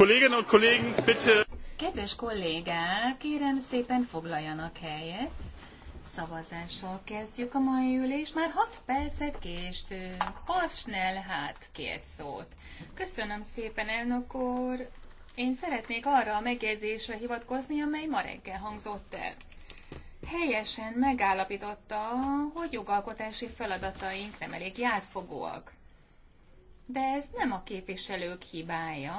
Kolleginnen und Kollegen, bitte. Kedves kollégák, kérem szépen foglaljanak helyet. Szavazással kezdjük a mai ülést. Már hat percet késtünk. Hasnell hát két szót. Köszönöm szépen, elnök úr. Én szeretnék arra a megjegyzésre hivatkozni, amely ma reggel hangzott el. Helyesen megállapította, hogy jogalkotási feladataink nem elég játfogóak. De ez nem a képviselők hibája,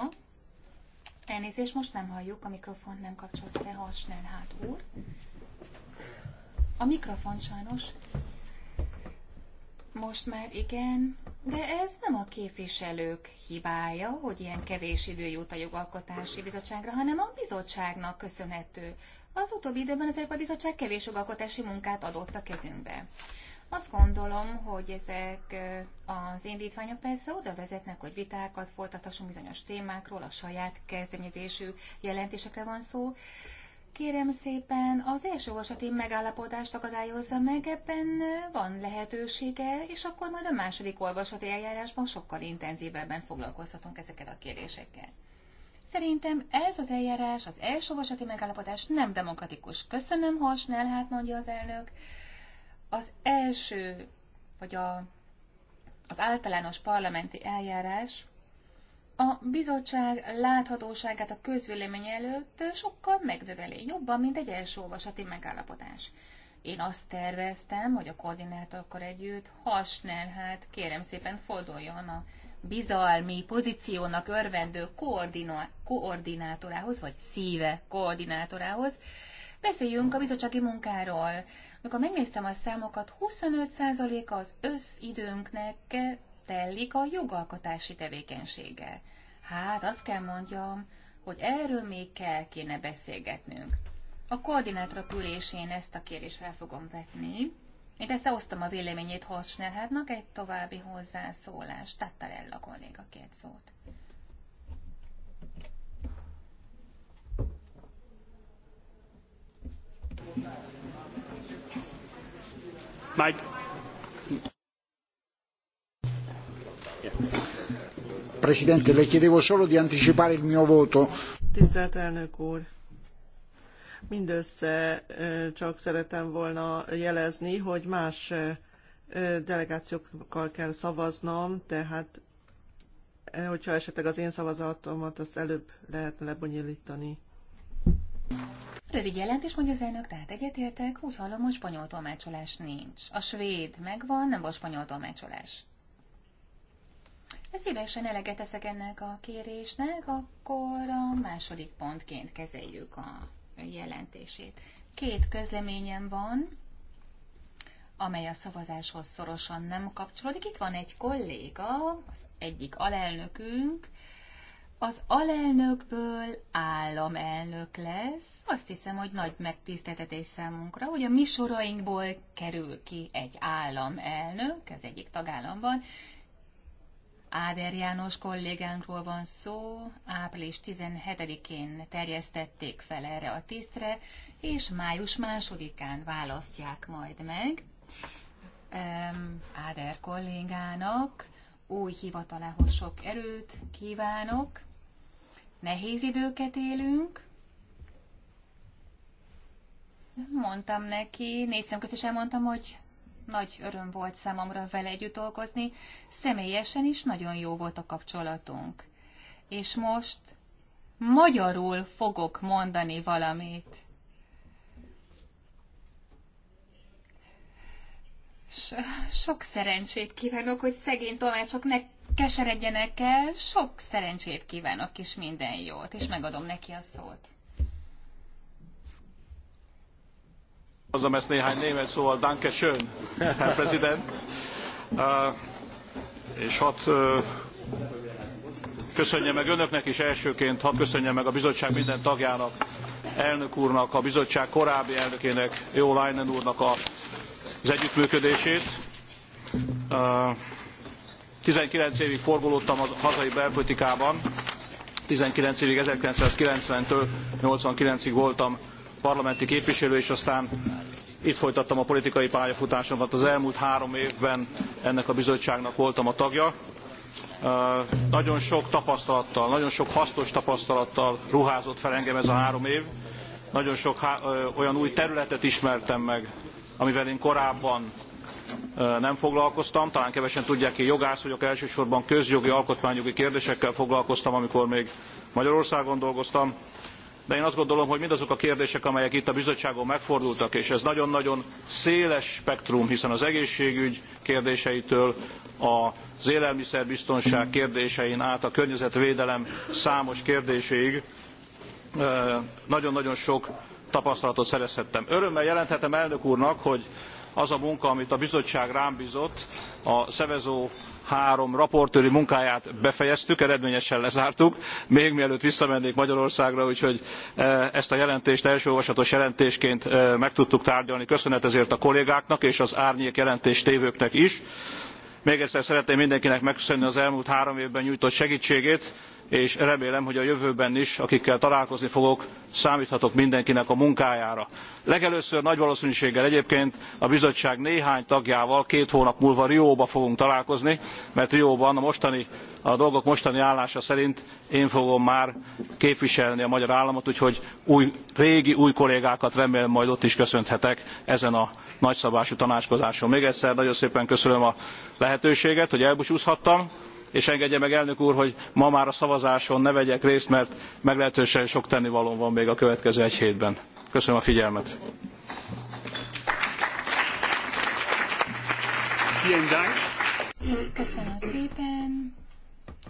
Elnézést, most nem halljuk, a mikrofon nem kapcsolt be, snell hát úr. A mikrofon sajnos. Most már igen, de ez nem a képviselők hibája, hogy ilyen kevés idő jut a jogalkotási bizottságra, hanem a bizottságnak köszönhető. Az utóbbi időben azért a bizottság kevés jogalkotási munkát adott a kezünkbe. Azt gondolom, hogy ezek az indítványok persze oda vezetnek, hogy vitákat folytathassunk bizonyos témákról, a saját kezdeményezésű jelentésekre van szó. Kérem szépen, az első olvasati megállapodást akadályozza meg, ebben van lehetősége, és akkor majd a második olvasati eljárásban sokkal intenzívebben foglalkozhatunk ezekkel a kérdésekkel. Szerintem ez az eljárás, az első olvasati megállapodás nem demokratikus. Köszönöm, Hasnál, hát mondja az elnök. Az első, vagy a, az általános parlamenti eljárás a bizottság láthatóságát a közvélemény előtt sokkal megnöveli, jobban, mint egy első olvasati megállapodás. Én azt terveztem, hogy a koordinátorokkal együtt hasnál, hát kérem szépen forduljon a bizalmi pozíciónak örvendő koordina- koordinátorához, vagy szíve koordinátorához. Beszéljünk a bizottsági munkáról, mikor megnéztem a számokat, 25%-a az összidőnknek telik a jogalkotási tevékenysége. Hát azt kell mondjam, hogy erről még kell kéne beszélgetnünk. A koordinátra ülésén ezt a kérdést fel fogom vetni. Én persze osztom a véleményét Horschnellhátnak egy további hozzászólás. Tattarella kolléga két szót. you. Mike. Presidente, le chiedevo solo di anticipare il mio voto. Tisztelt elnök úr, mindössze csak szeretem volna jelezni, hogy más delegációkkal kell szavaznom, tehát hogyha esetleg az én szavazatomat, azt előbb lehetne lebonyolítani. Rövid jelentés, mondja az elnök, tehát egyetértek, úgy hallom, hogy spanyol tolmácsolás nincs. A svéd megvan, nem volt spanyol tolmácsolás. Szívesen eleget teszek ennek a kérésnek, akkor a második pontként kezeljük a jelentését. Két közleményem van, amely a szavazáshoz szorosan nem kapcsolódik. Itt van egy kolléga, az egyik alelnökünk, az alelnökből államelnök lesz. Azt hiszem, hogy nagy megtiszteltetés számunkra, hogy a mi sorainkból kerül ki egy államelnök, ez egyik tagállamban. Áder János kollégánkról van szó, április 17-én terjesztették fel erre a tisztre, és május 2-án választják majd meg. Áder kollégának új hivatalához sok erőt kívánok, Nehéz időket élünk. Mondtam neki, négy szem közt is elmondtam, hogy nagy öröm volt számomra vele együtt dolgozni, személyesen is nagyon jó volt a kapcsolatunk. És most magyarul fogok mondani valamit. S sok szerencsét kívánok, hogy szegény ne keseredjenek el, sok szerencsét kívánok, és minden jót, és megadom neki a szót. Hozom ezt néhány német szóval, danke schön, Herr Präsident. Uh, és hat uh, köszönjem meg önöknek is elsőként, hadd köszönjem meg a bizottság minden tagjának, elnök úrnak, a bizottság korábbi elnökének, Jó Leinen úrnak a, az együttműködését. Uh, 19 évig forgolódtam a hazai belpolitikában, 19 évig ninety től nine ig voltam parlamenti képviselő, és aztán itt folytattam a politikai pályafutásomat. Az elmúlt három évben ennek a bizottságnak voltam a tagja. Nagyon sok tapasztalattal, nagyon sok hasznos tapasztalattal ruházott fel engem ez a három év. Nagyon sok olyan új területet ismertem meg, amivel én korábban nem foglalkoztam, talán kevesen tudják, én jogász vagyok, elsősorban közjogi, alkotmányjogi kérdésekkel foglalkoztam, amikor még Magyarországon dolgoztam, de én azt gondolom, hogy mindazok a kérdések, amelyek itt a bizottságon megfordultak, és ez nagyon-nagyon széles spektrum, hiszen az egészségügy kérdéseitől az élelmiszerbiztonság kérdésein át a környezetvédelem számos kérdéséig nagyon-nagyon sok tapasztalatot szerezhettem. Örömmel jelenthetem elnök úrnak, hogy az a munka, amit a bizottság rám bizott, a Szevezó három raportőri munkáját befejeztük, eredményesen lezártuk, még mielőtt visszamennék Magyarországra, úgyhogy e, ezt a jelentést első olvasatos jelentésként e, meg tudtuk tárgyalni. Köszönet ezért a kollégáknak és az árnyék jelentés tévőknek is. Még egyszer szeretném mindenkinek megköszönni az elmúlt három évben nyújtott segítségét és remélem, hogy a jövőben is, akikkel találkozni fogok, számíthatok mindenkinek a munkájára. Legelőször nagy valószínűséggel egyébként a bizottság néhány tagjával két hónap múlva Rióba fogunk találkozni, mert Rióban a, mostani, a dolgok mostani állása szerint én fogom már képviselni a magyar államot, úgyhogy új, régi, új kollégákat remélem majd ott is köszönhetek ezen a nagyszabású tanácskozáson. Még egyszer nagyon szépen köszönöm a lehetőséget, hogy elbúcsúzhattam és engedje meg elnök úr, hogy ma már a szavazáson ne vegyek részt, mert meglehetősen sok tennivalóm van még a következő egy hétben. Köszönöm a figyelmet. Köszönöm szépen.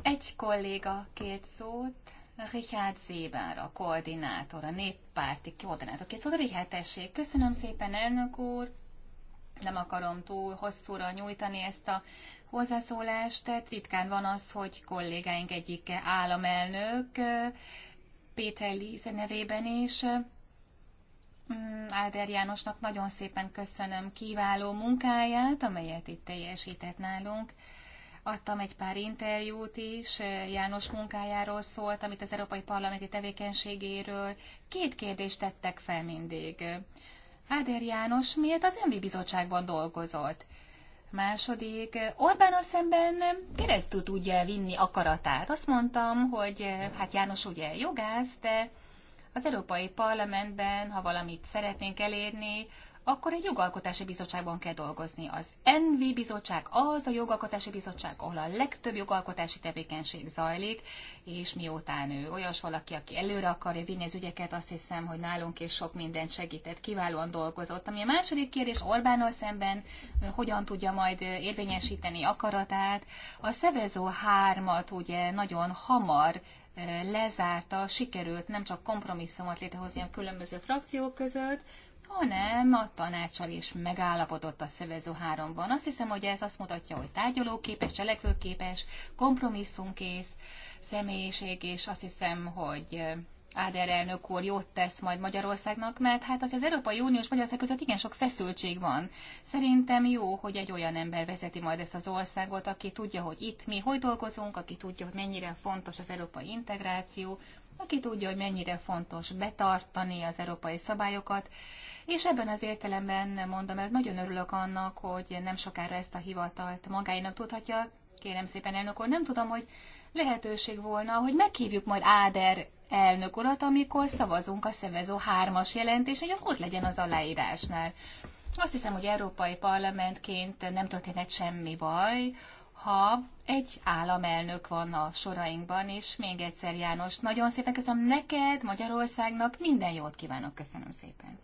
Egy kolléga két szót, Richard Zéber, a koordinátor, a néppárti koordinátor. Két szót, Richard, tessék. Köszönöm szépen, elnök úr. Nem akarom túl hosszúra nyújtani ezt a hozzászólást, tehát ritkán van az, hogy kollégáink egyike államelnök, Péter Líze nevében is. Mm, Áder Jánosnak nagyon szépen köszönöm kiváló munkáját, amelyet itt teljesített nálunk. Adtam egy pár interjút is, János munkájáról szólt, amit az Európai Parlamenti tevékenységéről. Két kérdést tettek fel mindig. Áder János miért az MV bizottságban dolgozott? Második, Orbán szemben keresztül tudja vinni akaratát. Azt mondtam, hogy hát János ugye jogász, de az Európai Parlamentben, ha valamit szeretnénk elérni, akkor egy jogalkotási bizottságban kell dolgozni. Az NV bizottság az a jogalkotási bizottság, ahol a legtöbb jogalkotási tevékenység zajlik, és miután ő olyas valaki, aki előre akarja vinni az ügyeket, azt hiszem, hogy nálunk is sok mindent segített, kiválóan dolgozott. Ami a második kérdés Orbánnal szemben, hogyan tudja majd érvényesíteni akaratát. A Szevezó 3-at ugye nagyon hamar lezárta, sikerült nem csak kompromisszumot létrehozni a különböző frakciók között, hanem a tanácsal is megállapodott a szövező háromban. Azt hiszem, hogy ez azt mutatja, hogy tárgyalóképes, cselekvőképes, kompromisszumkész személyiség, és azt hiszem, hogy eh, Áder elnök úr jót tesz majd Magyarországnak, mert hát az, az Európai Uniós Magyarország között igen sok feszültség van. Szerintem jó, hogy egy olyan ember vezeti majd ezt az országot, aki tudja, hogy itt mi hogy dolgozunk, aki tudja, hogy mennyire fontos az európai integráció, aki tudja, hogy mennyire fontos betartani az európai szabályokat, és ebben az értelemben mondom hogy nagyon örülök annak, hogy nem sokára ezt a hivatalt magáinak tudhatja. Kérem szépen, elnök úr, nem tudom, hogy lehetőség volna, hogy meghívjuk majd Áder elnök urat, amikor szavazunk a szevezó hármas jelentés, hogy ott legyen az aláírásnál. Azt hiszem, hogy Európai Parlamentként nem történhet semmi baj, ha egy államelnök van a sorainkban, és még egyszer János, nagyon szépen köszönöm neked, Magyarországnak, minden jót kívánok, köszönöm szépen.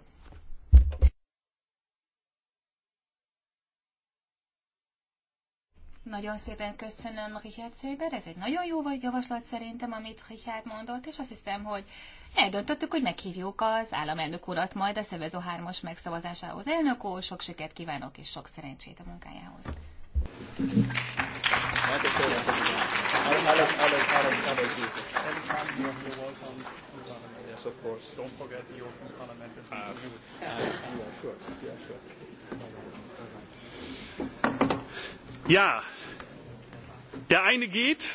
Nagyon szépen köszönöm Richard Széber, ez egy nagyon jó javaslat szerintem, amit Richard mondott, és azt hiszem, hogy eldöntöttük, hogy meghívjuk az államelnök urat majd a Szevezó 3 os megszavazásához. Elnök úr, sok sikert kívánok, és sok szerencsét a munkájához. Ja, der eine geht,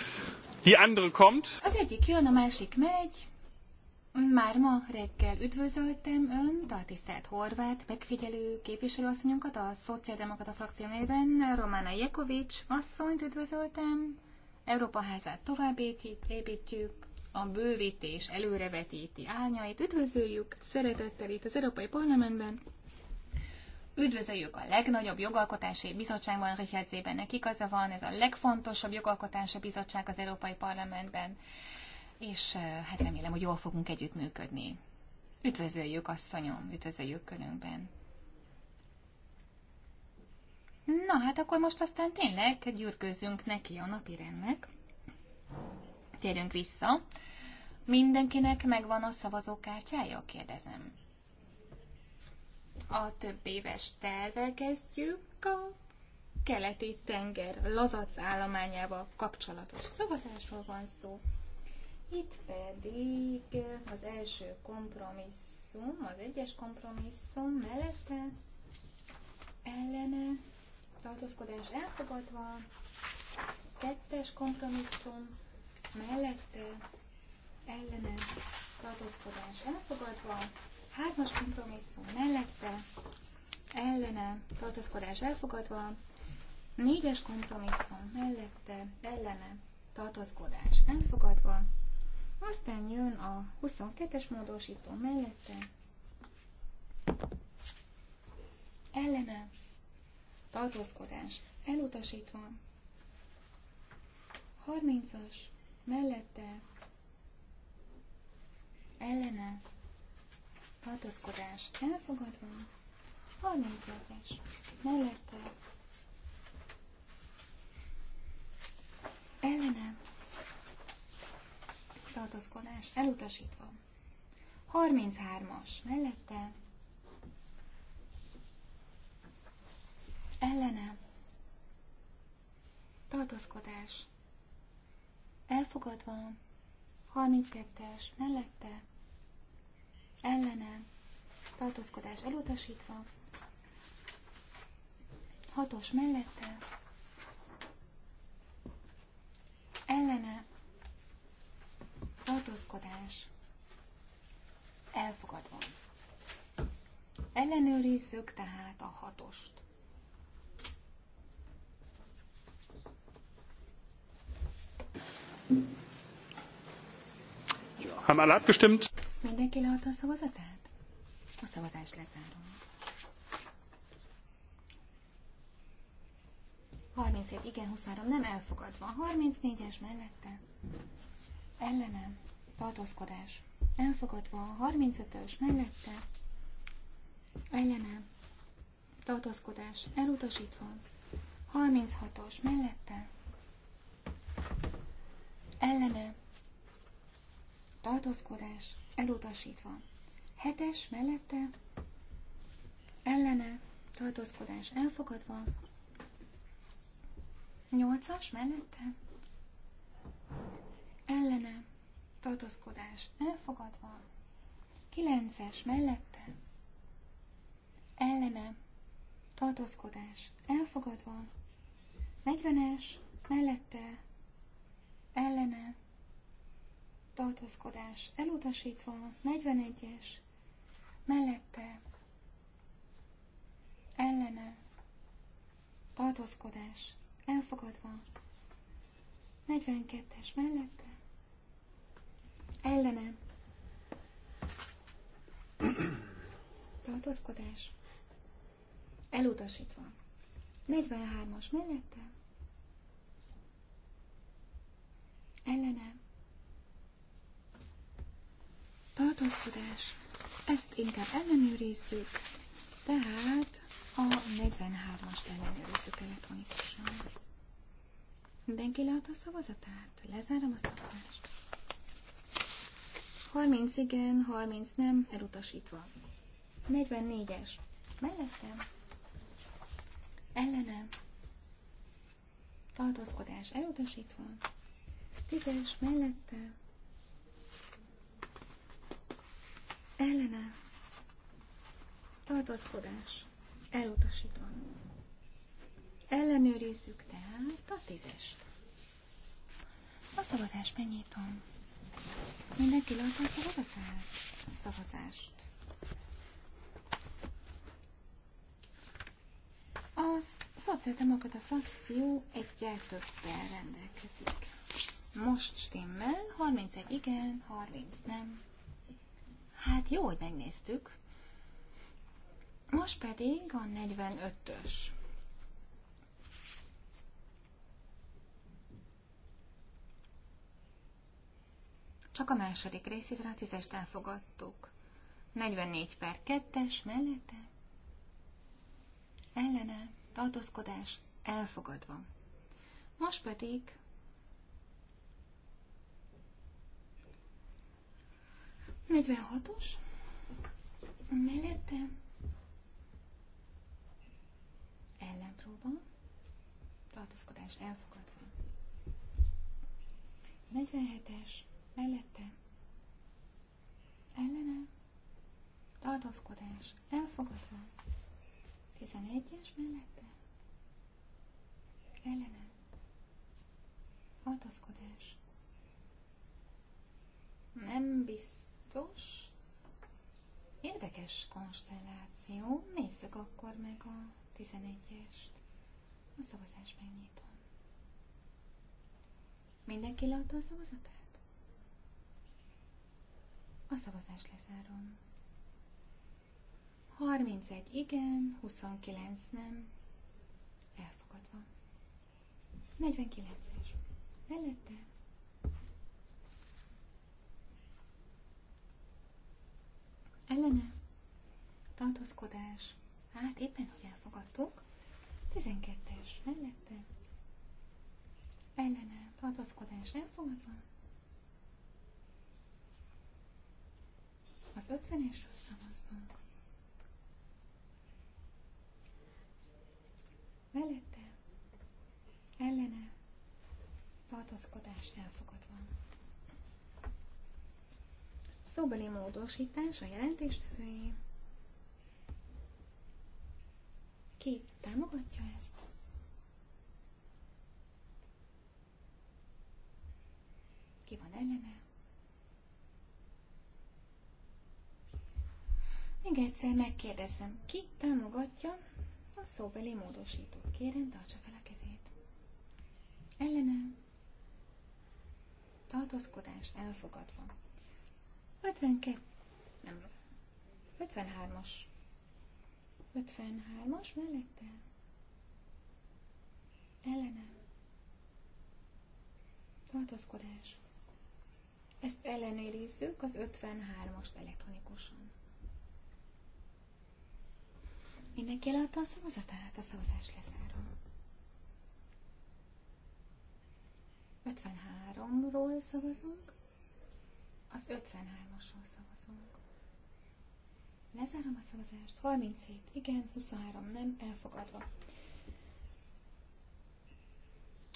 die andere kommt. Az egyik jön, a másik megy. Már ma reggel üdvözöltem Önt, a tisztelt horvát megfigyelő képviselőasszonyunkat, a Szociáldemokrata frakció nevében, Romána Jekovics asszonyt üdvözöltem. Európa házát tovább építjük, a bővítés előrevetíti álnyait. Üdvözöljük szeretettel itt az Európai Parlamentben. Üdvözöljük a legnagyobb jogalkotási bizottságban, Richard Zébennek igaza van, ez a legfontosabb jogalkotási bizottság az Európai Parlamentben és eh, hát remélem, hogy jól fogunk együttműködni. Üdvözöljük, asszonyom, üdvözöljük körünkben. Na, hát akkor most aztán tényleg gyürközzünk neki a napi rendnek. Térünk vissza. Mindenkinek megvan a szavazókártyája? Kérdezem. A több éves tervel kezdjük a keleti tenger lazac állományával kapcsolatos szavazásról van szó. Itt pedig az első kompromisszum, az egyes kompromisszum mellette ellene tartózkodás elfogadva, kettes kompromisszum mellette ellene tartózkodás elfogadva, hármas kompromisszum mellette ellene tartózkodás elfogadva, négyes kompromisszum mellette ellene tartózkodás elfogadva, aztán jön a 22-es módosító mellette. Ellene. Tartózkodás. Elutasítva. 30-as. Mellette. Ellene. Tartózkodás. Elfogadva. 31-es. Mellette. Ellene tartózkodás elutasítva. 33-as mellette ellene tartózkodás elfogadva 32-es mellette ellene tartózkodás elutasítva 6-os mellette ellene tartózkodás elfogadva. Ellenőrizzük tehát a hatost. Haben alle abgestimmt? Mindenki leadta a szavazatát? A szavazást lezárom. 37 igen, 23 nem elfogadva. 34-es mellette ellenem, tartózkodás, elfogadva, a 35-ös mellette, ellenem, tartózkodás, elutasítva, 36-os mellette, ellene, tartózkodás, elutasítva, 7-es mellette, ellene, tartózkodás elfogadva, 8-as mellette, ellene tartózkodás elfogadva, kilences mellette ellene tartózkodás elfogadva, negyvenes mellette ellene tartózkodás elutasítva, negyvenegyes mellette ellene tartózkodás elfogadva, 42-es mellette ellene tartózkodás elutasítva. 43-as mellette ellene tartózkodás. Ezt inkább ellenőrizzük, tehát a 43-ast ellenőrizzük elektronikusan. Mindenki leadta a szavazatát? Lezárom a szavazást. 30 igen, 30 nem, elutasítva. 44-es. Mellettem. Ellenem. Tartózkodás elutasítva. 10-es mellette. Ellenem. Tartózkodás elutasítva. Ellenőrizzük tehát a tízest. A szavazás megnyitom. Mindenki látta a szavazatát? A szavazást. Az szociáldemokrata frakció egyel többel rendelkezik. Most stimmel, 31 igen, 30 nem. Hát jó, hogy megnéztük. Most pedig a 45-ös. Csak a második részét rá tízest elfogadtuk. 44 per 2-es mellette. Ellene tartózkodás elfogadva. Most pedig Negyvenhatos. Mellette ellenpróba. Tartózkodás elfogadva. 47-es mellette, ellene, tartózkodás, elfogadva, 11-es mellette, ellene, tartózkodás, nem biztos, érdekes konstelláció, nézzük akkor meg a 11-est, a szavazás megnyitom. Mindenki látta a szavazatát? A szavazást lezárom. 31 igen, 29 nem. Elfogadva. 49-es. Mellette. Ellene. Tartózkodás. Hát éppen, hogy elfogadtuk. 12-es. Mellette. Ellene. Tartózkodás elfogadva. Az ötvenésről esről szavazzunk. Mellette, ellene, tartózkodás elfogadva. Szóbeli módosítás a jelentéstevői. Ki támogatja ezt? Ki van ellene? Még egyszer megkérdezem, ki támogatja a szóbeli módosítót? Kérem, tartsa fel a kezét. Ellenem. Tartózkodás elfogadva. 52. Nem. 53-as. 53-as mellette. Ellenem. Tartózkodás. Ezt ellenőrizzük az 53-ast elektronikusan. Mindenki leadta a szavazatát, a szavazás lezárom. 53-ról szavazunk, az 53-asról szavazunk. Lezárom a szavazást, 37 igen, 23 nem, elfogadva.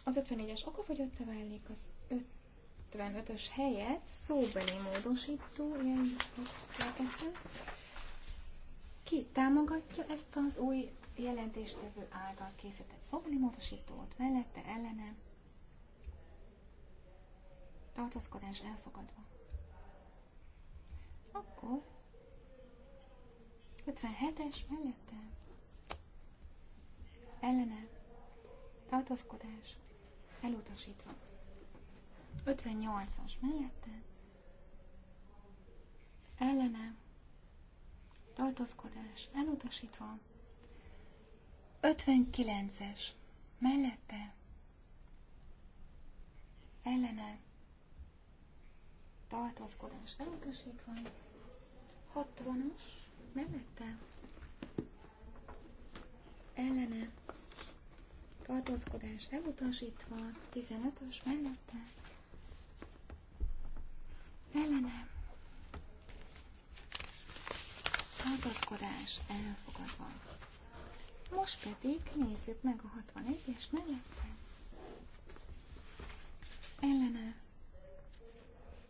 Az 54-es okafogyottá válik, az 55-ös helyet szóbeli módosító, ilyen hozzá kezdtünk. Ki támogatja ezt az új jelentéstevő által készített szobni módosítót, mellette, ellene, tartózkodás elfogadva. Akkor 57-es mellette, ellene, tartózkodás elutasítva. 58-as mellette, ellene, tartózkodás elutasítva. 59-es mellette ellene tartózkodás elutasítva. 60-as mellette ellene tartózkodás elutasítva. 15-ös mellette ellene tartózkodás elfogadva. Most pedig nézzük meg a 61-es mellette. Ellene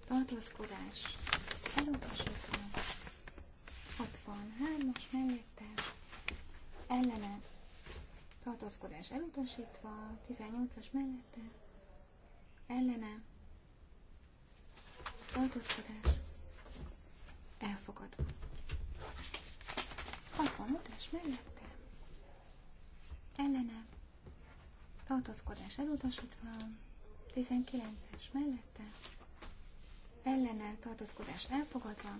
tartózkodás elutasítva. 63-as mellette ellene tartózkodás elutasítva, 18-as mellette ellene tartózkodás elfogadva. 26-as mellette ellene tartózkodás elutasítva, 19-es mellette ellene tartózkodás elfogadva,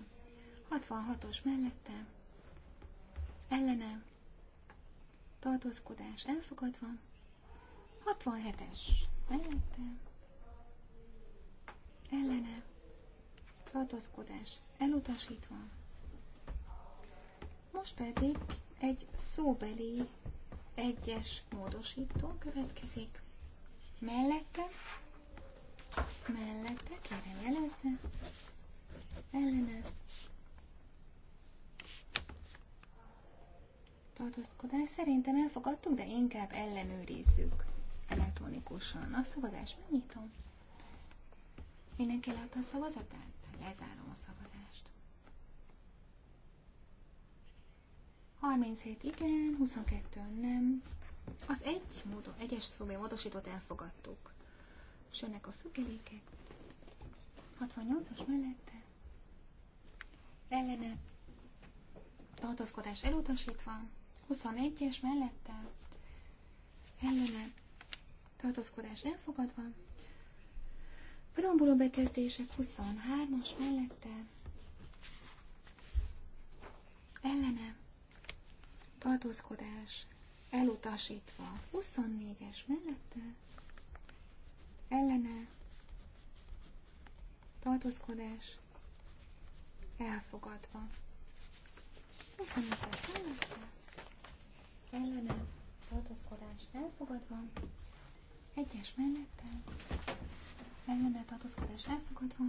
66-os mellette ellene tartózkodás elfogadva, 67-es mellette ellene tartózkodás elutasítva, most pedig egy szóbeli egyes módosító következik. Mellette, mellette, kérem jelezze, ellene, tartózkodás. Szerintem elfogadtuk, de inkább ellenőrizzük elektronikusan. A szavazás megnyitom. Mindenki látta a szavazatát? Lezárom a szavazást. 37 igen, 22 nem. Az egy módon, egyes szóbé módosított elfogadtuk. És jönnek a függelékek. 68-as mellette. Ellene. Tartózkodás elutasítva. 21-es mellette. Ellene. Tartózkodás elfogadva. Preambuló bekezdések 23-as mellette. Ellene tartózkodás elutasítva. 24-es mellette ellene tartózkodás elfogadva. 24 es mellette ellene tartózkodás elfogadva. Egyes mellette ellene tartózkodás elfogadva.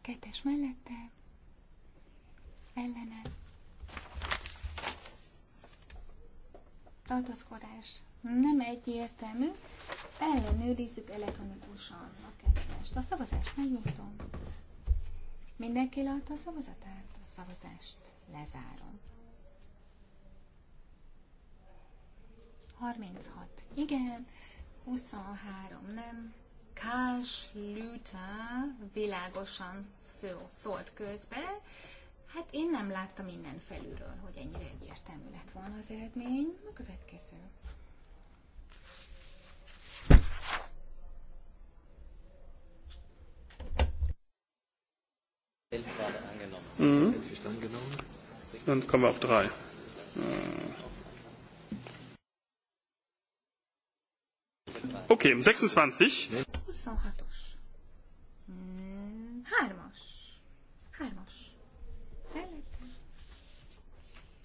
Kettes mellette ellene tartózkodás nem egyértelmű, ellenőrizzük elektronikusan a kettest. A szavazást megnyitom. Mindenki látta a szavazatát? A szavazást lezárom. 36. Igen, 23. Nem. Kás Lüta világosan szó, szólt közbe. Hát én nem láttam innen felülről, hogy ennyire egyértelmű lett volna az eredmény. A következő. Mm. Dann kommen wir auf drei. Okay, 26. 26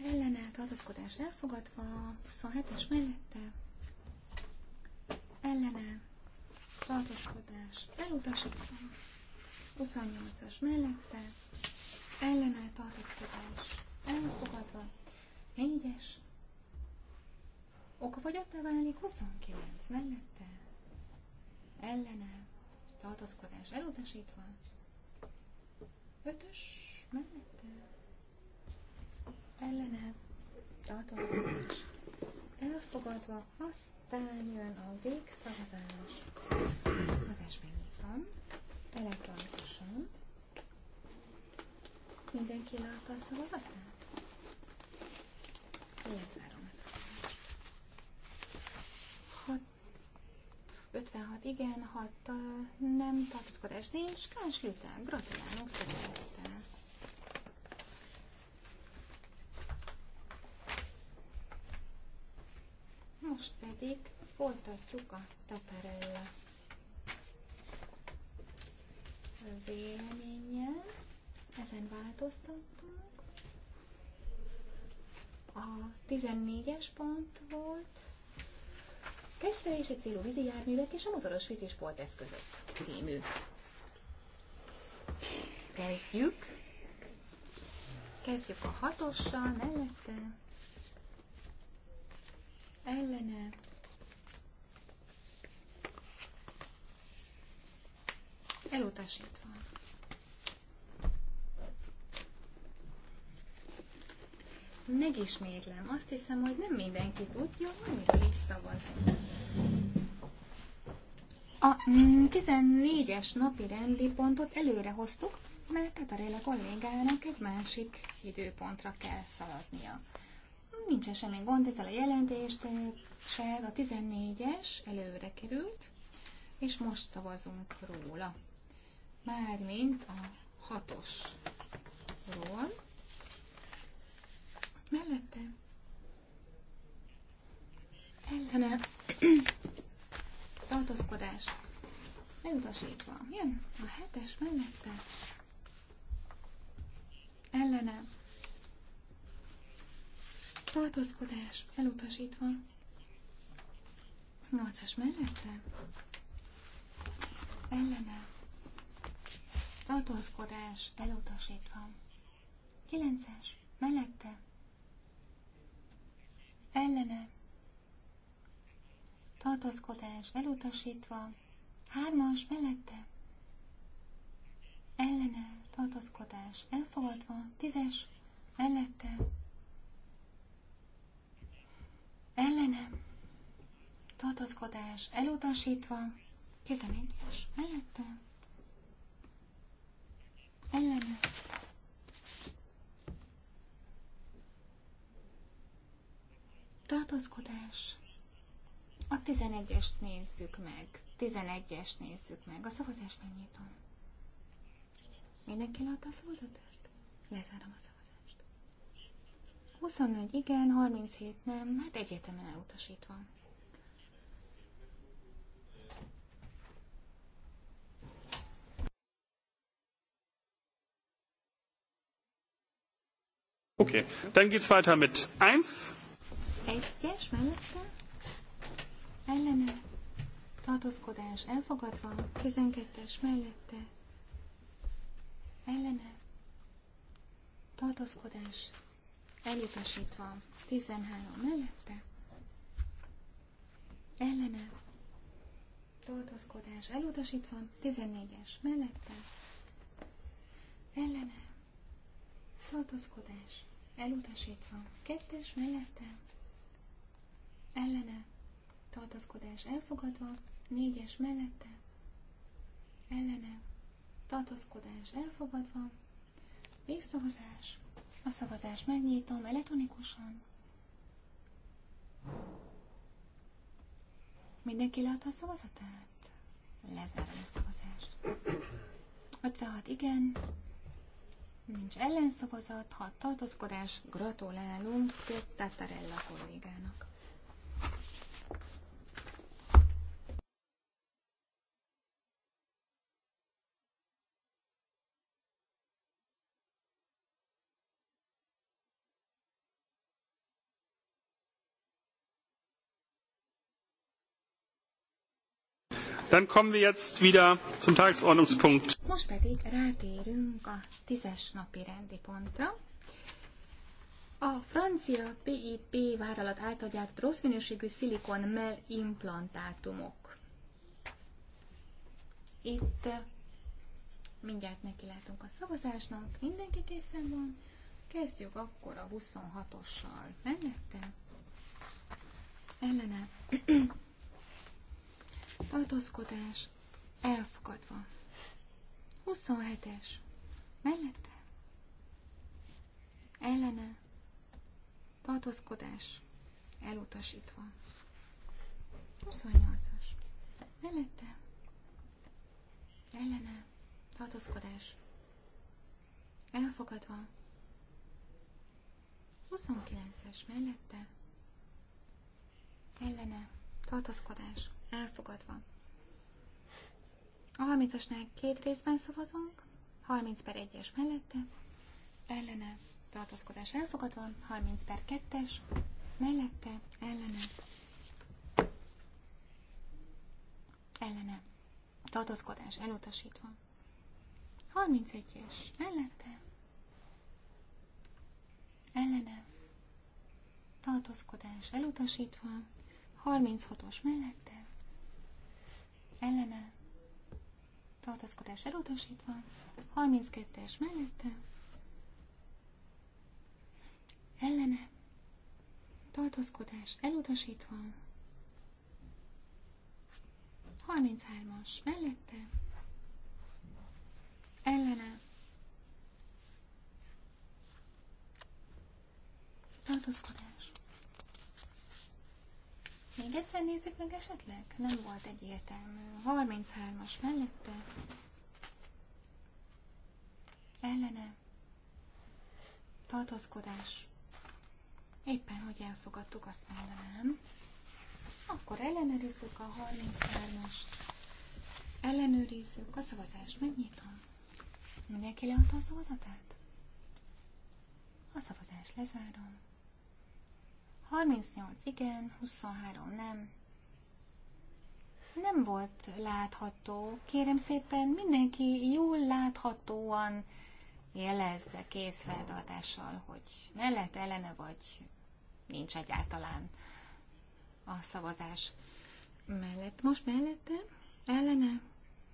ellenállt tartózkodás elfogadva, 27-es mellette, ellene tartózkodás elutasítva, 28-as mellette, ellene tartózkodás elfogadva, 4-es, okafogyottá válik, 29 mellette, ellene tartózkodás elutasítva, 5-ös mellette, ellenem, tartózkodás elfogadva, aztán jön a végszavazás. Szavazás megnyitom elektronikusan. Mindenki látta a szavazatát? Lezárom a szavazást. 56 igen, 6 nem, tartózkodás nincs, Kás Lüten, gratulálunk szavazatát. Most pedig folytatjuk a taperella véleménnyel. Ezen változtattunk. A 14-es pont volt Kegyfejési célú vízi járművek és a motoros vízi sporteszközök című. Kezdjük. Kezdjük a hatossal, mellette ellene elutasítva. Megismétlem, azt hiszem, hogy nem mindenki tudja, miről is szavazunk. A 14-es mm, napi rendi pontot előre hoztuk, mert Katarella kollégának egy másik időpontra kell szaladnia. Nincsen semmi gond ezzel a jelentést, se a 14-es előre került, és most szavazunk róla. Mármint a 6-osról. Mellette ellene tartózkodás elutasítva. Jön a hetes mellette ellene tartózkodás elutasítva. Nyolcas mellette ellene tartózkodás elutasítva. kilences mellette ellene tartózkodás elutasítva. hármas mellette ellene tartózkodás elfogadva. tízes mellette ellenem, tartozkodás elutasítva, 11-es mellettem, ellenem, tartozkodás, A 11-est nézzük meg. 11-est nézzük meg. A szavazást megnyitom. Mindenki látta a szavazatát? Lezárom a szavazást. 24 igen, 37 nem, hát egyetemen elutasítva. Okay, dann geht's weiter mit 1. Egyes mellette. Ellene. Tartózkodás elfogadva. 12-es mellette. Ellene. Tartózkodás elutasítva. 13 mellette, ellene, tartózkodás elutasítva, 14-es mellette, ellene, tartózkodás elutasítva, 2-es mellette, ellene, tartózkodás elfogadva, 4-es mellette, ellene, tartózkodás elfogadva, végszavazás, a szavazást megnyitom elektronikusan. Mindenki leadta a szavazatát? Lezárom a szavazást. 56 igen, nincs ellenszavazat, 6 tartózkodás. Gratulálunk Tatarella kollégának. Dann kommen wir jetzt wieder zum Tagesordnungspunkt. Most pedig rátérünk a tízes napi rendi pontra. A francia PIP vállalat által gyárt rossz minőségű szilikon mell implantátumok. Itt eh, mindjárt neki látunk a szavazásnak. Mindenki készen van? Kezdjük akkor a 26-ossal. Mellette? Ellene? tartózkodás elfogadva. 27-es mellette ellene tartózkodás elutasítva. 28-as mellette ellene tartózkodás elfogadva. 29-es mellette ellene tartózkodás elfogadva. A 30-asnál két részben szavazunk, 30 per 1-es mellette, ellene, tartózkodás elfogadva, 30 per 2-es, mellette, ellene, ellene, tartózkodás elutasítva. 31-es, mellette, ellene, tartózkodás elutasítva, 36-os mellette, ellene, tartaszkodás elutasítva, 32-es mellette, ellene, tartaszkodás elutasítva, 33-as mellette, ellene, tartaszkodás még egyszer nézzük meg esetleg? Nem volt egyértelmű. 33-as mellette. Ellene. Tartózkodás. Éppen, hogy elfogadtuk, azt mondanám. Akkor ellenőrizzük a 33-ast. Ellenőrizzük a szavazást. Megnyitom. Mindenki leadta a szavazatát? A szavazást lezárom. 38 igen, 23 nem. Nem volt látható. Kérem szépen, mindenki jól láthatóan jelezze kézfeltartással, hogy mellett ellene vagy nincs egyáltalán a szavazás mellett. Most mellette ellene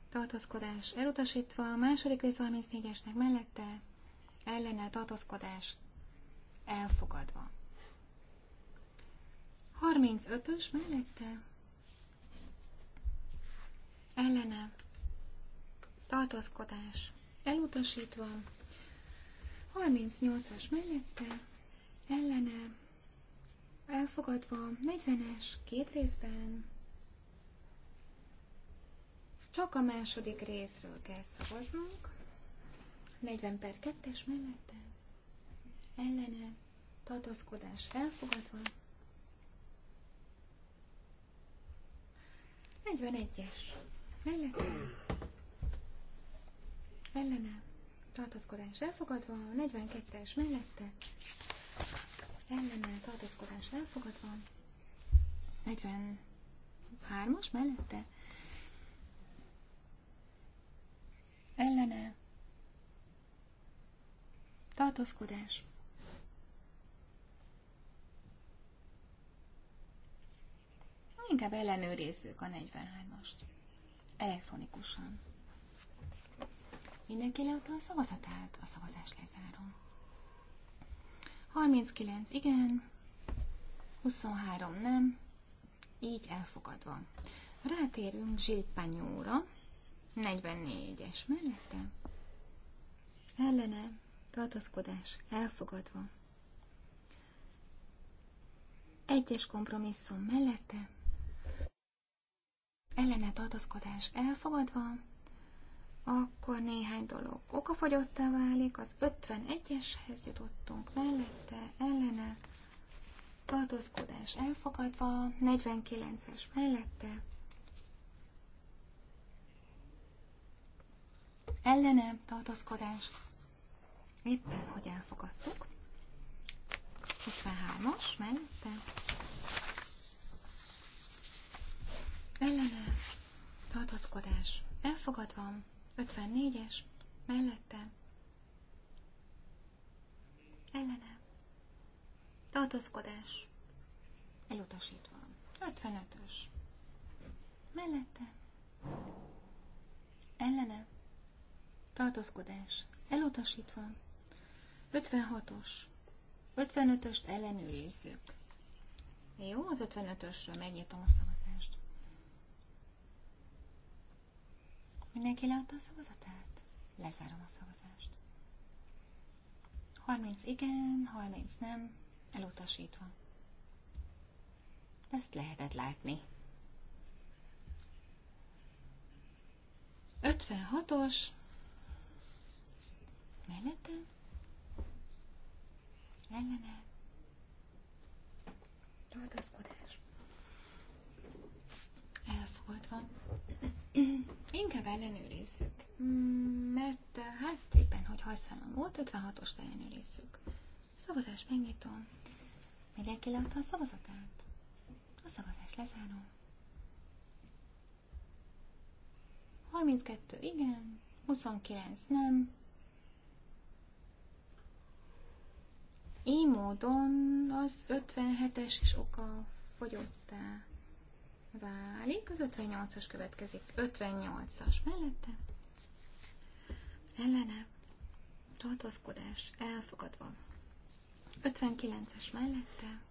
tartózkodás elutasítva, a második rész 34-esnek mellette ellene tartózkodás elfogadva. 35-ös mellette. Ellene. Tartózkodás. Elutasítva. 38-as mellette. Ellene. Elfogadva. 40-es. Két részben. Csak a második részről kell szavaznunk. 40 per 2-es mellette. Ellene. Tartózkodás elfogadva. 41-es. Mellette. Ellene. Tartaszkodás elfogadva. 42-es. Mellette. Ellene. Tartaszkodás elfogadva. 43-as. Mellette. Ellene. Tartózkodás. Inkább ellenőrizzük a 43-ast. Elektronikusan. Mindenki leadta a szavazatát, a szavazás lezárom. 39 igen, 23 nem, így elfogadva. Rátérünk Zsilpányóra, 44-es mellette. Ellene, tartozkodás elfogadva. Egyes kompromisszum mellette, ellene tartozkodás elfogadva, akkor néhány dolog okafogyottá válik, az 51-eshez jutottunk mellette, ellene, tartózkodás elfogadva, 49-es mellette, ellene tartózkodás, éppen hogy elfogadtuk, 53-as mellette, ellene, tartozkodás, elfogadva, 54-es, mellette, ellene, tartozkodás, elutasítva, 55-ös, mellette, ellene, tartozkodás, elutasítva, 56-os, 55-öst ellenőrizzük. Jó, az 55-ösről megnyitom a szavazást. Mindenki leadta a szavazatát? Lezárom a szavazást. 30 igen, 30 nem, elutasítva. Ezt lehetett látni. 56-os. Mellette? Ellene? Tartózkodás. Elfogadva. Inkább ellenőrizzük, mert hát éppen, hogy hajszálom volt, 56-ost ellenőrizzük. Szavazás megnyitom. Mindenki leadta a szavazatát. A szavazás lezárom. 32 igen, 29 nem. Így módon az 57-es is oka fogyottá válik, az 58-as következik. 58-as mellette. Ellene. Tartózkodás elfogadva. 59-es mellette.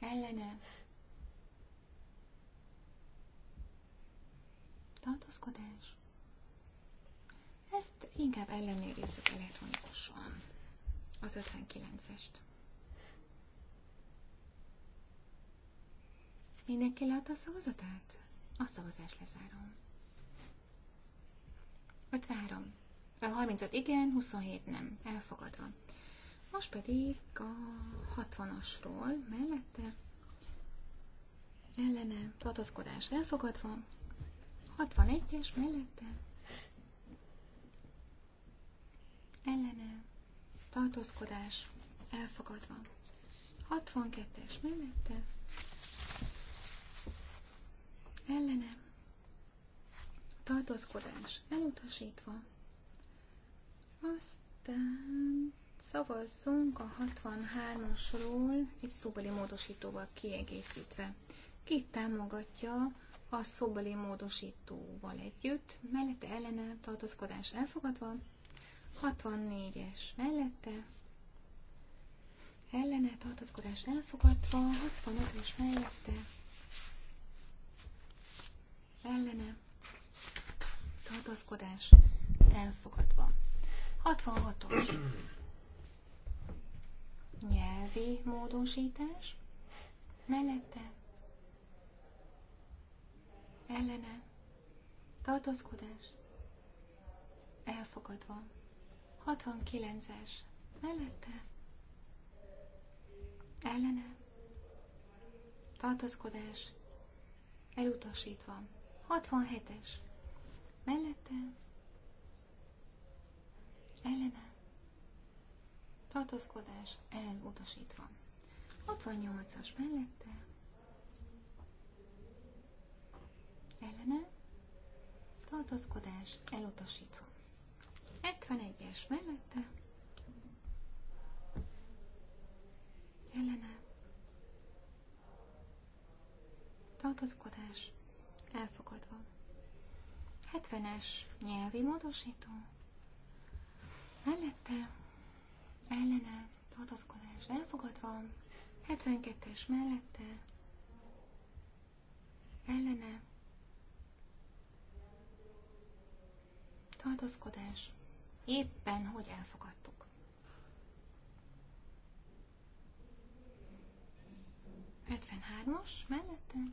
Ellene. Tartózkodás. Ezt inkább ellenőrizzük elektronikusan. Az 59-est. Mindenki látta a szavazatát? A szavazás lezárom. 53. A 35 igen, 27 nem. Elfogadva. Most pedig a 60-asról mellette ellene tartozkodás elfogadva. 61-es mellette ellene tartózkodás elfogadva. 62-es mellette ellenem, tartózkodás elutasítva. Aztán szavazzunk a 63-asról egy szobeli módosítóval kiegészítve. Ki támogatja a szobeli módosítóval együtt, mellette ellene tartózkodás elfogadva, 64-es mellette, ellene tartózkodás elfogadva, 65-ös mellette, ellene, tartózkodás elfogadva. 66-os nyelvi módosítás mellette, ellene, tartózkodás elfogadva. 69-es mellette, ellene, tartózkodás elutasítva. 67-es. Mellette. Ellene. Tartózkodás elutasítva. 68-as mellette. Ellene. Tartózkodás elutasítva. 71-es mellette. Ellene. Tartózkodás elfogadva. 70-es nyelvi módosító, mellette, ellene, tartaszkodás elfogadva, 72-es mellette, ellene, tartaszkodás, éppen hogy elfogadtuk. Hetvenhármas mellette,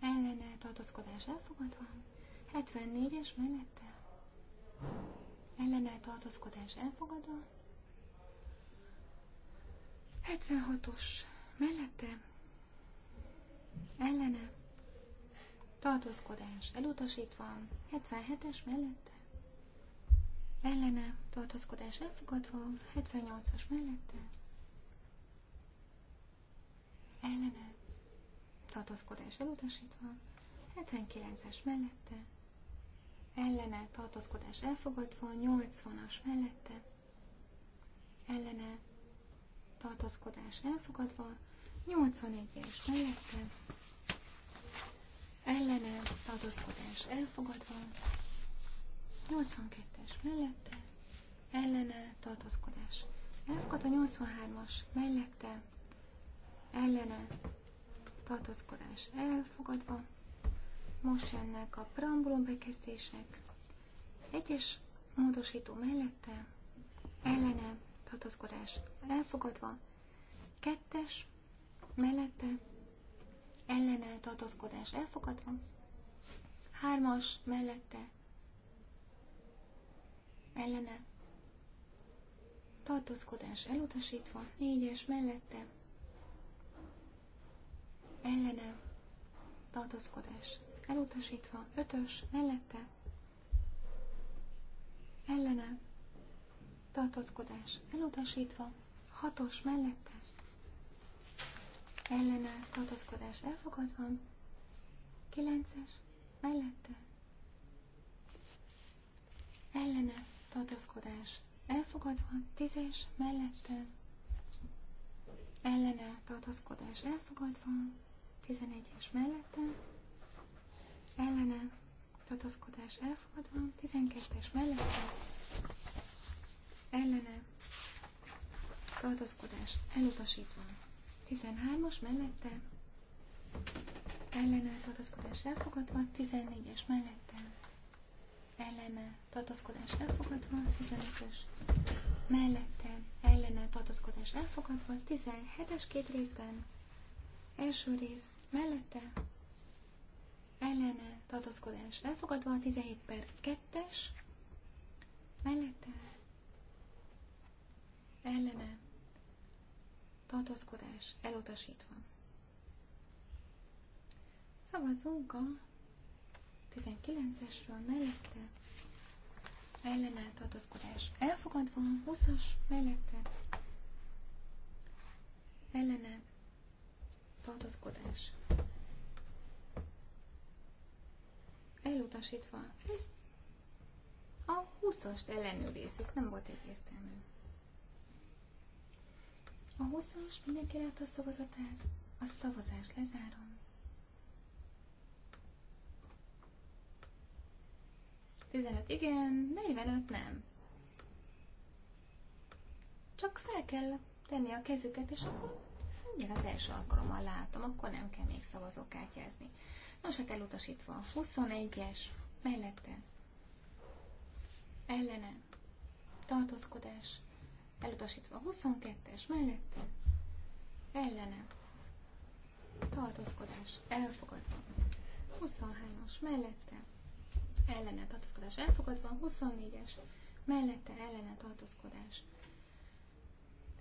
ellene tartózkodás elfogadva, 74-es mellette ellene tartózkodás elfogadva, 76-os mellette ellene tartózkodás elutasítva, 77-es mellette ellene tartózkodás elfogadva, 78-as mellette ellene tartózkodás elutasítva, 79-es mellette, ellene tartózkodás elfogadva, 80-as mellette, ellene tartózkodás elfogadva, 81-es mellette, ellene tartózkodás elfogadva, 82-es mellette, ellene tartózkodás elfogadva, 83-as mellette, ellene tartózkodás elfogadva. Most jönnek a preambulum bekezdések. Egyes módosító mellette, ellene, tartózkodás elfogadva. Kettes mellette, ellene, tartózkodás elfogadva. Hármas mellette, ellene, tartózkodás elutasítva. Négyes mellette, ellene, tartozkodás. elutasítva, ötös mellette, ellene, tartozkodás. elutasítva, hatos mellette, ellene, tartozkodás. elfogadva, kilences mellette, ellene, tartozkodás. elfogadva, tízes mellette, ellene, tartozkodás. elfogadva, 11-es mellette, ellene, tartózkodás elfogadva, 12-es mellette, ellene, tartózkodás elutasítva, 13-as mellette, ellene, tartózkodás elfogadva, 14-es mellette, ellene, tartózkodás elfogadva, 15-ös mellette, ellene, tartózkodás elfogadva, 17-es két részben, Első rész mellette ellene tartózkodás elfogadva, 17 per 2-es mellette ellene tartózkodás elutasítva. Szavazzunk a 19-esről mellette ellene tartózkodás elfogadva, 20-as mellette ellene tartózkodás. Elutasítva. Ez a 20-ast ellenőrizzük, nem volt egyértelmű. A 20-as mindenki látta a szavazatát, a szavazást lezárom. Tizenöt igen, 45 nem. Csak fel kell tenni a kezüket, és akkor mivel az első alkalommal látom, akkor nem kell még szavazókártyázni. Nos, hát elutasítva. 21-es, mellette. Ellene. Tartózkodás. Elutasítva. 22-es, mellette. Ellene. Tartózkodás. Elfogadva. 23-as, mellette. Ellene. Tartózkodás. Elfogadva. 24-es, mellette. Ellene. Tartózkodás.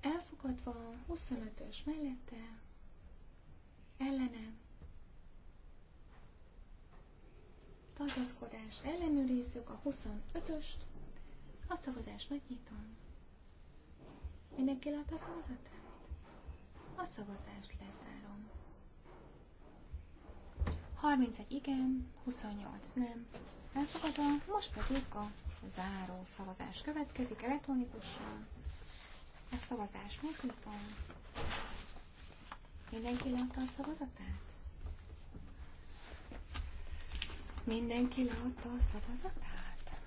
Elfogadva 25-ös mellette, ellenem. tartaszkodás, ellenőrizzük a 25-öst, a szavazást megnyitom. Mindenki lát a szavazatát? A szavazást lezárom. 31 igen, 28 nem. Elfogadom, most pedig a záró szavazás következik elektronikusan. A szavazás megnyitom. Mindenki látta a szavazatát? Mindenki látta a szavazatát?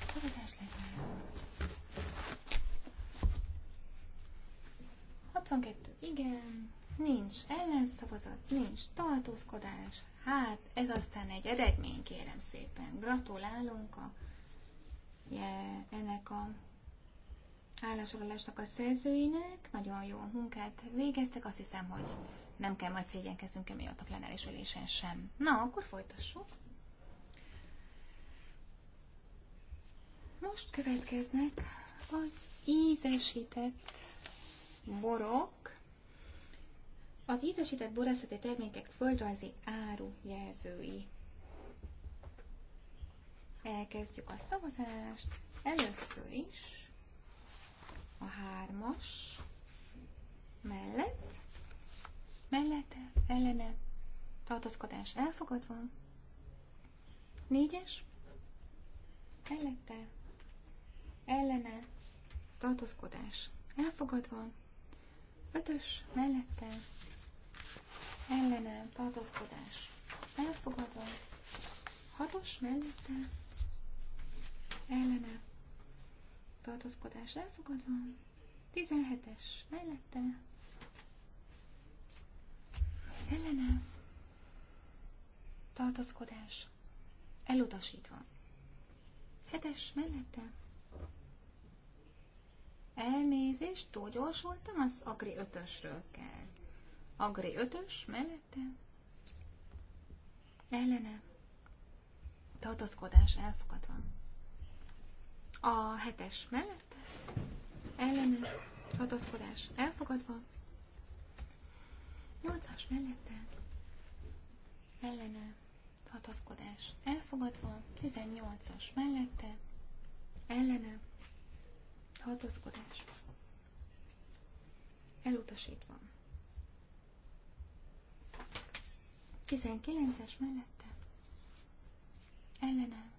A szavazás legyen. 62. Igen. Nincs ellenszavazat, nincs tartózkodás. Hát, ez aztán egy eredmény, kérem szépen. Gratulálunk a, je, ennek a állásolásnak a szerzőinek, nagyon jó munkát végeztek, azt hiszem, hogy nem kell majd szégyenkeznünk emiatt a plenáris ülésen sem. Na, akkor folytassuk. Most következnek az ízesített borok, az ízesített borászati termékek földrajzi áru jelzői. Elkezdjük a szavazást. Először is a hármas mellett, mellette, ellene, tartozkodás elfogadva, négyes, mellette, ellene, tartozkodás elfogadva, ötös, mellette, ellene, tartozkodás elfogadva, hatos, mellette, ellene, tartózkodás elfogadva. 17-es mellette. Ellene. Tartózkodás elutasítva. 7-es mellette. Elnézést, túl gyors voltam, az Agri 5-ösről kell. Agri 5-ös mellette. Ellene. Tartózkodás elfogadva. A hetes mellett ellene ragaszkodás elfogadva. Nyolcas mellette ellene ragaszkodás elfogadva. tizennyolcas mellette ellene ragaszkodás elutasítva. 19-es mellette ellene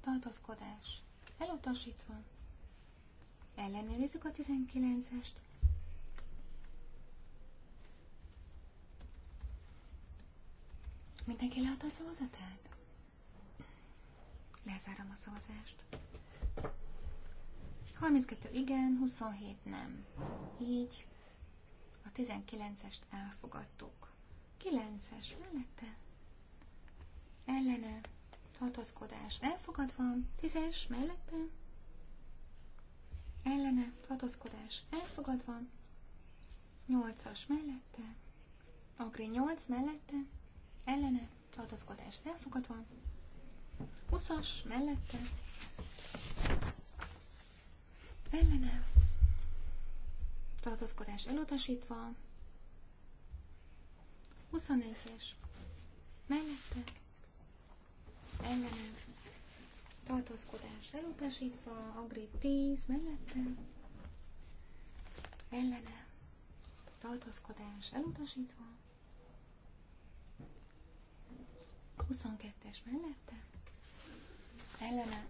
tartozkodás elutasítva. Ellenőrizzük a 19-est. Mindenki látta a szavazatát? Lezárom a szavazást. 32 igen, 27 nem. Így a 19-est elfogadtuk. 9-es mellette. Ellene tartózkodás elfogadva, tízes mellette, ellene, tartózkodás elfogadva, nyolcas mellette, agri nyolc mellette, ellene, tartózkodás elfogadva, huszas mellette, ellene, tartózkodás elutasítva, 21-es mellette, ellenük tartózkodás elutasítva, Agri 10 mellette, ellene tartózkodás elutasítva, 22-es mellette, ellene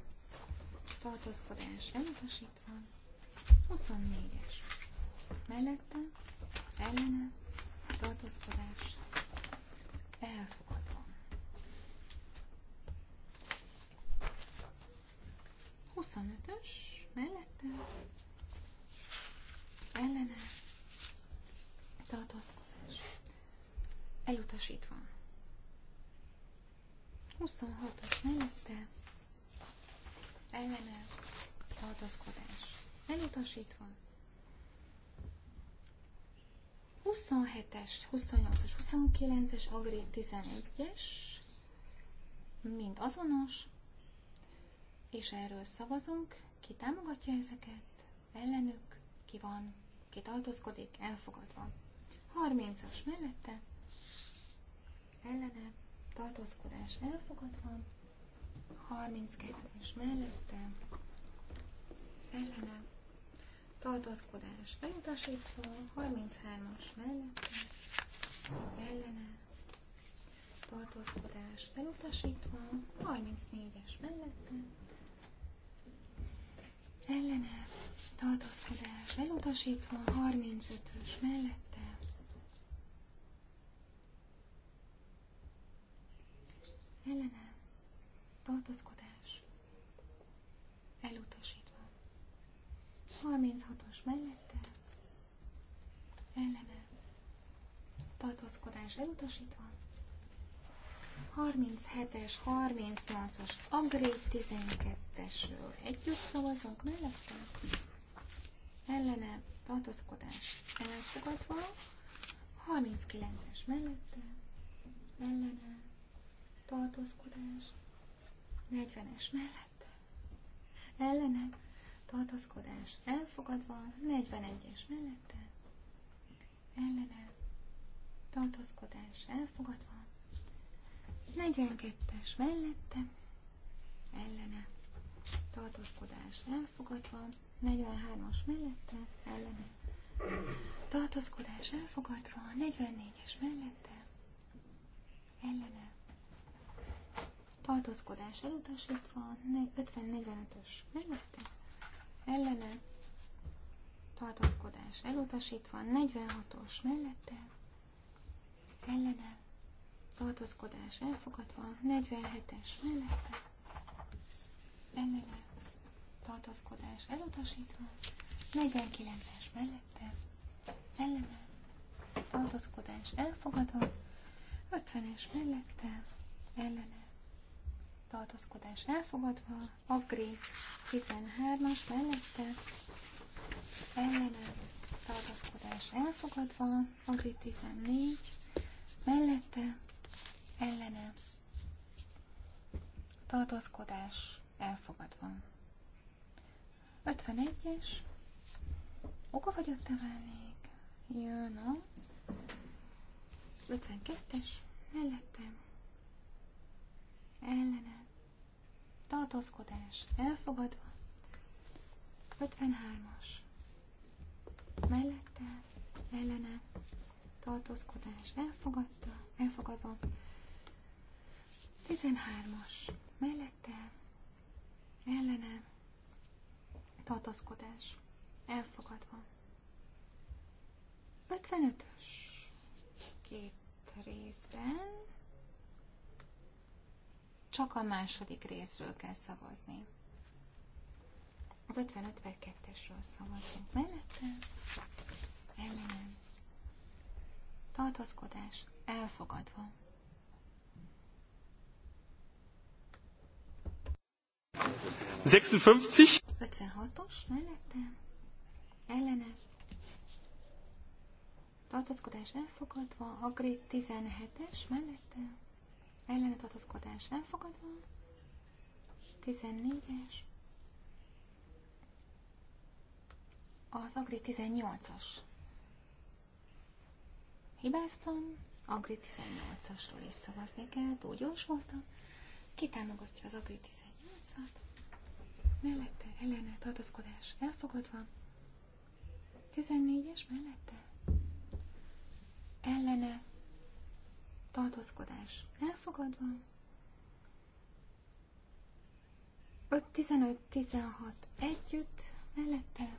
tartózkodás elutasítva, 24-es mellette, ellene tartózkodás elfog. 25-ös mellette ellene tartózkodás elutasítva. 26-os mellette ellene tartózkodás elutasítva. 27-es, 28-as, 29-es, agré 11-es, mind azonos, és erről szavazunk, ki támogatja ezeket, ellenük, ki van, ki tartózkodik, elfogadva. 30-as mellette, ellene, tartózkodás elfogadva, 32-es mellette, ellene, tartózkodás elutasítva, 33-as mellette, ellene, tartózkodás elutasítva, 34-es mellette, ellene tartózkodás elutasítva, 35-ös mellette ellene tartózkodás elutasítva, 36-os mellette ellene tartózkodás elutasítva, 37-es, 38-as, Agré 12-esről. Együtt szavazunk mellette? Ellene tartozkodás elfogadva. 39-es mellette. Ellene tartozkodás. 40-es mellette. Ellene tartozkodás elfogadva. 41-es mellette. Ellene tartozkodás elfogadva. 42-es mellette, ellene, tartózkodás elfogadva, 43-as mellette, ellene, tartózkodás elfogadva, 44-es mellette, ellene, tartózkodás elutasítva, 50-45-ös mellette, ellene, tartózkodás elutasítva, 46-os mellette, ellene, tartózkodás elfogadva, 47-es mellette, ellene, tartózkodás elutasítva, 49-es mellette, ellene, tartózkodás elfogadva, 50-es mellette, ellene, tartózkodás elfogadva, agri 13-as mellette, ellene, tartózkodás elfogadva, agri 14, mellette, ellene, tartózkodás elfogadva. 51-es, ott válik, jön az, az 52-es, mellettem, ellene, tartózkodás elfogadva, 53-as, mellette, ellene, tartózkodás elfogadta, elfogadva, Tizenhármas. mellette ellene tartózkodás elfogadva. 55 két részben csak a második részről kell szavazni. Az 55 52 esről szavazunk mellette, ellenem, tartózkodás elfogadva. 56. 56-os mellette. Ellene. Tartozkodás elfogadva. Agri 17-es mellette. Ellene tartozkodás elfogadva. 14-es. Az Agri 18-as. Hibáztam. Agri 18-asról is szavazni kell. Túl gyors voltam. Ki támogatja az Agri 18 szavazat. Mellette, Helena tartozkodás Elfogadva. 14-es mellette. Ellene, tartózkodás. Elfogadva. 5-15-16 együtt, mellette,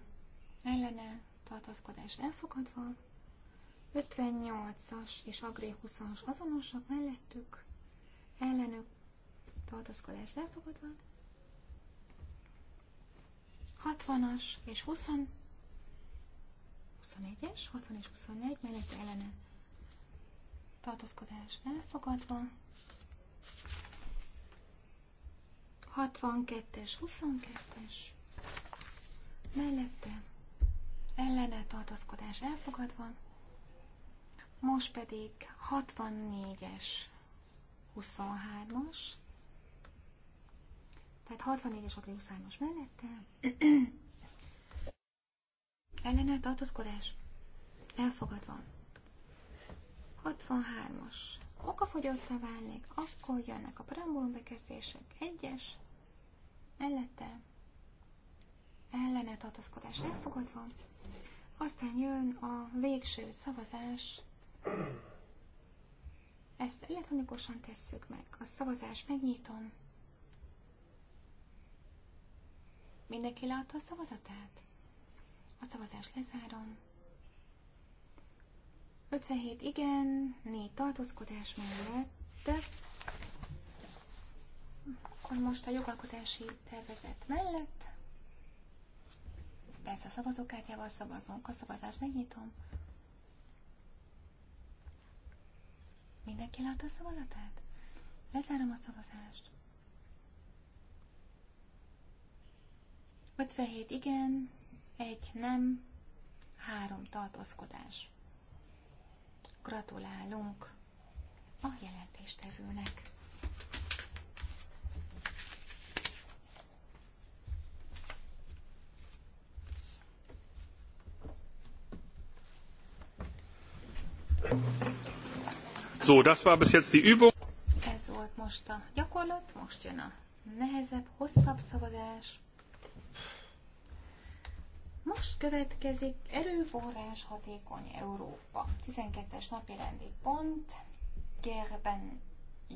ellene, tartózkodás elfogadva. 58-as és Agré 20-as azonosak mellettük, ellenük tartózkodás elfogadva. 60-as és 20 21-es, 60 és 21, mellette ellene tartózkodás elfogadva. 62-es, 22-es, mellette ellene tartózkodás elfogadva. Most pedig 64-es, 23-as, tehát 64-es agrium számos mellette. Ellenállt tartózkodás elfogadva. 63-as okafogyottá válnék, akkor jönnek a preambulum bekezdések. 1-es mellette ellene tartózkodás elfogadva. Aztán jön a végső szavazás. Ezt elektronikusan tesszük meg. A szavazás megnyitom. Mindenki látta a szavazatát? A szavazás lezárom. 57 igen, 4 tartózkodás mellett. Akkor most a jogalkotási tervezet mellett. Persze a szavazókártyával szavazunk, a szavazást megnyitom. Mindenki látta a szavazatát? Lezárom a szavazást. 5 57 igen, egy nem, három tartózkodás. Gratulálunk a jelentéstevőnek. So, das war bis jetzt die Übung. Ez volt most a gyakorlat, most jön a nehezebb, hosszabb szavazás következik, erőforrás hatékony Európa. 12-es napi rendi pont, Gerben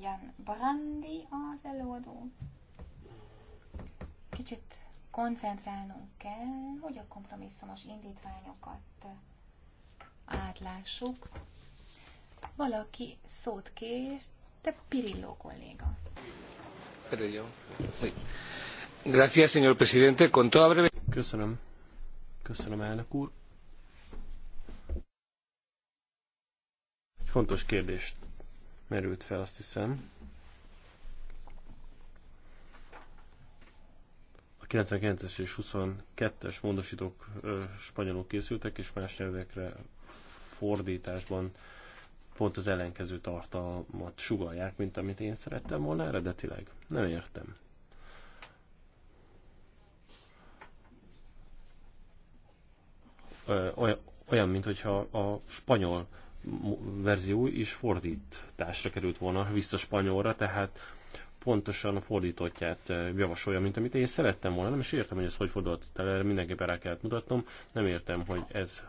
Jan Brandi az előadó. Kicsit koncentrálnunk kell, hogy a kompromisszumos indítványokat átlássuk. Valaki szót kért, te Pirillo kolléga. señor presidente. breve... Köszönöm. Köszönöm, elnök úr. Egy fontos kérdést merült fel, azt hiszem. A 99-es és 22-es módosítók spanyolul készültek, és más nyelvekre fordításban pont az ellenkező tartalmat sugalják, mint amit én szerettem volna eredetileg. Nem értem. olyan, mintha a spanyol verzió is fordításra került volna vissza spanyolra, tehát pontosan a fordítottját javasolja, mint amit én szerettem volna. Nem is értem, hogy ez hogy fordított el, erre mindenképpen rá kellett mutatnom. Nem értem, hogy ez,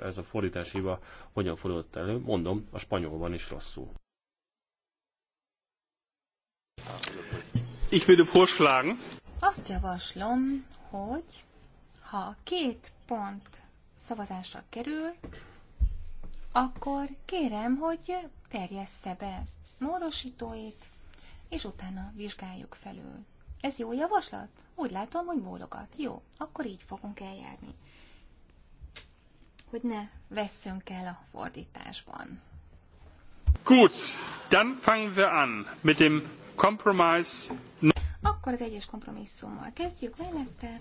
ez a fordítás hiba hogyan fordult elő. Mondom, a spanyolban is rosszul. Ich würde vorschlagen. Azt javaslom, hogy ha két pont szavazásra kerül, akkor kérem, hogy terjessze be módosítóit, és utána vizsgáljuk felül. Ez jó javaslat? Úgy látom, hogy bólogat. Jó, akkor így fogunk eljárni. Hogy ne vesszünk el a fordításban. Gut, dann fangen wir an mit dem Kompromiss. Akkor az egyes kompromisszummal kezdjük mellette.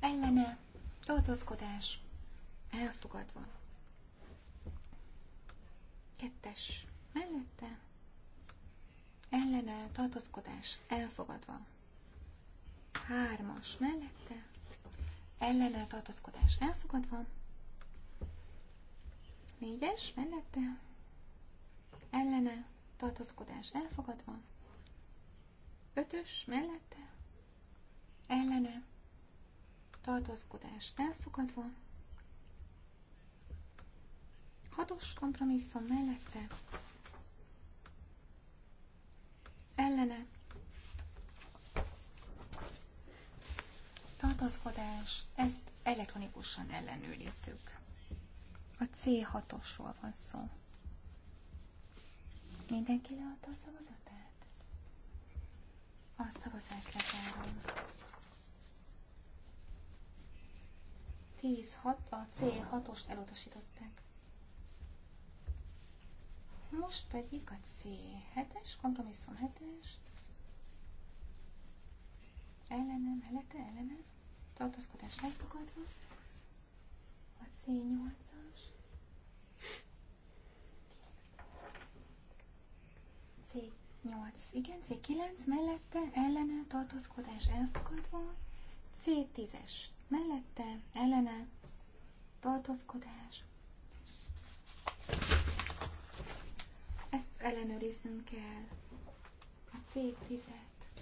Ellene tartózkodás elfogadva. Kettes mellette ellene tartózkodás elfogadva. Hármas mellette ellene tartózkodás elfogadva. Négyes mellette ellene tartózkodás elfogadva. Ötös mellette ellene tartózkodás elfogadva, hatos kompromisszum mellette, ellene, tartózkodás, ezt elektronikusan ellenőrizzük. A C6-osról van szó. Mindenki leadta a szavazatát? A szavazást lezárom. a C6-ost elutasították. Most pedig a C7-es, kompromisszum 7-es. Ellenem, mellette, ellenem. Tartaszkodás megfogadva. A C8-as. C8, igen, C9 mellette, ellene, tartózkodás elfogadva. C10-es mellette, ellene, tartózkodás. Ezt ellenőriznünk kell. A C10-et.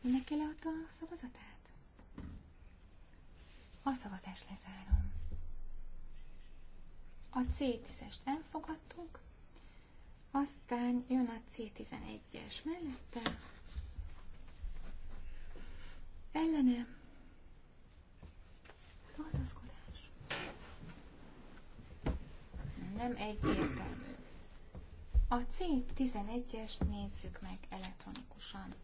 Mindenki leadta a szavazatát? A szavazás lezárom. A C10-est elfogadtuk, aztán jön a C11-es mellette, ellene tartózkodás nem egyértelmű. A C11-est nézzük meg elektronikusan.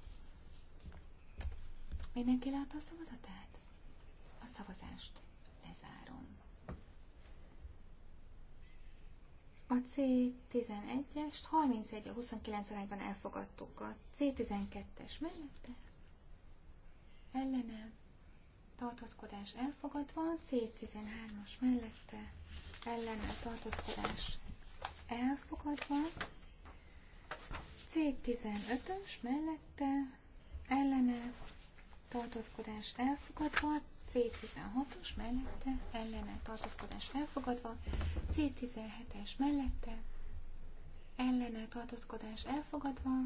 Mindenki látta a szavazatát? A szavazást lezárom. A C11-est 31 a 29 arányban elfogadtuk. A C12-es mellette ellene tartózkodás elfogadva, C13-as mellette ellene tartózkodás elfogadva, C15-ös mellette ellene tartózkodás elfogadva, C16-os mellette ellene tartózkodás elfogadva, C17-es mellette ellene tartózkodás elfogadva,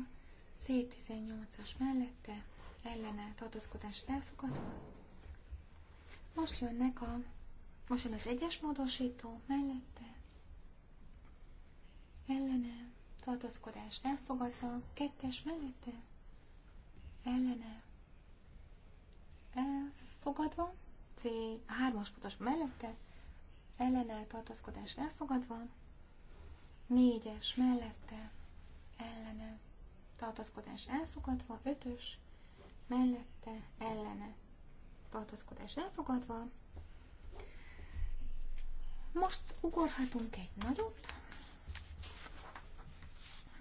C18-as mellette ellene tartózkodás elfogadva. Most jönnek a, most jön az egyes módosító mellette, ellene tartózkodás elfogadva, kettes mellette, ellene elfogadva, C, a hármas pontos mellette, ellene tartózkodás elfogadva, négyes mellette, ellene tartózkodás elfogadva, ötös mellette, ellene, tartozkodás elfogadva. Most ugorhatunk egy nagyot.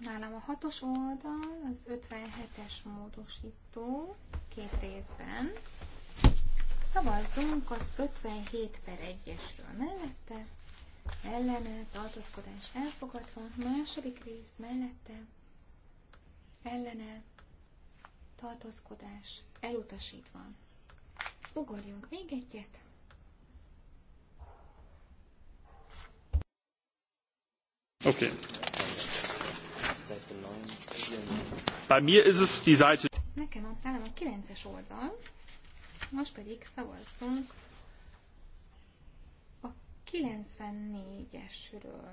Nálam a hatos oldal, az 57-es módosító, két részben. Szavazzunk az 57 per 1-esről mellette, ellene, tartózkodás elfogadva, második rész mellette, ellene, tartózkodás elutasítva. Ugorjunk még egyet. Oké. Okay. Seite. Nekem ott nálam a 9-es oldal, most pedig szavazzunk a 94-esről.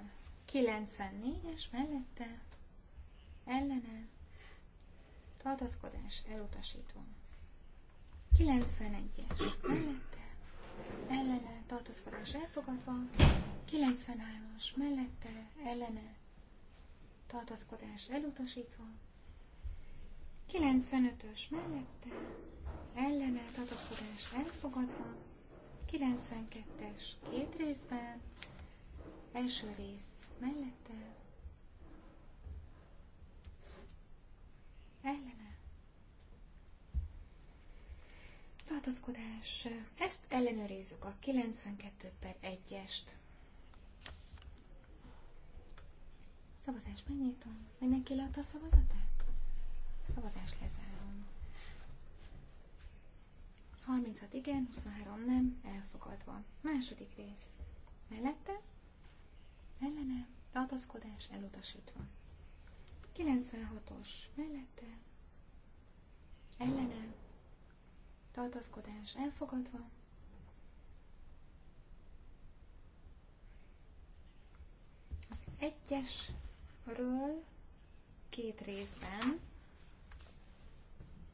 94-es mellette, ellene, tartózkodás elutasítom. 91-es mellette, ellene, tartózkodás elfogadva, 93-as mellette, ellene, tartózkodás elutasítva, 95-ös mellette, ellene, tartózkodás elfogadva, 92-es két részben, első rész mellette, ellene. Tartozkodás. Ezt ellenőrizzük a 92 per 1-est. Szavazás megnyitom. Mindenki leadta a szavazatát? Szavazás lezárom. 36 igen, 23 nem, elfogadva. Második rész. Mellette? Ellene? Tartozkodás elutasítva. 96-os mellette, ellene, tartaszkodás elfogadva, az egyesről két részben,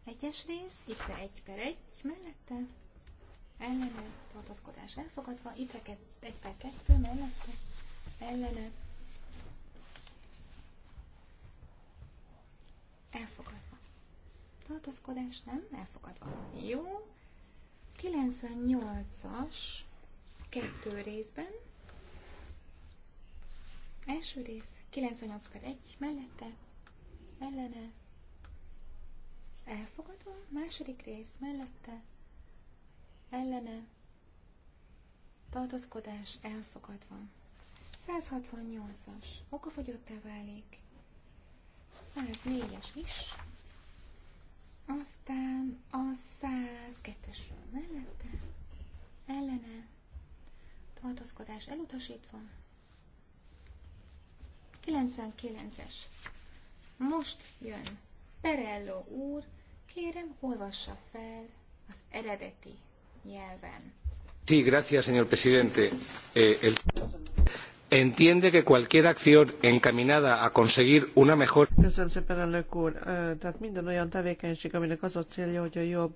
egyes rész, itt egy per egy, mellette, ellene, tartaszkodás elfogadva, itt egy per kettő, mellette, ellene, Elfogadva. Tartózkodás nem, elfogadva. Jó. 98-as kettő részben. Első rész 98 per 1 mellette, ellene, elfogadva. Második rész mellette, ellene, tartózkodás elfogadva. 168-as okafogyottá válik. 104-es is, aztán a 102-esről mellette, ellene, tartózkodás elutasítva, 99-es. Most jön Perello úr, kérem, olvassa fel az eredeti nyelven. Sí, gracias, señor presidente. Eh, el entiende que cualquier acción encaminada a conseguir una mejor. Köszönöm szépen, elnök úr. Tehát minden olyan tevékenység, aminek az a célja, hogy a jobb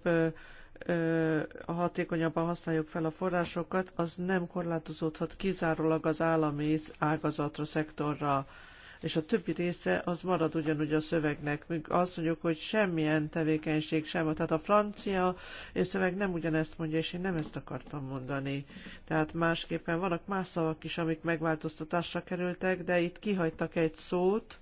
a hatékonyabban használjuk fel a forrásokat, az nem korlátozódhat kizárólag az állami ágazatra, szektorra és a többi része az marad ugyanúgy a szövegnek. Még azt mondjuk, hogy semmilyen tevékenység sem, tehát a francia és szöveg nem ugyanezt mondja, és én nem ezt akartam mondani. Tehát másképpen vannak más szavak is, amik megváltoztatásra kerültek, de itt kihagytak egy szót,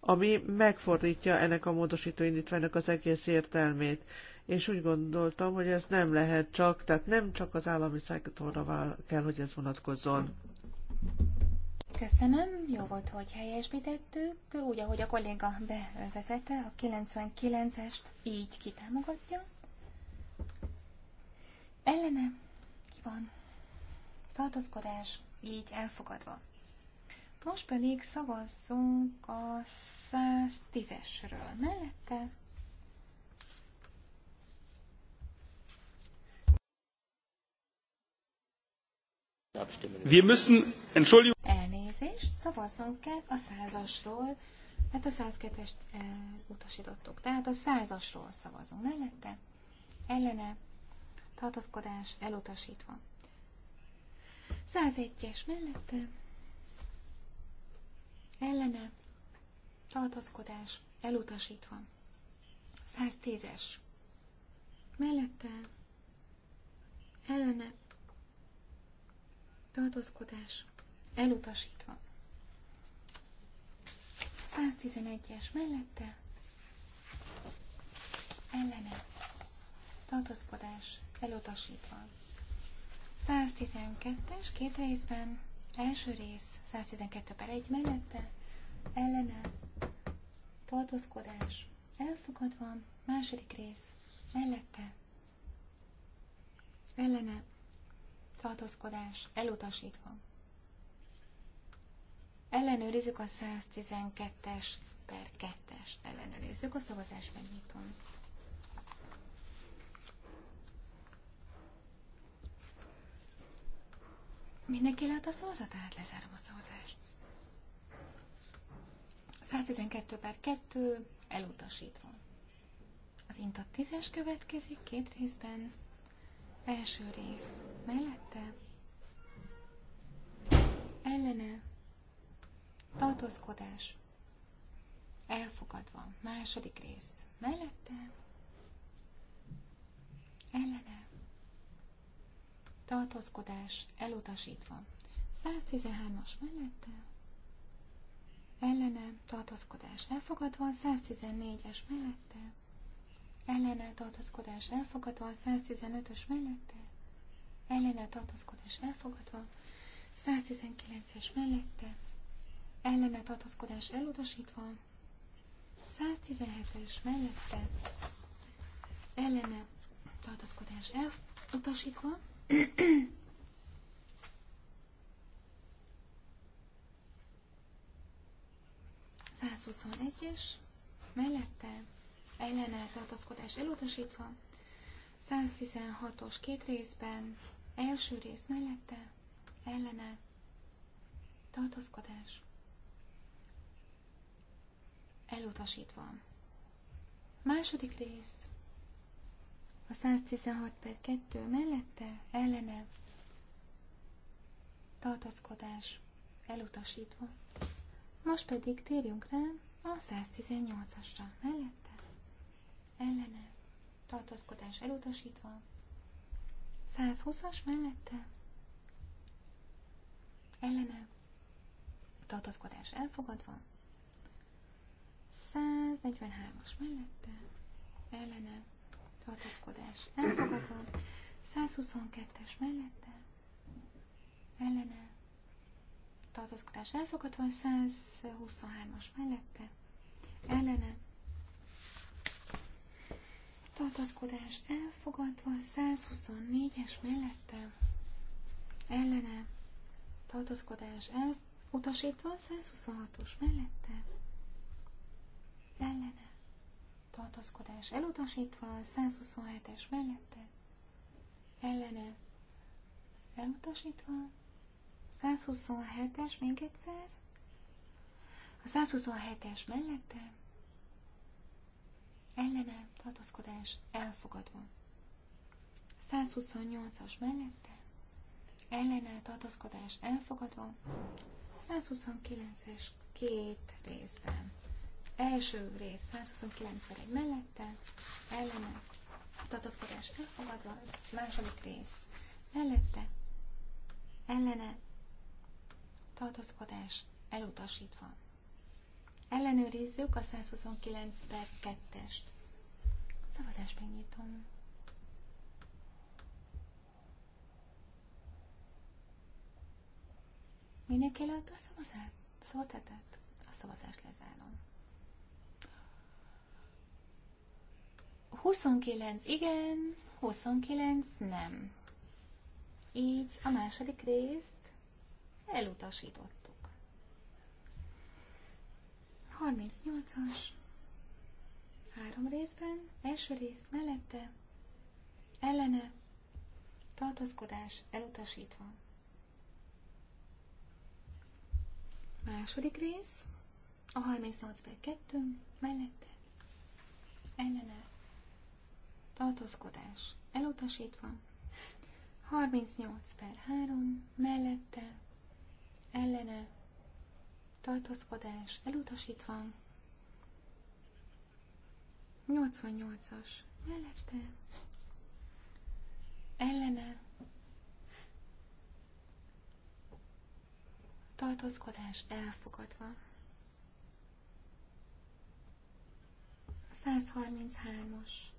ami megfordítja ennek a módosító indítványnak az egész értelmét és úgy gondoltam, hogy ez nem lehet csak, tehát nem csak az állami szektorra kell, hogy ez vonatkozzon. Köszönöm, jó volt, hogy helyesbítettük, úgy, ahogy a kolléga bevezette, a 99-est így kitámogatja. Ellene ki van tartozkodás, így elfogadva. Most pedig szavazzunk a 110-esről mellette, Wir müssen, Entschuldigung. Elnézést, szavaznunk kell a százasról, mert hát a 102-est elutasítottuk. Eh, Tehát a százasról szavazunk mellette, ellene, tartózkodás elutasítva. 101-es mellette, ellene, tartózkodás elutasítva. 110-es mellette, ellene, tartózkodás elutasítva. 111-es mellette ellene tartózkodás elutasítva. 112-es két részben, első rész 112 per 1 mellette ellene tartózkodás elfogadva, második rész mellette ellene tartózkodás elutasítva. Ellenőrizzük a 112-es per 2-es. Ellenőrizzük a szavazás megnyitom. Mindenki lát a szavazatát, lezárom a szavazást. 112 per 2 elutasítva. Az inta 10-es következik két részben. Első rész. Mellette? Ellene? Tartózkodás. Elfogadva. Második rész. Mellette? Ellene? Tartózkodás. Elutasítva. 113-as mellette? Ellene? Tartózkodás. Elfogadva. 114-es mellette? ellene tartózkodás elfogadva, 115-ös mellette ellene tartózkodás elfogadva, 119-es mellette ellene tartózkodás elutasítva, 117-es mellette ellene tartózkodás elutasítva, es mellette ellene tartaszkodás elutasítva, 116-os két részben, első rész mellette, ellene tartaszkodás elutasítva. Második rész, a 116 per 2 mellette, ellene tartaszkodás elutasítva. Most pedig térjünk rá a 118-asra mellett ellene tartózkodás elutasítva, 120-as mellette ellene tartózkodás elfogadva, 143-as mellette ellene tartózkodás elfogadva, 122-es mellette ellene tartózkodás elfogadva, 123-as mellette ellene tartózkodás elfogadva, 124-es mellette, ellene, tartózkodás elutasítva, 126-os mellette, ellene, tartózkodás elutasítva, 127-es mellette, ellene, elutasítva, 127-es még egyszer, a 127-es mellette, ellene tartózkodás elfogadva. 128-as mellette ellene tartózkodás elfogadva. 129-es két részben. Első rész 129 per egy mellette, ellene tartózkodás elfogadva, második rész mellette, ellene tartózkodás elutasítva. Ellenőrizzük a 129 per 2-est. Szavazást megnyitom. Mindenki leadta a szavazát? Szavazatát? A szavazást lezárom. 29 igen, 29 nem. Így a második részt elutasított. 38-as. Három részben. Első rész mellette. Ellene. Tartózkodás elutasítva. Második rész. A 38 per 2 mellette. Ellene. Tartózkodás elutasítva. 38 per 3 mellette. Ellene tartózkodás elutasítva. 88-as mellette ellene tartózkodás elfogadva. 133 as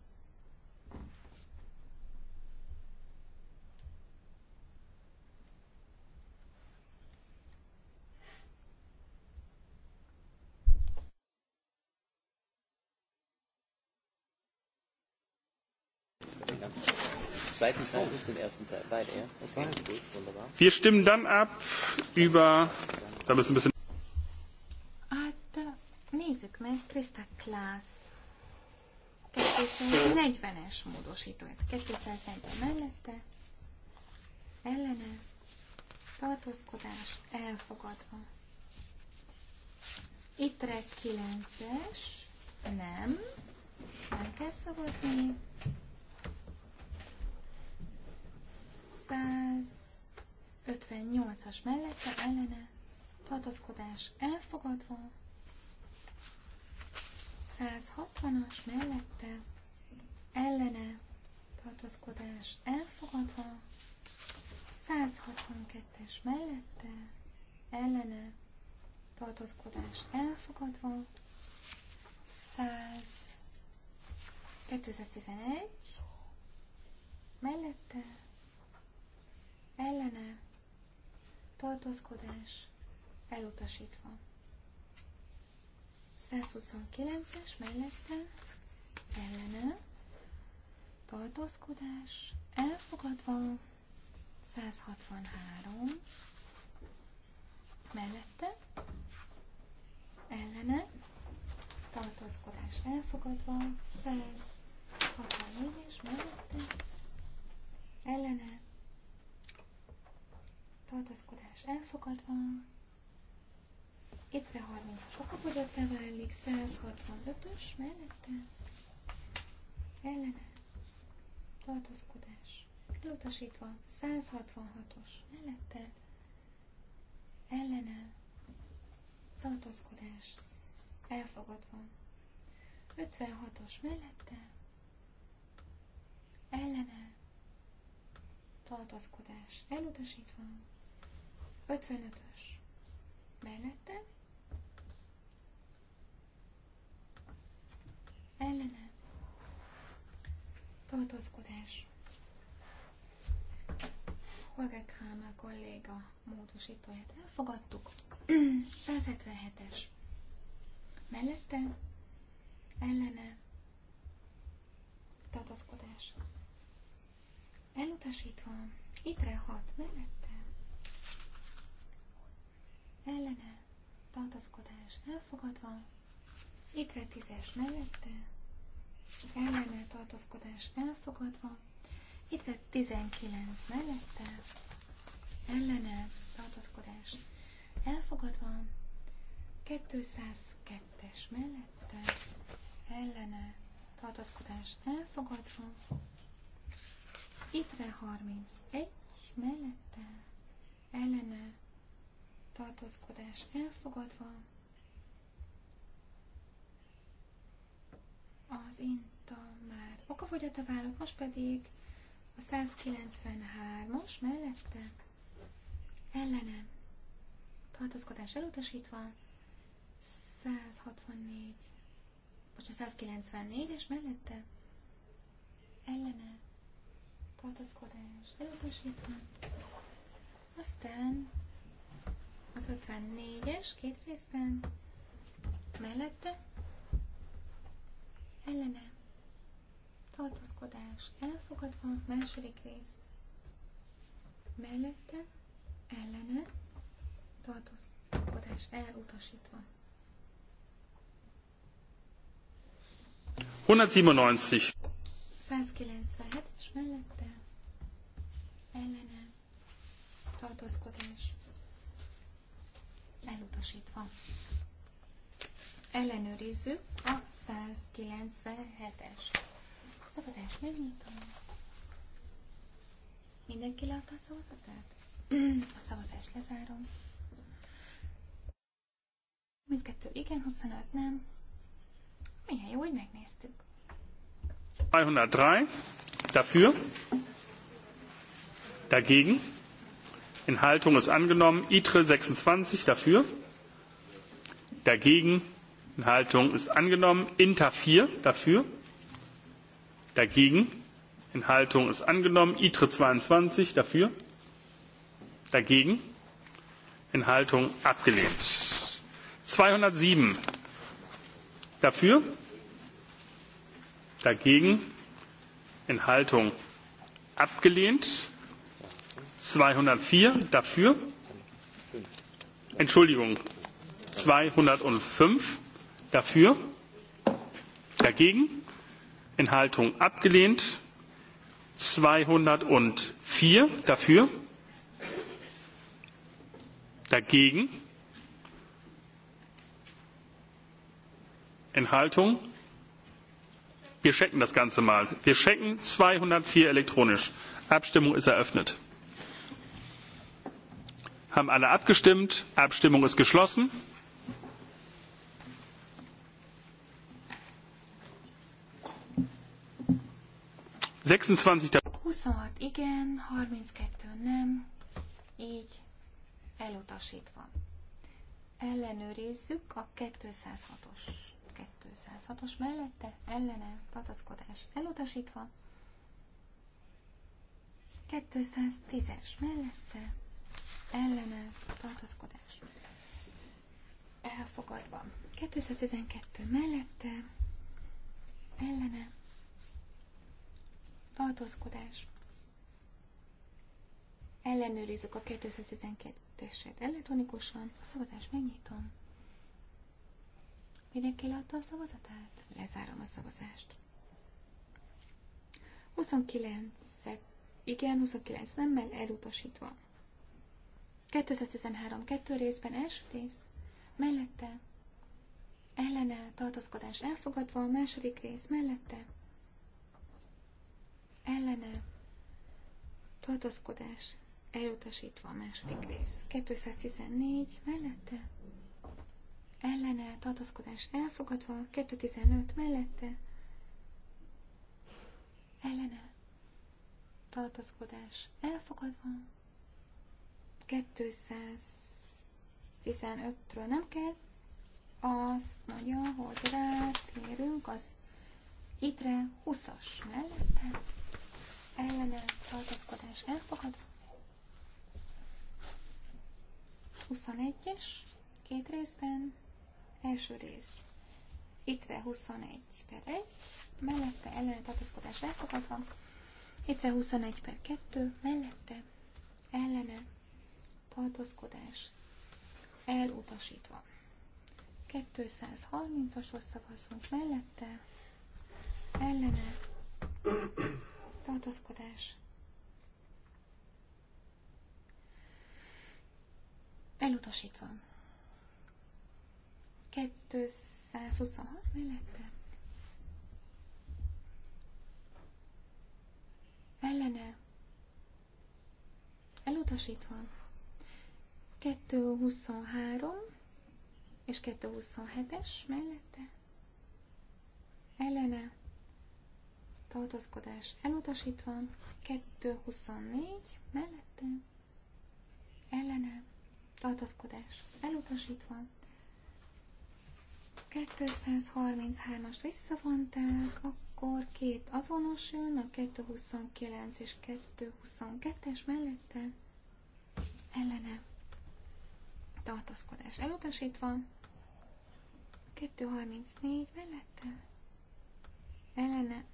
zweiten Teil den ersten Teil. Beide, ja? Okay, gut, wunderbar. Wir stimmen dann ab über... Da müssen ein bisschen... Hát nézzük meg Krista Klász 240-es módosítóját. 240 mellette, ellene, tartózkodás, elfogadva. Ittre 9-es, nem, nem kell szavazni. 158-as mellette ellene tartozkodás elfogadva, 160-as mellette ellene tartozkodás elfogadva, 162-es mellette ellene tartozkodás elfogadva, 100 2011 mellette ellene, tartózkodás, elutasítva. 129-es mellette, ellene, tartózkodás, elfogadva, 163 mellette, ellene, tartózkodás elfogadva, 164-es mellette, ellene, tartózkodás elfogadva. Ittre 30-as okafogyottá válik, 165-ös mellette, ellene, tartózkodás elutasítva, 166-os mellette, ellene, tartózkodás elfogadva, 56-os mellette, ellene, tartózkodás elutasítva, 55-ös mellette, ellene, tartózkodás. Holger Kramer kolléga módosítóját elfogadtuk. 177-es. Mellette, ellene, tartózkodás. Elutasítva, itre 6 mellette, ellene, tartózkodás elfogadva, ittre tízes mellette, ellene, tartózkodás elfogadva, ittre tizenkilenc mellette, ellene, tartózkodás elfogadva, 202-es mellette, ellene, tartózkodás elfogadva, harminc 31 mellette, ellene, tartózkodás elfogadva, az inta már okafogyata válok, most pedig a 193 os mellette ellenem tartózkodás elutasítva, 164, bocsánat, 194, és mellette ellene tartózkodás elutasítva, aztán az 54-es, két részben, mellette, ellene, tartózkodás, elfogadva, második rész, mellette, ellene, tartózkodás, elutasítva. 197. 197-es mellette, ellene, tartózkodás, elutasítva. Ellenőrizzük a 197-es. Szavazást megnyitom. Mindenki látta a szavazatát? A szavazást lezárom. 32 igen, 25 nem. Milyen jó, hogy megnéztük. 203 dafür, dagegen Enthaltungen ist angenommen. ITRE 26 dafür. Dagegen Enthaltung ist angenommen. INTA 4 dafür. Dagegen Enthaltung ist angenommen. ITRE 22 dafür. Dagegen Enthaltungen abgelehnt. 207 dafür. Dagegen Enthaltungen abgelehnt zweihundertvier dafür entschuldigung zweihundertfünf dafür dagegen enthaltung abgelehnt zweihundertvier dafür dagegen enthaltung wir checken das ganze mal wir checken zweihundertvier elektronisch abstimmung ist eröffnet Haben alle abgestimmt? Abstimmung ist geschlossen. Sechsundzwanzig. igen, 32 nem, így elutasítva. Ellenőrizzük a mellette elutasítva. 210-es mellette ellene tartózkodás elfogadva. 212 mellette ellene tartózkodás ellenőrizzük a 212-eset elektronikusan, a szavazást megnyitom. Mindenki látta a szavazatát? Lezárom a szavazást. 29 igen, 29 nemmel elutasítva. 2013. kettő részben első rész, mellette, ellene tartózkodás elfogadva, a második rész mellette, ellene tartózkodás elutasítva a második rész. 214 mellette, ellene tartózkodás elfogadva, 215 mellette, ellene tartózkodás elfogadva, 215-ről nem kell. az nagyon, hogy rátérünk az itre 20-as mellette. Ellene tartózkodás elfogad. 21-es, két részben, első rész. Itre 21 per 1, mellette ellene tartózkodás elfogadva. Itre 21 per 2, mellette ellene tartózkodás elutasítva. 230-ashoz szavazunk mellette, ellene, tartózkodás elutasítva. 226 mellette. Ellene. Elutasítva. 223 és 227-es mellette ellene tartozkodás elutasítva, 224 mellette ellene tartozkodás elutasítva, 233 as visszavonták, akkor két azonos jön, a 229 és 222-es mellette ellene tartózkodás elutasítva, 234 mellette, ellene,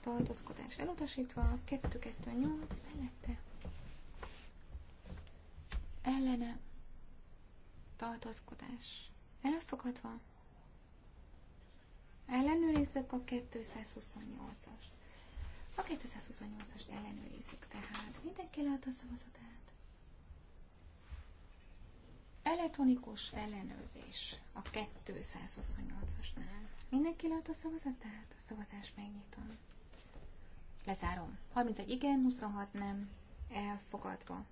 tartózkodás elutasítva, 228 mellette, ellene, tartózkodás elfogadva, ellenőrizzük a 228-ast. A 228-ast ellenőrizzük tehát. Mindenki lehet a szavazatát. Elektronikus ellenőrzés a 228-asnál. Mindenki lát a szavazatát? A szavazás megnyitom. Lezárom. 31 igen, 26 nem. Elfogadva.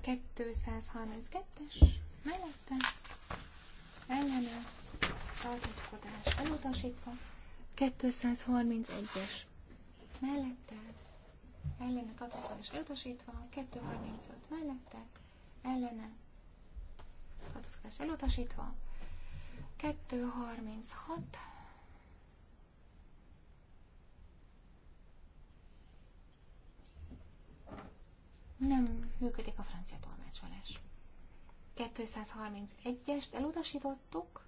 Kettőszázharminckettes mellette ellene tartózkodás elutasítva, 231-es mellette ellene tartózkodás elutasítva, 235 mellette ellene tartózkodás elutasítva, 236 nem működik a francia tolmácsolás. 231-est elutasítottuk,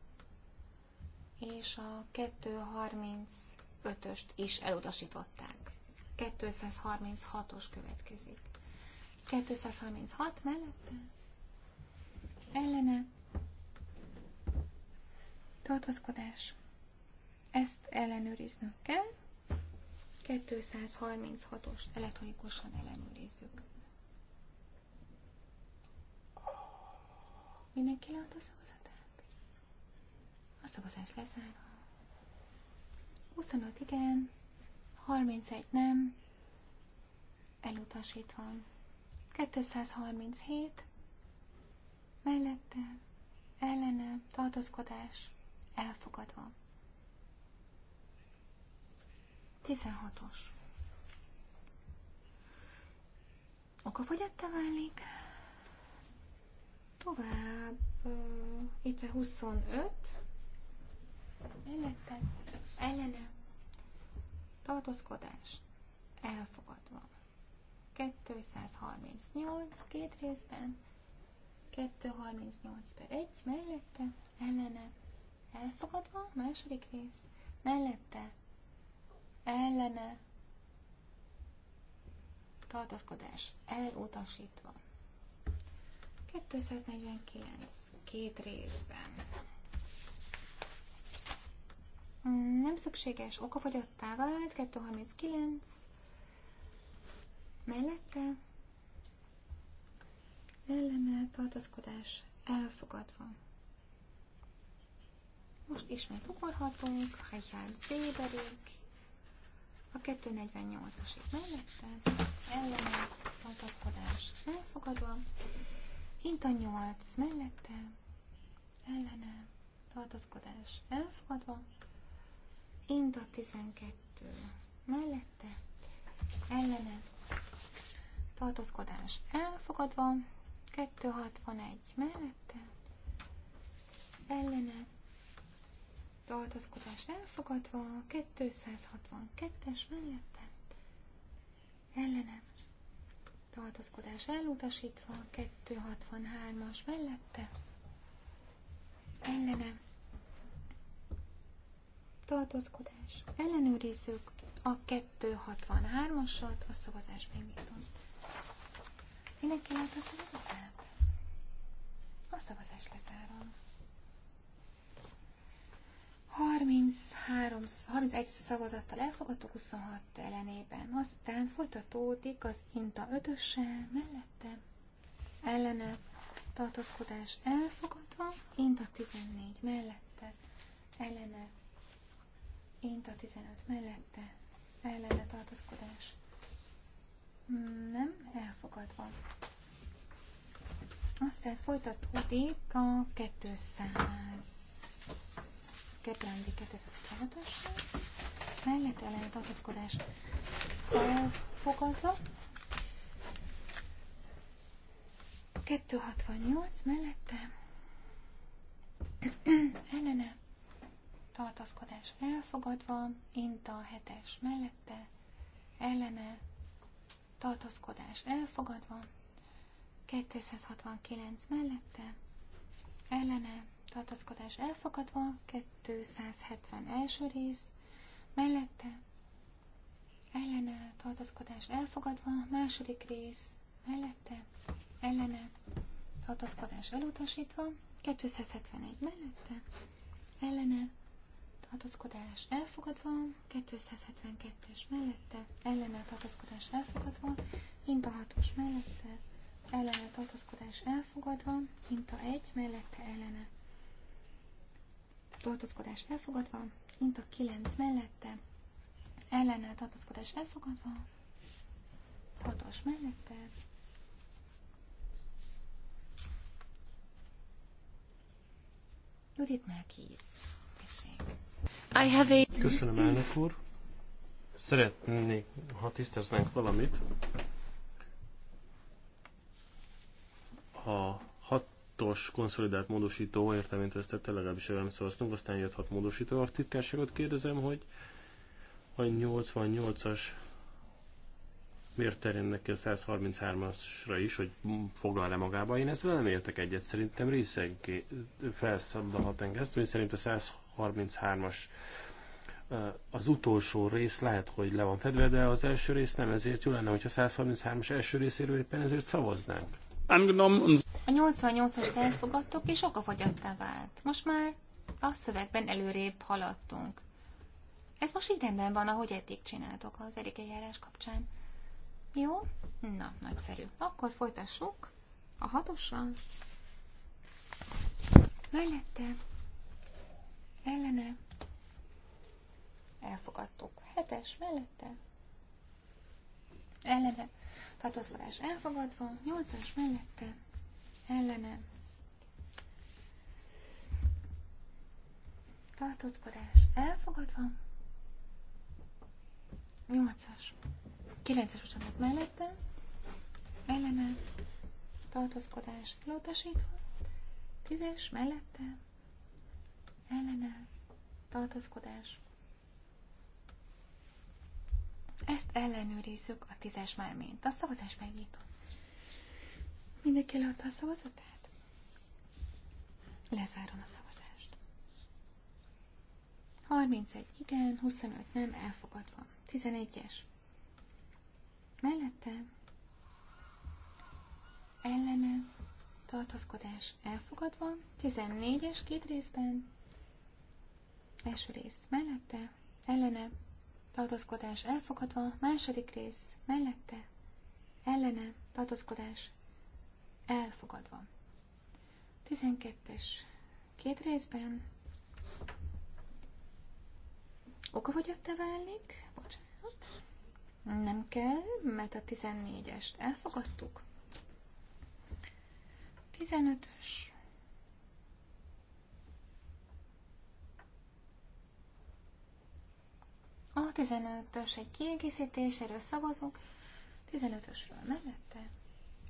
és a 235-öst is elutasították. 236-os következik. 236 mellette ellene tartozkodás. Ezt ellenőriznünk kell. 236-ost elektronikusan ellenőrizzük. Mindenki leadta a szavazatát? A szavazás lezárva. 25 igen, 31 nem, elutasítva. 237 mellette, ellene, tartózkodás, elfogadva. 16-os. Okafogyott-e válik? Tovább, itt a 25, mellette, ellene, tartózkodás, elfogadva. 238, két részben, 238 per 1, mellette, ellene, elfogadva, második rész, mellette, ellene, tartózkodás, elutasítva. 249. Két részben. Nem szükséges, okafogyottá vált, 239. Mellette ellene tartozkodás elfogadva. Most ismét ugorhatunk, Richard Zéberék, a 248-asig mellette, ellene tartozkodás elfogadva. Hint a nyolc mellette, ellene, tartozkodás, elfogadva. Hint a tizenkettő mellette, ellene, tartozkodás, elfogadva. 261 mellette, ellene, tartozkodás, elfogadva, 262-es mellette, ellene, tartózkodás elutasítva, 263-as mellette, ellene, tartózkodás, ellenőrizzük a 263-asat, a szavazás megnyitom. Mindenki lát a szavazatát? A szavazás lezárom. 33, 31 szavazattal elfogadtuk, 26 ellenében. Aztán folytatódik az Inta 5 mellette ellene tartózkodás elfogadva, Inta 14 mellette ellene, Inta 15 mellette ellene tartózkodás nem elfogadva. Aztán folytatódik a 200 Gebrándi 2006-os, mellett ellen tartózkodás elfogadva, 268 mellette ellene tartózkodás elfogadva, Inta 7-es mellette ellene tartózkodás elfogadva, 269 mellette ellene tartózkodás elfogadva, 270 első rész, mellette ellene tartózkodás elfogadva, második rész, mellette ellene tartózkodás elutasítva, 271 mellette ellene tartózkodás elfogadva, 272-es mellette ellene tartózkodás elfogadva, hinta 6 mellette ellene tartózkodás elfogadva, hinta 1 mellette ellene tartózkodás elfogadva, mint a 9 mellette, ellennel tartózkodás elfogadva, 6-os mellette, Judit Melkíz. I have a... Köszönöm, elnök úr. Szeretnék, ha tisztáznánk valamit. A 6-os konszolidált módosító értelmét vesztette, legalábbis erre nem szavaztunk, aztán jött 6 módosító. A titkárságot kérdezem, hogy a 88-as miért terjed neki a 133-asra is, hogy foglal le magába. Én ezzel nem értek egyet. Szerintem részeg felszabdalhat hogy szerint a 133-as az utolsó rész lehet, hogy le van fedve, de az első rész nem, ezért jó lenne, hogyha 133-as első részéről éppen ezért szavaznánk. A 88 as elfogadtuk, és okafogyattá vált. Most már a szövegben előrébb haladtunk. Ez most így rendben van, ahogy eddig csináltok az eddig eljárás kapcsán. Jó? Na, nagyszerű. Akkor folytassuk a hatossal. Mellette, ellene, elfogadtuk. Hetes mellette, ellene, tartózkodás elfogadva, 8-as mellette, ellene, tartózkodás elfogadva, 8-as, 9-es usanat mellette, ellene, tartózkodás elutasítva, 10-es mellette, ellene, tartózkodás ezt ellenőrizzük a tízes mármint. A szavazás megnyitott. Mindenki leadta a szavazatát? Lezárom a szavazást. 31 igen, 25 nem, elfogadva. 11-es. Mellette ellene tartózkodás elfogadva. 14-es két részben. Első rész mellette, ellene tartózkodás elfogadva, második rész mellette, ellene, tartózkodás elfogadva. 12-es két részben oka, okafogyatta válik, bocsánat, nem kell, mert a 14-est elfogadtuk. 15-ös 15-ös egy kiegészítés, erről szavazunk. 15-ösről mellette,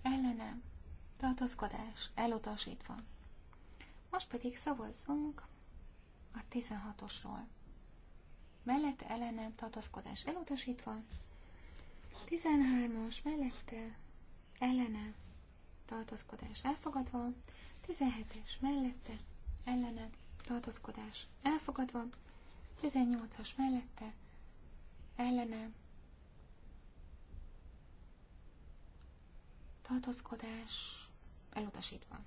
ellene tartózkodás, elutasítva. Most pedig szavazzunk a 16-osról. Mellette ellenem tartózkodás elutasítva. 13 os mellette ellene tartózkodás elfogadva. 17-es mellette ellene tartózkodás elfogadva. 18-as mellette ellene tartózkodás elutasítva.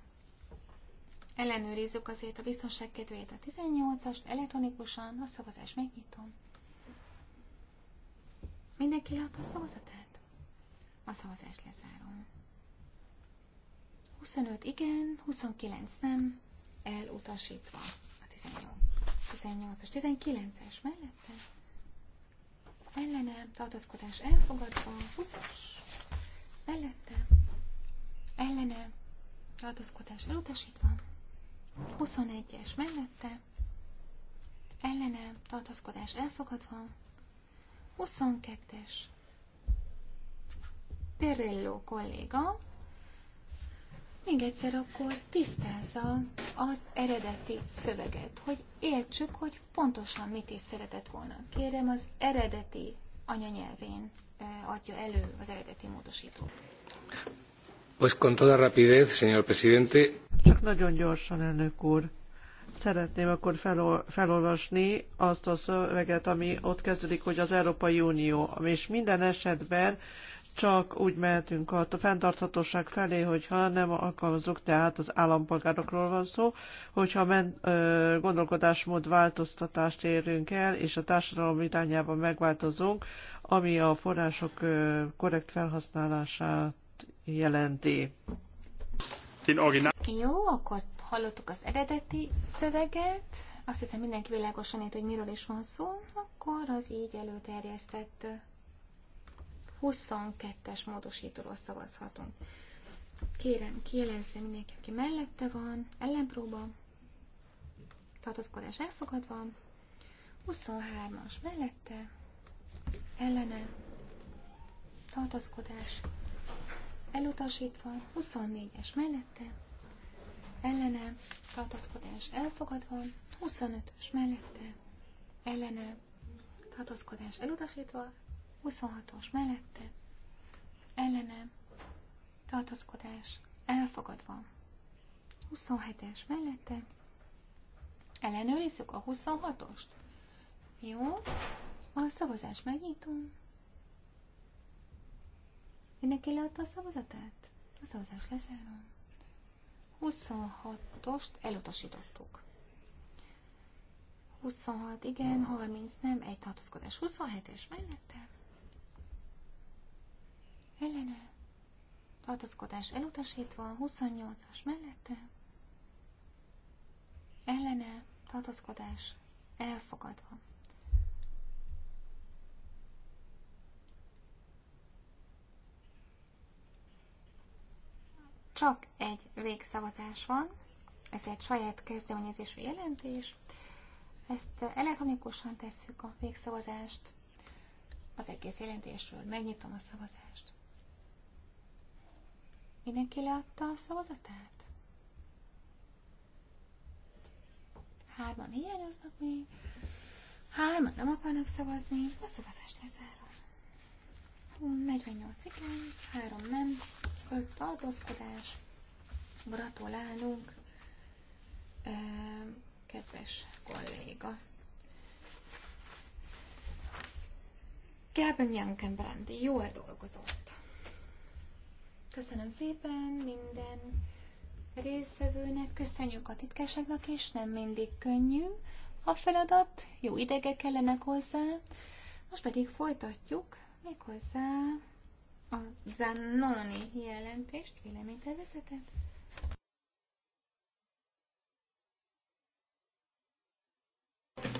Ellenőrizzük azért a biztonság kedvéért a 18-ast elektronikusan, a szavazás megnyitom. Mindenki látta a szavazatát? A szavazást lezárom. 25 igen, 29 nem, elutasítva a 18-as, 19-es mellette ellenem tartozkodás elfogadva, 20-as mellette, ellenem tartozkodás elutasítva, 21-es mellette, ellenem tartozkodás elfogadva, 22-es Perello kolléga még egyszer akkor tisztázza az eredeti szöveget, hogy értsük, hogy pontosan mit is szeretett volna. Kérem, az eredeti anyanyelvén eh, adja elő az eredeti módosító. Pues con toda rapidez, señor presidente. Csak nagyon gyorsan, elnök úr. Szeretném akkor felol, felolvasni azt a szöveget, ami ott kezdődik, hogy az Európai Unió, és minden esetben csak úgy mehetünk a fenntarthatóság felé, hogyha nem alkalmazunk, tehát az állampolgárokról van szó, hogyha men, ö, gondolkodásmód változtatást érünk el, és a társadalom irányába megváltozunk, ami a források ö, korrekt felhasználását jelenti. Jó, akkor hallottuk az eredeti szöveget. Azt hiszem mindenki világosan ért, hogy miről is van szó, akkor az így előterjesztett 22-es módosítóról szavazhatunk. Kérem, kijelezze mindenki, aki mellette van, ellenpróba, tartozkodás elfogadva, 23-as mellette, ellene, tartozkodás elutasítva, 24-es mellette, ellene, tartozkodás elfogadva, 25-ös mellette, ellene, tartozkodás elutasítva, 26-os mellette, ellene, tartózkodás, elfogadva. 27-es mellette, ellenőrizzük a 26-ost. Jó, a szavazást megnyitom. Mindenki leadta a szavazatát? A szavazás lezárom. 26-ost elutasítottuk. 26, igen, 30 nem, egy tartózkodás 27-es mellette ellene, tartozkodás elutasítva, 28-as mellette, ellene, tartozkodás elfogadva. Csak egy végszavazás van, ez egy saját kezdeményezésű jelentés, ezt elektronikusan tesszük a végszavazást az egész jelentésről. Megnyitom a szavazást. Mindenki leadta a szavazatát? Hárman hiányoznak még. Hárman nem akarnak szavazni. A szavazás lezárva. 48 igen, 3 nem, 5 tartózkodás. Gratulálunk, kedves kolléga. Gerben Jankenbrandi jól dolgozott. Köszönöm szépen minden részvevőnek, köszönjük a titkárságnak is, nem mindig könnyű a feladat, jó idegek kellenek hozzá. Most pedig folytatjuk méghozzá a zanoni jelentést, véleménytervezetet.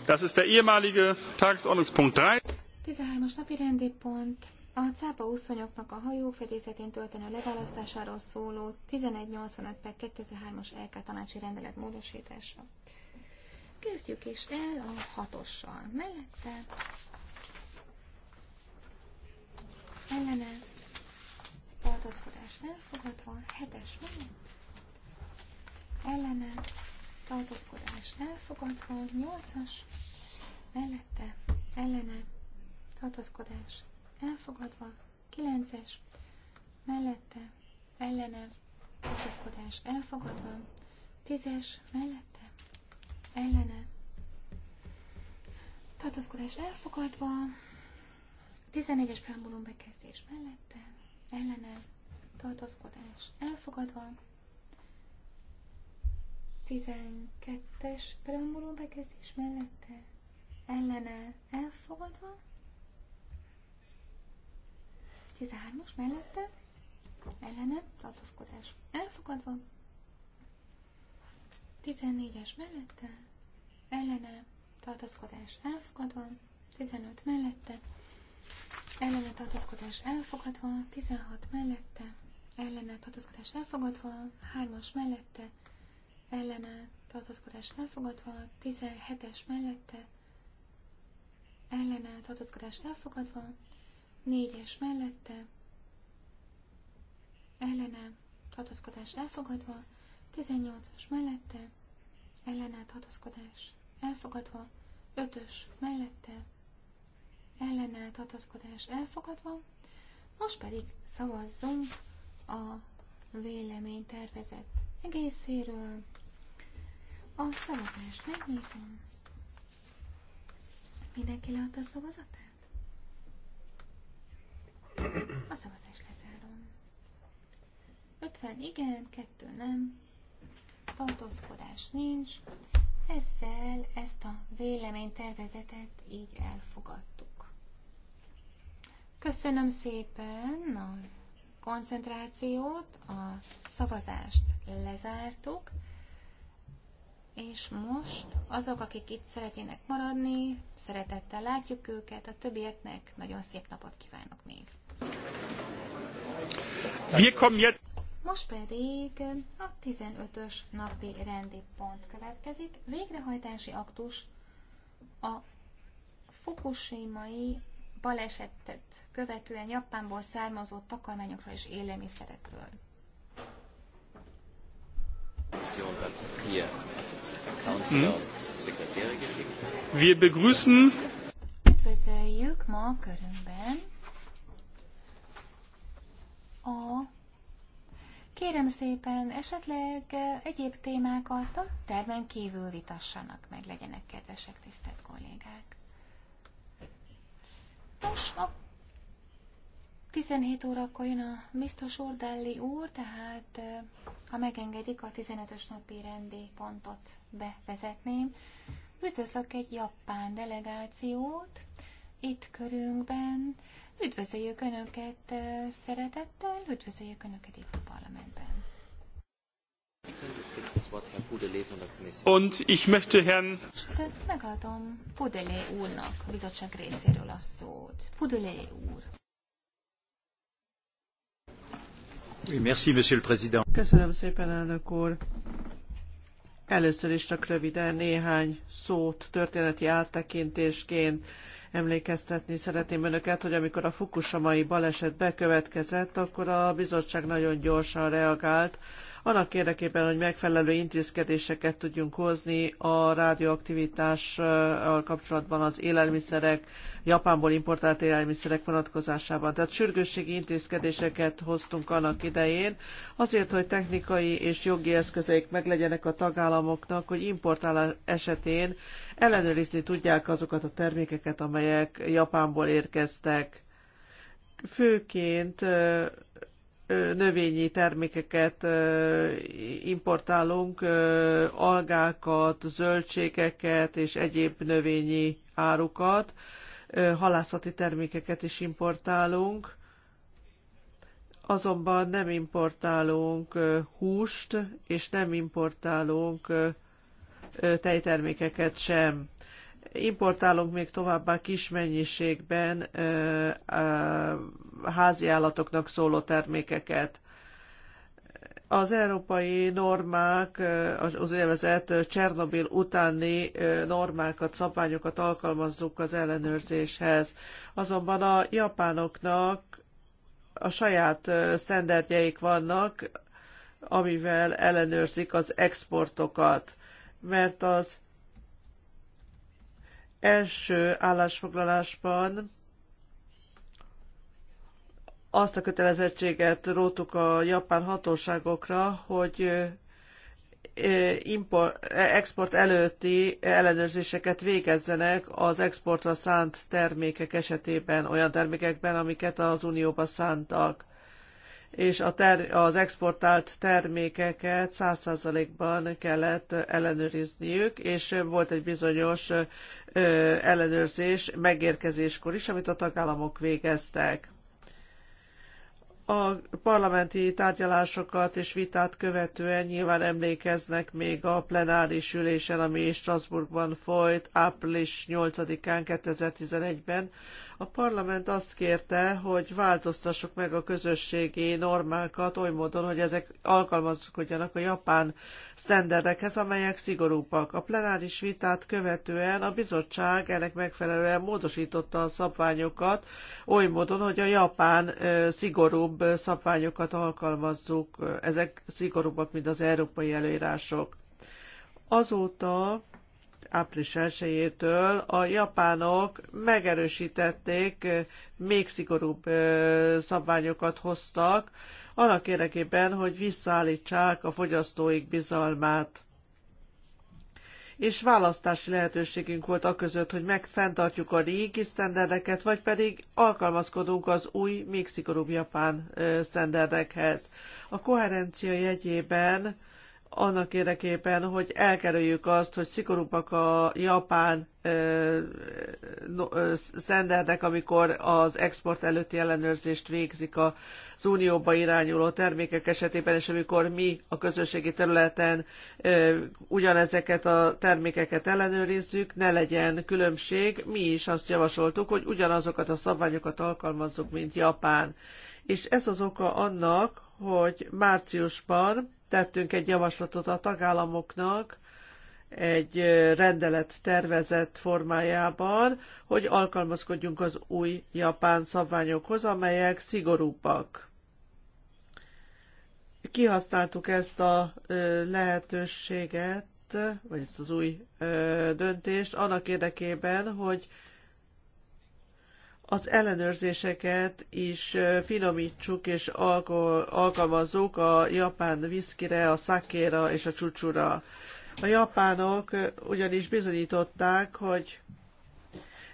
Das ist der ehemalige Tagesordnungspunkt 3. 13-as napi pont a cápa úszonyoknak a hajó fedélzetén történő leválasztásáról szóló 1185 per 2003-as LK tanácsi rendelet módosítása. Kezdjük is el a hatossal. Mellette ellene tartózkodás elfogadva, hetes mellett ellene tartózkodás elfogadva, nyolcas mellette ellene tartózkodás elfogadva, kilences mellette, ellene, tartózkodás elfogadva, tízes, mellette, ellene, tartózkodás elfogadva, 11-es preambulum bekezdés mellette, ellene, tartózkodás elfogadva, 12-es preambulum bekezdés mellette, ellene elfogadva, 13-as mellette, ellene, tartózkodás elfogadva. 14-es mellette, ellene, tartózkodás elfogadva. 15 mellette, ellene tartózkodás elfogadva. 16 mellette, ellene tartózkodás elfogadva. 3-as mellette, ellene tartózkodás elfogadva. 17-es mellette, ellene tartózkodás elfogadva. Négyes mellette, ellene, tartózkodás elfogadva. 18-as mellette, ellene, tartózkodás elfogadva. 5-ös mellette, ellene, tartózkodás elfogadva. Most pedig szavazzunk a tervezett egészéről. A szavazást megnyitom. Mindenki látta a szavazatát? A szavazás lezárom. 50 igen, 2 nem. Tartózkodás nincs. Ezzel ezt a véleménytervezetet így elfogadtuk. Köszönöm szépen a koncentrációt, a szavazást lezártuk, és most azok, akik itt szeretnének maradni, szeretettel látjuk őket, a többieknek nagyon szép napot kívánok még. Most pedig a 15-ös napi rendi pont következik. Végrehajtási aktus a fukushimai balesetet követően Japánból származó takarmányokról és élelmiszerekről. Mhm. Wir begrüßen. Üdvözöljük ma körünkben a. Kérem szépen, esetleg e, egyéb témákat a terven kívül vitassanak meg, legyenek kedvesek, tisztelt kollégák. Nos, a 17 órakor jön a biztos úr, Delli úr, tehát e, ha megengedik, a 15-ös napi rendi pontot bevezetném. Üdvözlök egy japán delegációt itt körünkben. Üdvözöljük Önöket szeretettel, üdvözöljük Önöket itt a parlamentben. Und ich möchte Herrn... Megadom Pudelé úrnak a bizottság részéről a szót. Pudelé úr. Merci, Monsieur le Président. Köszönöm szépen, elnök úr. Először is csak röviden néhány szót történeti áttekintésként Emlékeztetni szeretném önöket, hogy amikor a fukusamai baleset bekövetkezett, akkor a bizottság nagyon gyorsan reagált, annak érdekében, hogy megfelelő intézkedéseket tudjunk hozni a radioaktivitással kapcsolatban az élelmiszerek, Japánból importált élelmiszerek vonatkozásában. Tehát sürgősségi intézkedéseket hoztunk annak idején, azért, hogy technikai és jogi eszközeik meglegyenek a tagállamoknak, hogy importálás esetén ellenőrizni tudják azokat a termékeket, amelyek Japánból érkeztek. Főként növényi termékeket importálunk, algákat, zöldségeket és egyéb növényi árukat, halászati termékeket is importálunk, azonban nem importálunk húst, és nem importálunk tejtermékeket sem. Importálunk még továbbá kis mennyiségben házi állatoknak szóló termékeket. Az európai normák, az úgynevezett Csernobil utáni normákat, szabványokat alkalmazzuk az ellenőrzéshez. Azonban a japánoknak a saját sztenderdjeik vannak, amivel ellenőrzik az exportokat, mert az első állásfoglalásban azt a kötelezettséget rótuk a japán hatóságokra, hogy import, export előtti ellenőrzéseket végezzenek az exportra szánt termékek esetében, olyan termékekben, amiket az Unióba szántak és a ter- az exportált termékeket 100%-ban kellett ellenőrizniük, és volt egy bizonyos ellenőrzés megérkezéskor is, amit a tagállamok végeztek a parlamenti tárgyalásokat és vitát követően nyilván emlékeznek még a plenáris ülésen, ami Strasbourgban folyt április 8-án 2011-ben, a parlament azt kérte, hogy változtassuk meg a közösségi normákat oly módon, hogy ezek alkalmazkodjanak a japán sztenderdekhez, amelyek szigorúbbak. A plenáris vitát követően a bizottság ennek megfelelően módosította a szabványokat oly módon, hogy a japán szigorúbb szabványokat alkalmazzuk. Ezek szigorúbbak, mint az európai előírások. Azóta április 1-től a japánok megerősítették, még szigorúbb szabványokat hoztak, annak érdekében, hogy visszaállítsák a fogyasztóik bizalmát és választási lehetőségünk volt a között, hogy megfenntartjuk a régi sztenderdeket, vagy pedig alkalmazkodunk az új, még szigorúbb japán sztenderdekhez. A koherencia jegyében annak érdekében, hogy elkerüljük azt, hogy szigorúbbak a japán sztenderdek, amikor az export előtti ellenőrzést végzik az unióba irányuló termékek esetében, és amikor mi a közösségi területen ö, ugyanezeket a termékeket ellenőrizzük, ne legyen különbség. Mi is azt javasoltuk, hogy ugyanazokat a szabványokat alkalmazzuk, mint Japán és ez az oka annak, hogy márciusban tettünk egy javaslatot a tagállamoknak, egy rendelet tervezett formájában, hogy alkalmazkodjunk az új japán szabványokhoz, amelyek szigorúbbak. Kihasználtuk ezt a lehetőséget, vagy ezt az új döntést annak érdekében, hogy az ellenőrzéseket is finomítsuk és alkalmazzuk a japán viszkire, a szakéra és a csúcsura. A japánok ugyanis bizonyították, hogy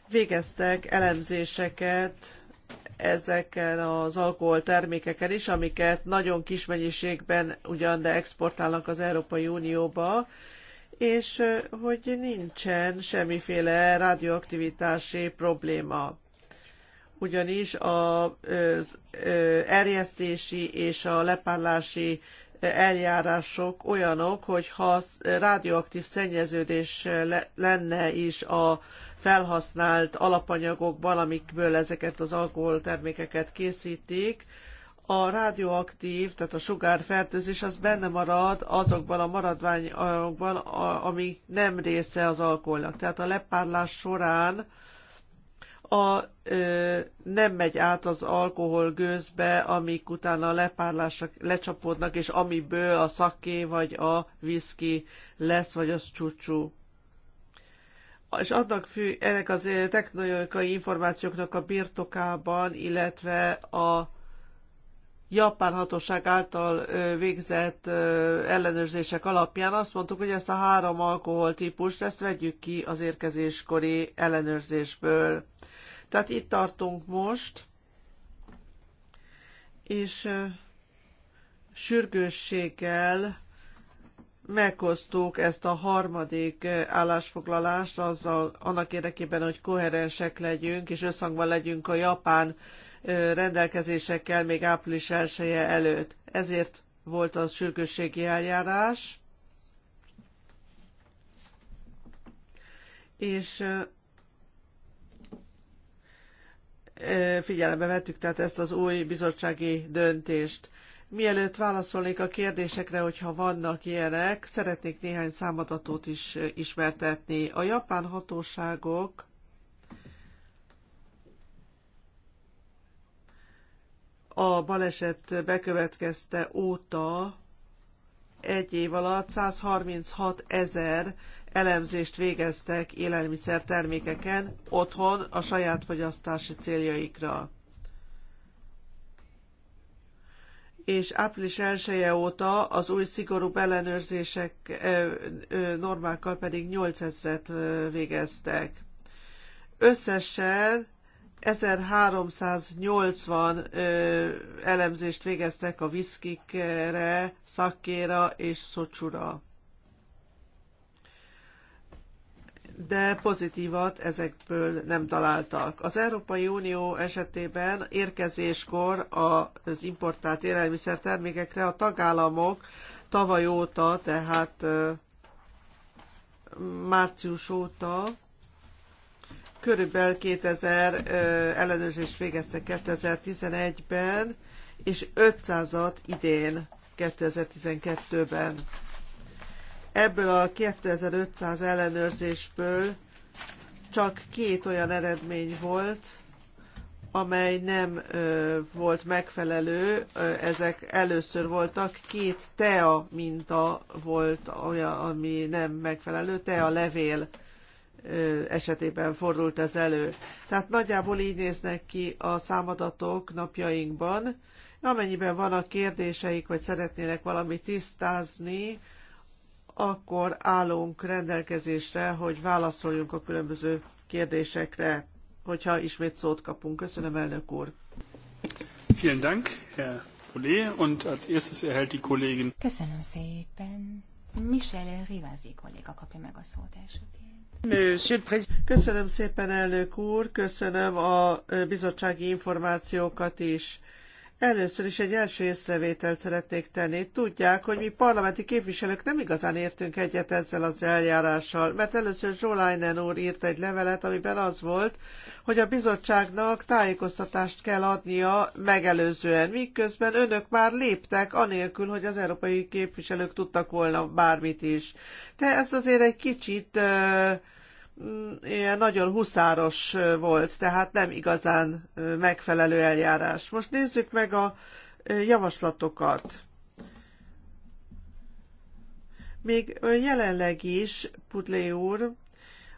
végeztek elemzéseket ezeken az alkoholtermékeken is, amiket nagyon kis mennyiségben ugyan, de exportálnak az Európai Unióba, és hogy nincsen semmiféle radioaktivitási probléma ugyanis az erjesztési és a lepárlási eljárások olyanok, hogy ha radioaktív szennyeződés lenne is a felhasznált alapanyagokban, amikből ezeket az alkoholtermékeket készítik, a radioaktív, tehát a sugárfertőzés, az benne marad azokban a maradványokban, ami nem része az alkoholnak. Tehát a lepárlás során a, ö, nem megy át az alkohol gőzbe, amik utána lepárlások lecsapódnak, és amiből a szaké vagy a viszki lesz, vagy az csúcsú. És annak fű, ennek az technológiai információknak a birtokában, illetve a japán hatóság által végzett ellenőrzések alapján azt mondtuk, hogy ezt a három alkoholtípust, ezt vegyük ki az érkezéskori ellenőrzésből. Tehát itt tartunk most, és sürgősséggel meghoztuk ezt a harmadik állásfoglalást azzal, annak érdekében, hogy koherensek legyünk, és összhangban legyünk a japán rendelkezésekkel még április 1 -e előtt. Ezért volt az sürgősségi eljárás. És figyelembe vettük tehát ezt az új bizottsági döntést. Mielőtt válaszolnék a kérdésekre, hogyha vannak ilyenek, szeretnék néhány számadatot is ismertetni. A japán hatóságok a baleset bekövetkezte óta egy év alatt 136 ezer elemzést végeztek élelmiszertermékeken otthon a saját fogyasztási céljaikra. és április 1 -e óta az új szigorúbb ellenőrzések normákkal pedig 8000-et végeztek. Összesen 1380 elemzést végeztek a viszkikre, szakkéra és szocsura. de pozitívat ezekből nem találtak. Az Európai Unió esetében érkezéskor az importált élelmiszer termékekre a tagállamok tavaly óta, tehát március óta körülbelül 2000 ellenőrzést végeztek 2011-ben, és 500-at idén, 2012-ben. Ebből a 2500 ellenőrzésből csak két olyan eredmény volt, amely nem ö, volt megfelelő, ö, ezek először voltak, két tea minta volt olyan, ami nem megfelelő, tea levél ö, esetében fordult ez elő. Tehát nagyjából így néznek ki a számadatok napjainkban. Amennyiben vannak kérdéseik, vagy szeretnének valamit tisztázni, akkor állunk rendelkezésre, hogy válaszoljunk a különböző kérdésekre, hogyha ismét szót kapunk. Köszönöm, elnök úr! Vielen Dank, Herr Polé, und als erstes erhält die Kollegin... Köszönöm szépen! Michelle Rivasi kolléga kapja meg a szót elsőként. Köszönöm szépen, elnök úr, köszönöm a bizottsági információkat is. Először is egy első észrevételt szeretnék tenni. Tudják, hogy mi parlamenti képviselők nem igazán értünk egyet ezzel az eljárással, mert először Zsolainen úr írt egy levelet, amiben az volt, hogy a bizottságnak tájékoztatást kell adnia megelőzően, miközben önök már léptek, anélkül, hogy az európai képviselők tudtak volna bármit is. De ez azért egy kicsit uh, ilyen nagyon huszáros volt, tehát nem igazán megfelelő eljárás. Most nézzük meg a javaslatokat. Még jelenleg is, Pudlé úr,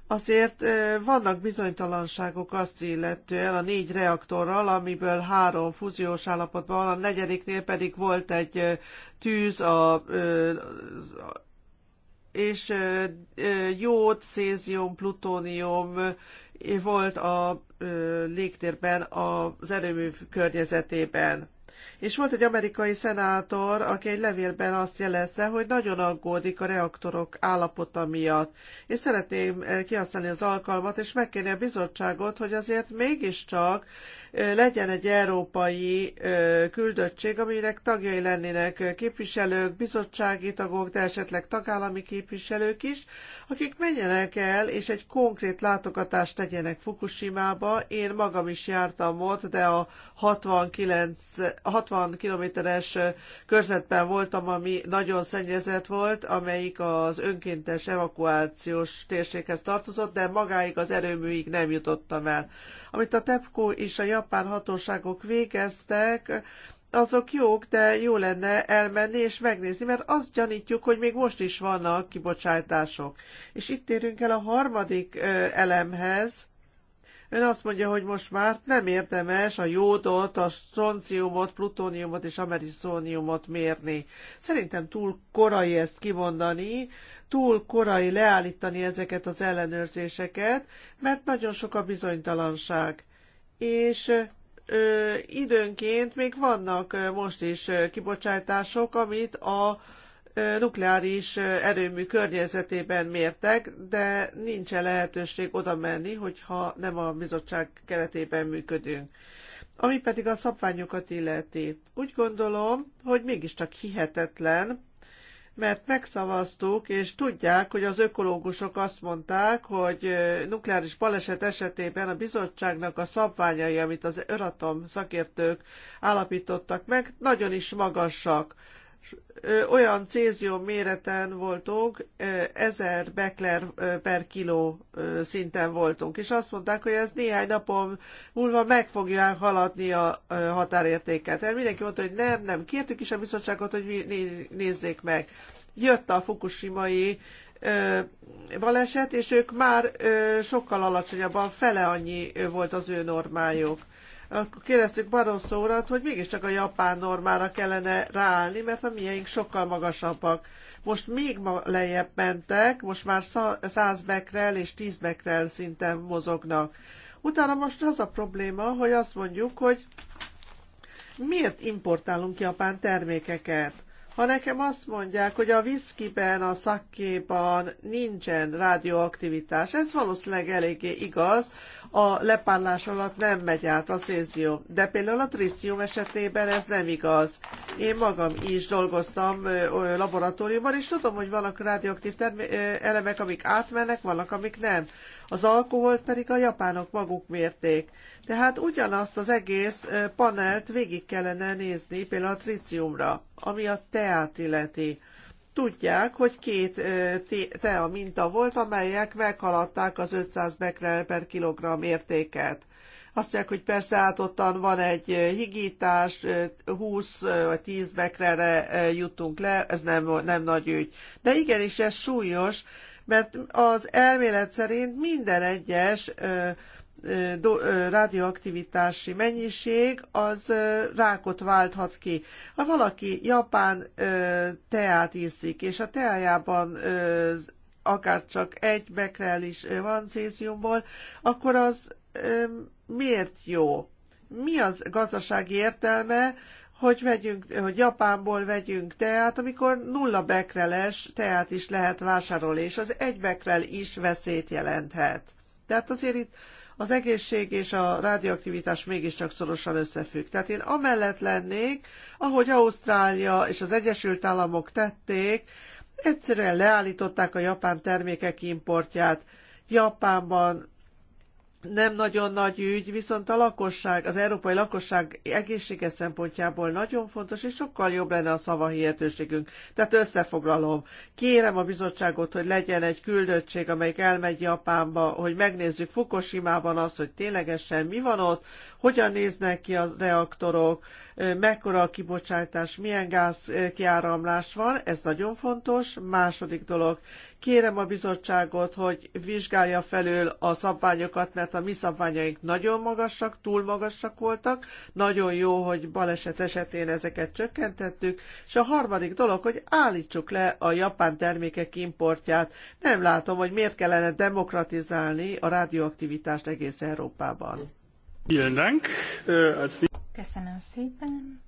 azért vannak bizonytalanságok azt illetően a négy reaktorral, amiből három fúziós állapotban van, a negyediknél pedig volt egy tűz a, a és jód, szézium, plutónium volt a légtérben az erőmű környezetében. És volt egy amerikai szenátor, aki egy levélben azt jelezte, hogy nagyon aggódik a reaktorok állapota miatt. És szeretném kihasználni az alkalmat, és megkérni a bizottságot, hogy azért mégiscsak legyen egy európai küldöttség, aminek tagjai lennének képviselők, bizottsági tagok, de esetleg tagállami képviselők is, akik menjenek el, és egy konkrét látogatást tegyenek Fukushimába. Én magam is jártam ott, de a 69, 60 kilométeres körzetben voltam, ami nagyon szennyezett volt, amelyik az önkéntes evakuációs térséghez tartozott, de magáig az erőműig nem jutottam el amit a TEPCO és a japán hatóságok végeztek, azok jók, de jó lenne elmenni és megnézni, mert azt gyanítjuk, hogy még most is vannak kibocsátások. És itt térünk el a harmadik elemhez, Ön azt mondja, hogy most már nem érdemes a jódot, a stronciumot, plutóniumot és ameriszóniumot mérni. Szerintem túl korai ezt kimondani, túl korai leállítani ezeket az ellenőrzéseket, mert nagyon sok a bizonytalanság. És ö, időnként még vannak most is kibocsátások, amit a nukleáris erőmű környezetében mértek, de -e lehetőség oda menni, hogyha nem a bizottság keretében működünk. Ami pedig a szabványokat illeti. Úgy gondolom, hogy mégiscsak hihetetlen, mert megszavaztuk, és tudják, hogy az ökológusok azt mondták, hogy nukleáris baleset esetében a bizottságnak a szabványai, amit az Euratom szakértők állapítottak meg, nagyon is magasak olyan cézium méreten voltunk, 1000 bekler per kiló szinten voltunk, és azt mondták, hogy ez néhány napon múlva meg fogja haladni a határértéket. Erre hát mindenki mondta, hogy nem, nem, kértük is a bizottságot, hogy nézzék meg. Jött a fukushimai baleset, és ők már sokkal alacsonyabban fele annyi volt az ő normájuk akkor kérdeztük Barroso urat, hogy mégiscsak a japán normára kellene ráállni, mert a miénk sokkal magasabbak. Most még ma lejjebb mentek, most már 100 bekrel és 10 bekrel szinten mozognak. Utána most az a probléma, hogy azt mondjuk, hogy miért importálunk japán termékeket? Ha nekem azt mondják, hogy a viszkiben, a szakkéban nincsen rádióaktivitás, ez valószínűleg eléggé igaz, a lepárlás alatt nem megy át a cézium. De például a triszium esetében ez nem igaz. Én magam is dolgoztam laboratóriumban, és tudom, hogy vannak radioaktív elemek, amik átmennek, vannak, amik nem az alkoholt pedig a japánok maguk mérték. Tehát ugyanazt az egész panelt végig kellene nézni, például a triciumra, ami a teát illeti. Tudják, hogy két tea minta volt, amelyek meghaladták az 500 becquerel per kilogramm értéket. Azt mondják, hogy persze hát ottan van egy higítás, 20 vagy 10 bekrere jutunk le, ez nem, nem nagy ügy. De igenis, ez súlyos, mert az elmélet szerint minden egyes radioaktivitási mennyiség az rákot válthat ki. Ha valaki japán teát iszik, és a teájában akár csak egy bekrel is van széziumból, akkor az miért jó? Mi az gazdasági értelme hogy, vegyünk, hogy Japánból vegyünk teát, amikor nulla bekreles teát is lehet vásárolni, és az egy bekrel is veszélyt jelenthet. Tehát azért itt az egészség és a radioaktivitás mégiscsak szorosan összefügg. Tehát én amellett lennék, ahogy Ausztrália és az Egyesült Államok tették, egyszerűen leállították a japán termékek importját. Japánban nem nagyon nagy ügy, viszont a lakosság, az európai lakosság egészséges szempontjából nagyon fontos, és sokkal jobb lenne a szavahihetőségünk. Tehát összefoglalom. Kérem a bizottságot, hogy legyen egy küldöttség, amelyik elmegy Japánba, hogy megnézzük Fukushima-ban azt, hogy ténylegesen mi van ott, hogyan néznek ki a reaktorok, mekkora a kibocsátás, milyen gáz kiáramlás van, ez nagyon fontos. Második dolog, Kérem a bizottságot, hogy vizsgálja felül a szabványokat, mert a mi szabványaink nagyon magasak, túl magasak voltak. Nagyon jó, hogy baleset esetén ezeket csökkentettük. És a harmadik dolog, hogy állítsuk le a japán termékek importját. Nem látom, hogy miért kellene demokratizálni a radioaktivitást egész Európában. Äh, Köszönöm szépen.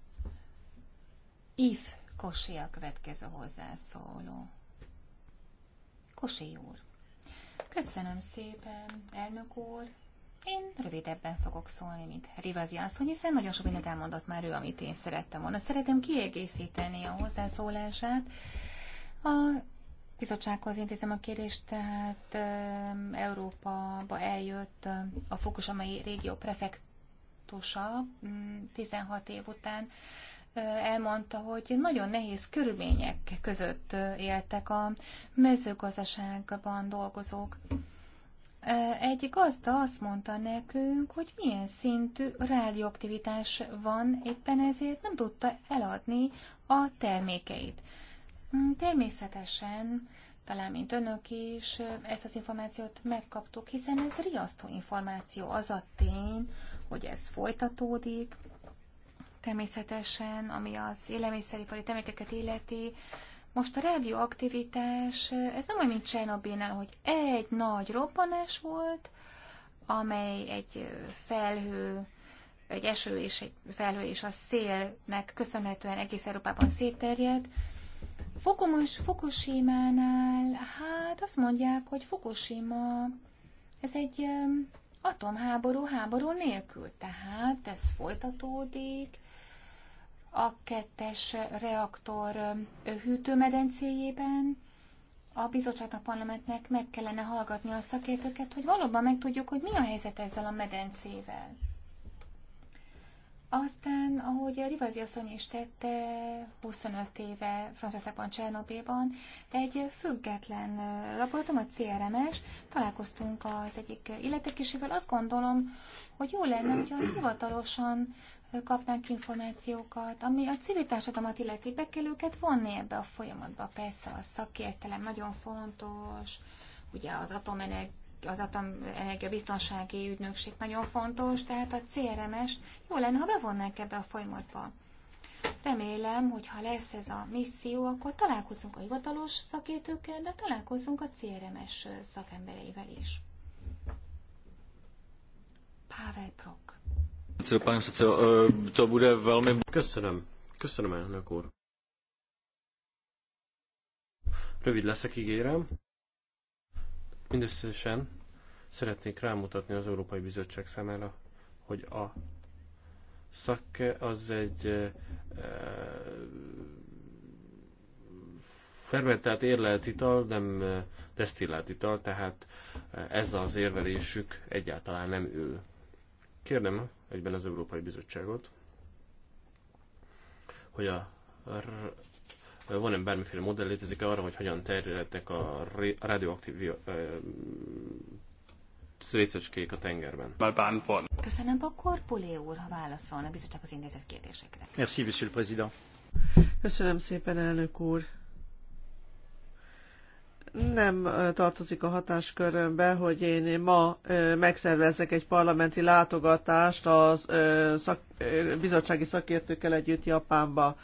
If Kosi a következő hozzászóló. Kosé úr. Köszönöm szépen, elnök úr. Én rövidebben fogok szólni, mint Rivazi asszony, hiszen nagyon sok mindent elmondott már ő, amit én szerettem volna. Szeretem kiegészíteni a hozzászólását. A bizottsághoz intézem a kérést, tehát Európába eljött a Fukushima régió prefektusa 16 év után elmondta, hogy nagyon nehéz körülmények között éltek a mezőgazdaságban dolgozók. Egy gazda azt mondta nekünk, hogy milyen szintű rádióaktivitás van, éppen ezért nem tudta eladni a termékeit. Mm, természetesen, talán mint önök is, ezt az információt megkaptuk, hiszen ez riasztó információ az a tény, hogy ez folytatódik, természetesen, ami az élelmiszeripari termékeket illeti. Most a radioaktivitás, ez nem olyan, mint Csernobinál, hogy egy nagy robbanás volt, amely egy felhő, egy eső és egy felhő és a szélnek köszönhetően egész Európában szétterjedt. Fokumos, Fukushima-nál, hát azt mondják, hogy Fukushima, ez egy atomháború háború nélkül, tehát ez folytatódik, a kettes reaktor hűtőmedencéjében. A bizottságnak, parlamentnek meg kellene hallgatni a szakértőket, hogy valóban megtudjuk, hogy mi a helyzet ezzel a medencével. Aztán, ahogy Rivazi asszony is tette, 25 éve Franciaországban, Csernobéban, egy független laboratórium, a CRMS, találkoztunk az egyik illetékesével. Azt gondolom, hogy jó lenne, hogyha hivatalosan kapnánk információkat, ami a civil társadalmat illeti, be kell őket vonni ebbe a folyamatba. Persze a szakértelem nagyon fontos, ugye az atomenergia az atomenergia biztonsági ügynökség nagyon fontos, tehát a CRMS jó lenne, ha bevonnák ebbe a folyamatba. Remélem, hogy ha lesz ez a misszió, akkor találkozunk a hivatalos szakértőkkel, de találkozunk a CRMS szakembereivel is. Pavel Prop. Eh, Köszönöm. Köszönöm, elnök úr. Rövid leszek, ígérem. Mindösszesen szeretnék rámutatni az Európai Bizottság számára, hogy a szakke az egy e, fermentált érlelt ital, nem eh, desztillált ital, tehát ez az érvelésük egyáltalán nem ül Kérdem egyben az Európai Bizottságot, hogy a van-e bármiféle modell, létezik arra, hogy hogyan terjedtek a radioaktív részecskék a tengerben? van. Köszönöm, akkor Polé úr, ha válaszolna, biztos csak az intézet kérdésekre. Merci, monsieur le président. Köszönöm szépen, elnök úr nem tartozik a hatáskörömbe, hogy én ma megszervezzek egy parlamenti látogatást a szak, bizottsági szakértőkkel együtt Japánba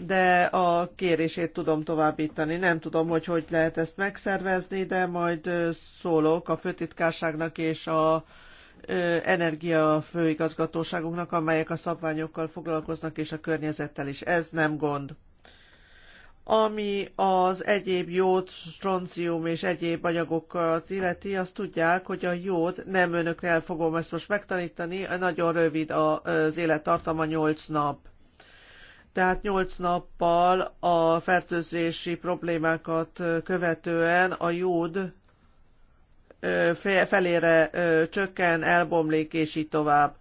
de a kérését tudom továbbítani. Nem tudom, hogy hogy lehet ezt megszervezni, de majd szólok a főtitkárságnak és a energia főigazgatóságunknak, amelyek a szabványokkal foglalkoznak és a környezettel is. Ez nem gond. Ami az egyéb jód, stroncium és egyéb anyagokat illeti, azt tudják, hogy a jód, nem önöknél fogom ezt most megtanítani, nagyon rövid az élettartama 8 nap. Tehát 8 nappal a fertőzési problémákat követően a jód felére csökken, elbomlik, és így tovább.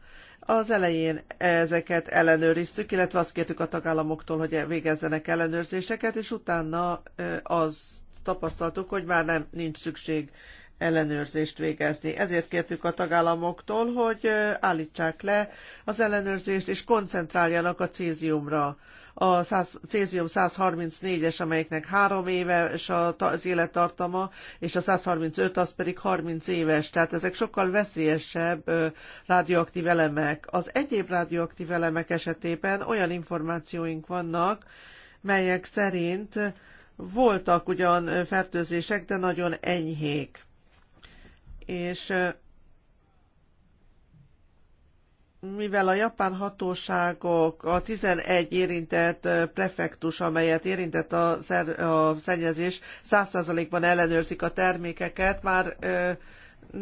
Az elején ezeket ellenőriztük, illetve azt kértük a tagállamoktól, hogy végezzenek ellenőrzéseket, és utána az tapasztaltuk, hogy már nem nincs szükség ellenőrzést végezni. Ezért kértük a tagállamoktól, hogy állítsák le az ellenőrzést, és koncentráljanak a céziumra a 100, cézium 134-es, amelyiknek három éves az élettartama, és a 135 az pedig 30 éves, tehát ezek sokkal veszélyesebb radioaktív elemek. Az egyéb radioaktív elemek esetében olyan információink vannak, melyek szerint voltak ugyan fertőzések, de nagyon enyhék. És mivel a japán hatóságok a 11 érintett prefektus, amelyet érintett a, szer, a szennyezés, 100%-ban ellenőrzik a termékeket, már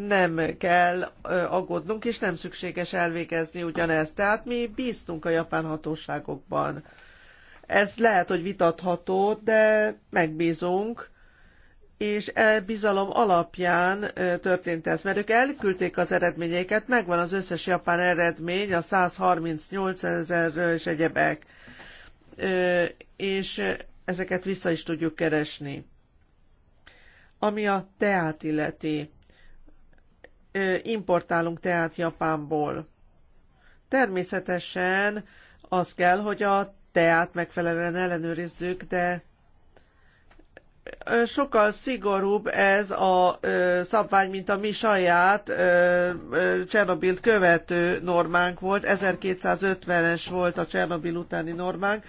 nem kell aggódnunk, és nem szükséges elvégezni ugyanezt. Tehát mi bíztunk a japán hatóságokban. Ez lehet, hogy vitatható, de megbízunk, és e bizalom alapján történt ez, mert ők elküldték az eredményeiket, megvan az összes japán eredmény, a 138 ezer és egyebek, és ezeket vissza is tudjuk keresni. Ami a teát illeti, importálunk teát Japánból. Természetesen az kell, hogy a teát megfelelően ellenőrizzük, de sokkal szigorúbb ez a szabvány, mint a mi saját Csernobilt követő normánk volt. 1250-es volt a Csernobil utáni normánk,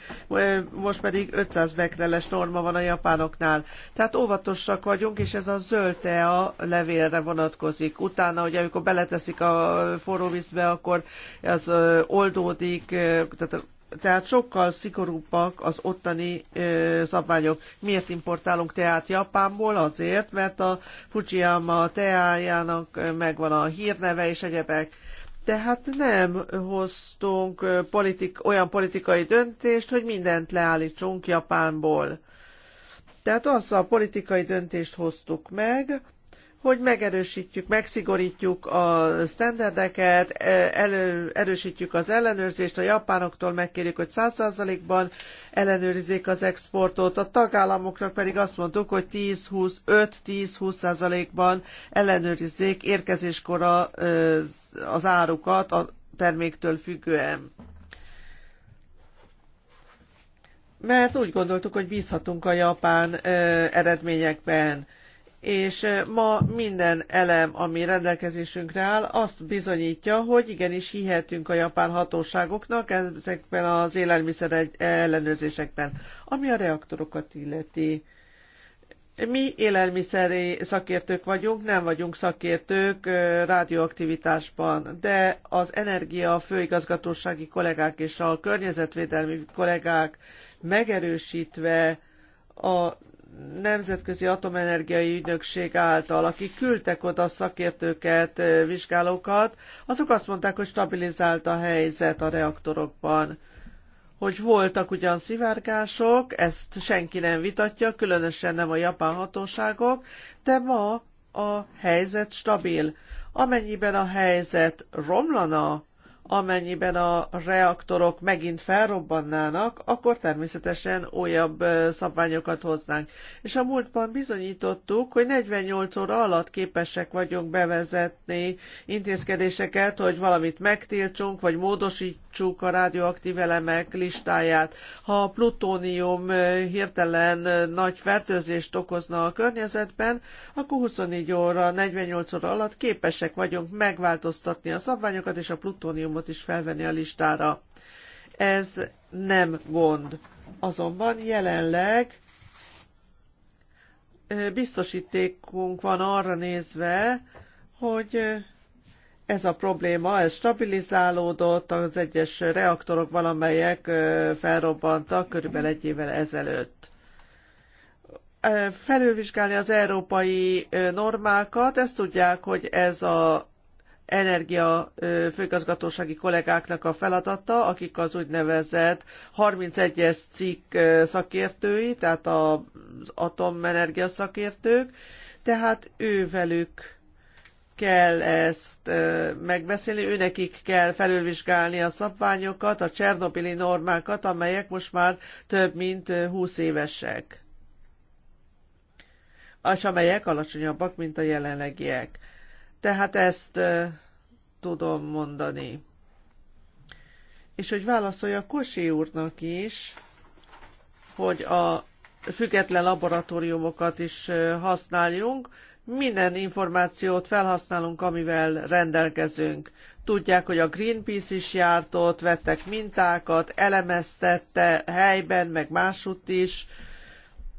most pedig 500 bekreles norma van a japánoknál. Tehát óvatosak vagyunk, és ez a zöld tea levélre vonatkozik. Utána, hogy amikor beleteszik a forró vízbe, akkor az oldódik, tehát tehát sokkal szigorúbbak az ottani ö, szabványok. Miért importálunk teát Japánból? Azért, mert a Fujiyama teájának megvan a hírneve és egyebek. Tehát nem hoztunk politik, olyan politikai döntést, hogy mindent leállítsunk Japánból. Tehát azt a politikai döntést hoztuk meg, hogy megerősítjük, megszigorítjuk a sztenderdeket, e, elő, erősítjük az ellenőrzést, a japánoktól megkérjük, hogy 100%-ban ellenőrizzék az exportot, a tagállamoknak pedig azt mondtuk, hogy 10-20-5-10-20%-ban ellenőrizzék érkezéskor e, az árukat a terméktől függően. Mert úgy gondoltuk, hogy bízhatunk a japán e, eredményekben és eh, ma minden elem, ami rendelkezésünkre áll, azt bizonyítja, hogy igenis hihetünk a japán hatóságoknak ezekben az élelmiszer ellenőrzésekben, ami a reaktorokat illeti. Mi élelmiszeri szakértők vagyunk, nem vagyunk szakértők eh, rádióaktivitásban, de az energia főigazgatósági kollégák és a környezetvédelmi kollégák megerősítve a Nemzetközi Atomenergiai Ügynökség által, akik küldtek oda szakértőket, vizsgálókat, azok azt mondták, hogy stabilizált a helyzet a reaktorokban hogy voltak ugyan szivárgások, ezt senki nem vitatja, különösen nem a japán hatóságok, de ma a helyzet stabil. Amennyiben a helyzet romlana, amennyiben a reaktorok megint felrobbannának, akkor természetesen újabb szabványokat hoznánk. És a múltban bizonyítottuk, hogy 48 óra alatt képesek vagyunk bevezetni intézkedéseket, hogy valamit megtiltsunk, vagy módosítsunk, javítsuk a radioaktív elemek listáját. Ha a plutónium hirtelen nagy fertőzést okozna a környezetben, akkor 24 óra, 48 óra alatt képesek vagyunk megváltoztatni a szabványokat és a plutóniumot is felvenni a listára. Ez nem gond. Azonban jelenleg biztosítékunk van arra nézve, hogy ez a probléma, ez stabilizálódott az egyes reaktorok valamelyek felrobbantak körülbelül egy évvel ezelőtt. Felülvizsgálni az európai normákat, ezt tudják, hogy ez a energia főgazgatósági kollégáknak a feladata, akik az úgynevezett 31-es cikk szakértői, tehát az atomenergia szakértők, tehát ővelük kell ezt megbeszélni, őnekik kell felülvizsgálni a szabványokat, a csernobili normákat, amelyek most már több mint 20 évesek, és amelyek alacsonyabbak, mint a jelenlegiek. Tehát ezt tudom mondani. És hogy válaszolja Kosi úrnak is, hogy a független laboratóriumokat is használjunk, minden információt felhasználunk, amivel rendelkezünk. Tudják, hogy a Greenpeace is járt ott, vettek mintákat, elemeztette helyben, meg másutt is,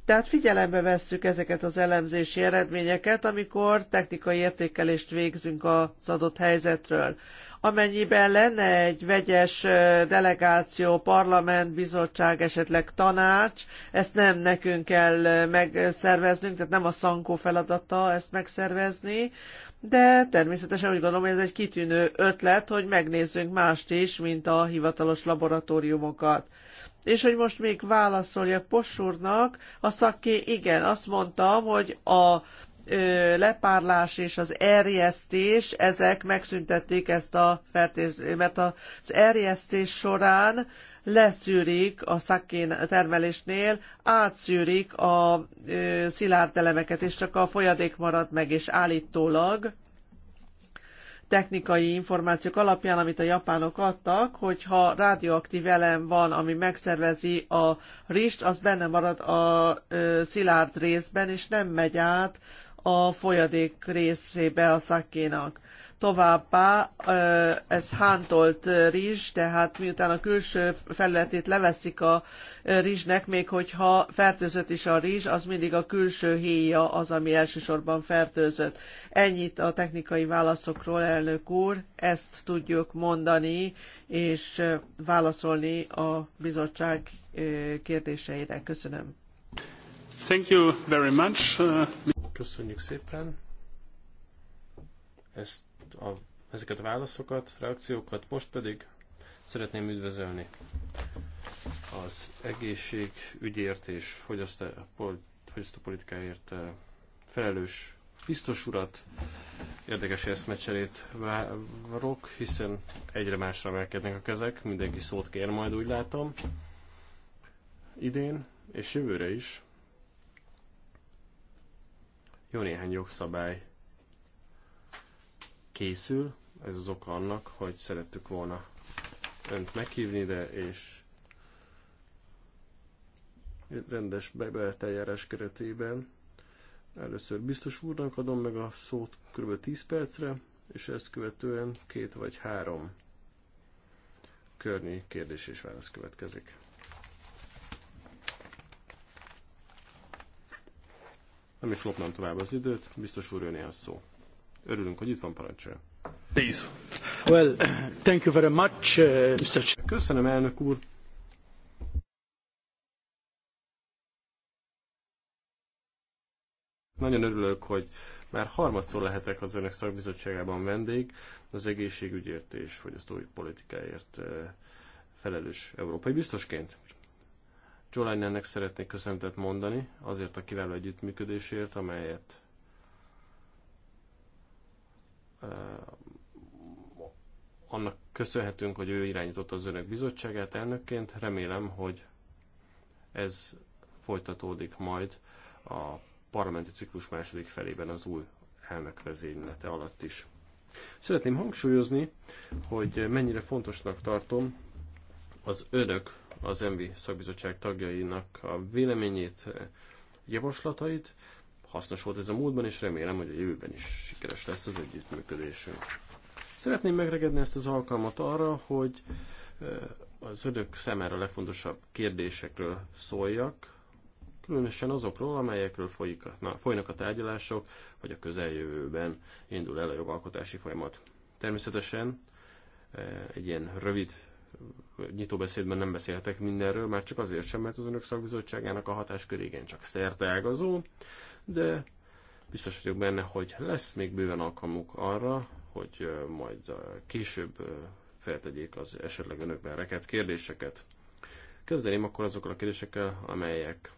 tehát figyelembe vesszük ezeket az elemzési eredményeket, amikor technikai értékelést végzünk az adott helyzetről. Amennyiben lenne egy vegyes delegáció, parlament, bizottság, esetleg tanács, ezt nem nekünk kell megszerveznünk, tehát nem a szankó feladata ezt megszervezni, de természetesen úgy gondolom, hogy ez egy kitűnő ötlet, hogy megnézzünk mást is, mint a hivatalos laboratóriumokat. És hogy most még válaszoljak Possurnak, a szaké, igen, azt mondtam, hogy a lepárlás és az erjesztés, ezek megszüntették ezt a fertőzést, mert az erjesztés során leszűrik a szakén termelésnél, átszűrik a szilárd elemeket, és csak a folyadék marad meg, és állítólag technikai információk alapján, amit a japánok adtak, hogyha radioaktív elem van, ami megszervezi a rist, az benne marad a szilárd részben, és nem megy át a folyadék részébe a szakkénak. Továbbá ez hántolt rizs, tehát miután a külső felületét leveszik a rizsnek, még hogyha fertőzött is a rizs, az mindig a külső héja az, ami elsősorban fertőzött. Ennyit a technikai válaszokról, elnök úr, ezt tudjuk mondani és válaszolni a bizottság kérdéseire. Köszönöm. Thank you very much. Köszönjük szépen. Ezt a, ezeket a válaszokat, reakciókat, most pedig szeretném üdvözölni az egészségügyért és fogyasztópolitikáért eh, felelős biztos urat, érdekes eszmecserét várok, hiszen egyre másra emelkednek a kezek, mindenki szót kér majd, úgy látom. Idén és jövőre is jó néhány jogszabály készül. Ez az oka annak, hogy szerettük volna önt meghívni ide, és rendes bebeteljárás keretében először biztos úrnak adom meg a szót kb. 10 percre, és ezt követően két vagy három környi kérdés és válasz következik. Nem is lopnám tovább az időt, biztos úr jön szó. Örülünk, hogy itt van parancsolja. Please. Well, thank you very much, uh, Mr. Ch Köszönöm, elnök úr. Nagyon örülök, hogy már harmadszor lehetek az önök szakbizottságában vendég, az egészségügyért és fogyasztói politikáért uh, felelős európai biztosként. Jolainennek szeretnék köszöntet mondani azért a kiváló együttműködésért, amelyet annak köszönhetünk, hogy ő irányította az önök bizottságát elnökként. Remélem, hogy ez folytatódik majd a parlamenti ciklus második felében az új elnök vezénylete alatt is. Szeretném hangsúlyozni, hogy mennyire fontosnak tartom az önök, az MV szakbizottság tagjainak a véleményét, javaslatait, hasznos volt ez a múltban, és remélem, hogy a jövőben is sikeres lesz az együttműködésünk. Szeretném megregedni ezt az alkalmat arra, hogy az önök a legfontosabb kérdésekről szóljak, különösen azokról, amelyekről folyik a, na, folynak a tárgyalások, vagy a közeljövőben indul el a jogalkotási folyamat. Természetesen egy ilyen rövid nyitóbeszédben nem beszélhetek mindenről, már csak azért sem, mert az önök szakbizottságának a hatáskör igen csak szerteágazó, de biztos vagyok benne, hogy lesz még bőven alkalmuk arra, hogy majd később feltegyék az esetleg önökben reket kérdéseket. Kezdeném akkor azokkal a kérdésekkel, amelyek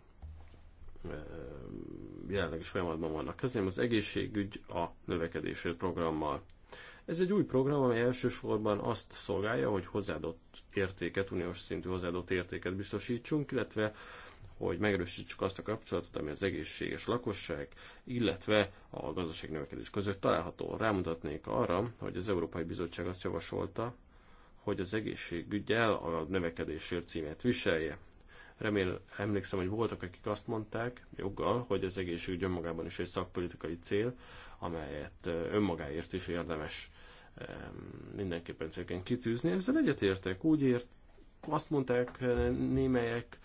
jelenleg is folyamatban vannak. Kezdeném az egészségügy a növekedésért programmal. Ez egy új program, amely elsősorban azt szolgálja, hogy hozzáadott értéket, uniós szintű hozzáadott értéket biztosítsunk, illetve hogy megerősítsük azt a kapcsolatot, ami az egészséges lakosság, illetve a gazdaság növekedés között található. Rámutatnék arra, hogy az Európai Bizottság azt javasolta, hogy az egészségügyel a növekedésért címet viselje. Remélem, emlékszem, hogy voltak, akik azt mondták joggal, hogy az egészségügy önmagában is egy szakpolitikai cél, amelyet önmagáért is érdemes mindenképpen célként kitűzni. Ezzel egyetértek, úgy ért, azt mondták némelyek,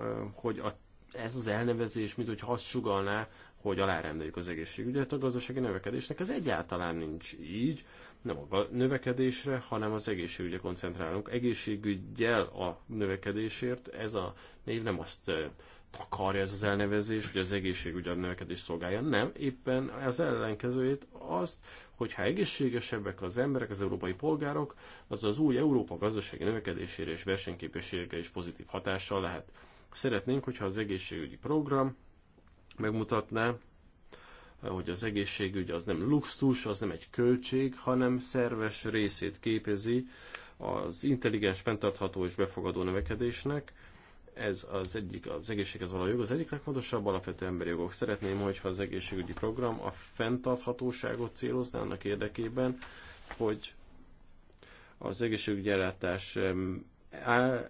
Eh, hogy a, ez az elnevezés, mint hogy azt sugalná, hogy alárendeljük az egészségügyet a gazdasági növekedésnek. Ez egyáltalán nincs így, nem a növekedésre, hanem az egészségügyre koncentrálunk. Egészségügyel a növekedésért ez a név nem azt eh, takarja ez az elnevezés, hogy az egészségügy a növekedés szolgálja. Nem, éppen az ellenkezőjét azt, hogyha egészségesebbek az emberek, az európai polgárok, az az új Európa gazdasági növekedésére és versenyképességre is pozitív hatással lehet. Szeretnénk, hogyha az egészségügyi program megmutatná, hogy az egészségügy az nem luxus, az nem egy költség, hanem szerves részét képezi az intelligens, fenntartható és befogadó növekedésnek. Ez az egyik, az egészség az jog, az egyik legfontosabb alapvető emberi jogok. Szeretném, hogyha az egészségügyi program a fenntarthatóságot célozná annak érdekében, hogy az egészségügyi ellátás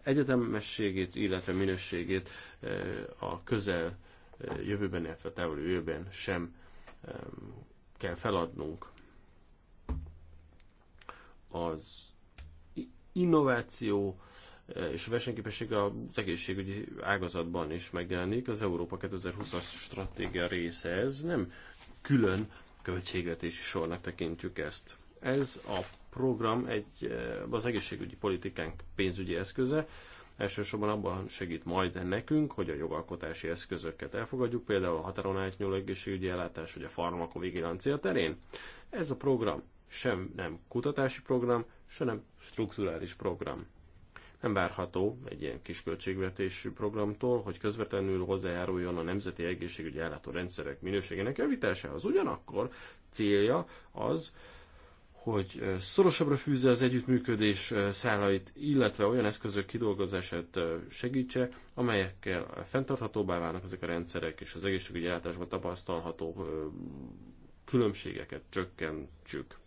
egyetemességét, illetve minőségét a közel jövőben, illetve távoli jövőben sem kell feladnunk. Az innováció és a versenyképesség az egészségügyi ágazatban is megjelenik. Az Európa 2020-as stratégia része ez, nem külön költségvetési sornak tekintjük ezt. Ez a program egy, eh, az egészségügyi politikánk pénzügyi eszköze, elsősorban abban segít majd nekünk, hogy a jogalkotási eszközöket elfogadjuk, például a határon átnyúló egészségügyi ellátás, vagy a farmakovigilancia terén. Ez a program sem nem kutatási program, sem nem strukturális program. Nem várható egy ilyen kis költségvetésű programtól, hogy közvetlenül hozzájáruljon a nemzeti egészségügyi ellátó rendszerek minőségének javításához. Ugyanakkor célja az, hogy szorosabbra fűzze az együttműködés szálait, illetve olyan eszközök kidolgozását segítse, amelyekkel fenntarthatóbbá válnak ezek a rendszerek, és az egészségügyi ellátásban tapasztalható különbségeket csökkentsük.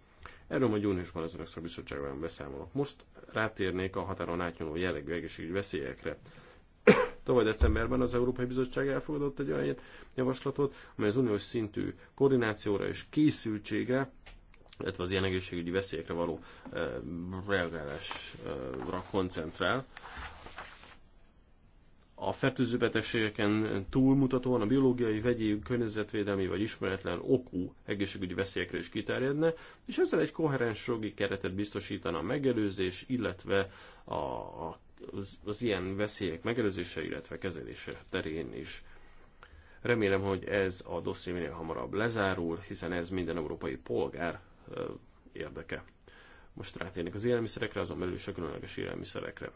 Erről majd júniusban az Önök Bizottságban beszámolok. Most rátérnék a határon átnyúló jellegű egészségügyi veszélyekre. Tavaly decemberben az Európai Bizottság elfogadott egy olyan javaslatot, amely az uniós szintű koordinációra és készültségre illetve az ilyen egészségügyi veszélyekre való eh, reagálásra koncentrál. A fertőző betegségeken túlmutatóan a biológiai, vegyi, környezetvédelmi vagy ismeretlen okú egészségügyi veszélyekre is kiterjedne, és ezzel egy koherens jogi keretet biztosítana a megelőzés, illetve a, az, az ilyen veszélyek megelőzése, illetve kezelése terén is. Remélem, hogy ez a dosszié minél hamarabb lezárul, hiszen ez minden európai polgár érdeke. Most rátérnék az élelmiszerekre, azon belül is a különleges élelmiszerekre.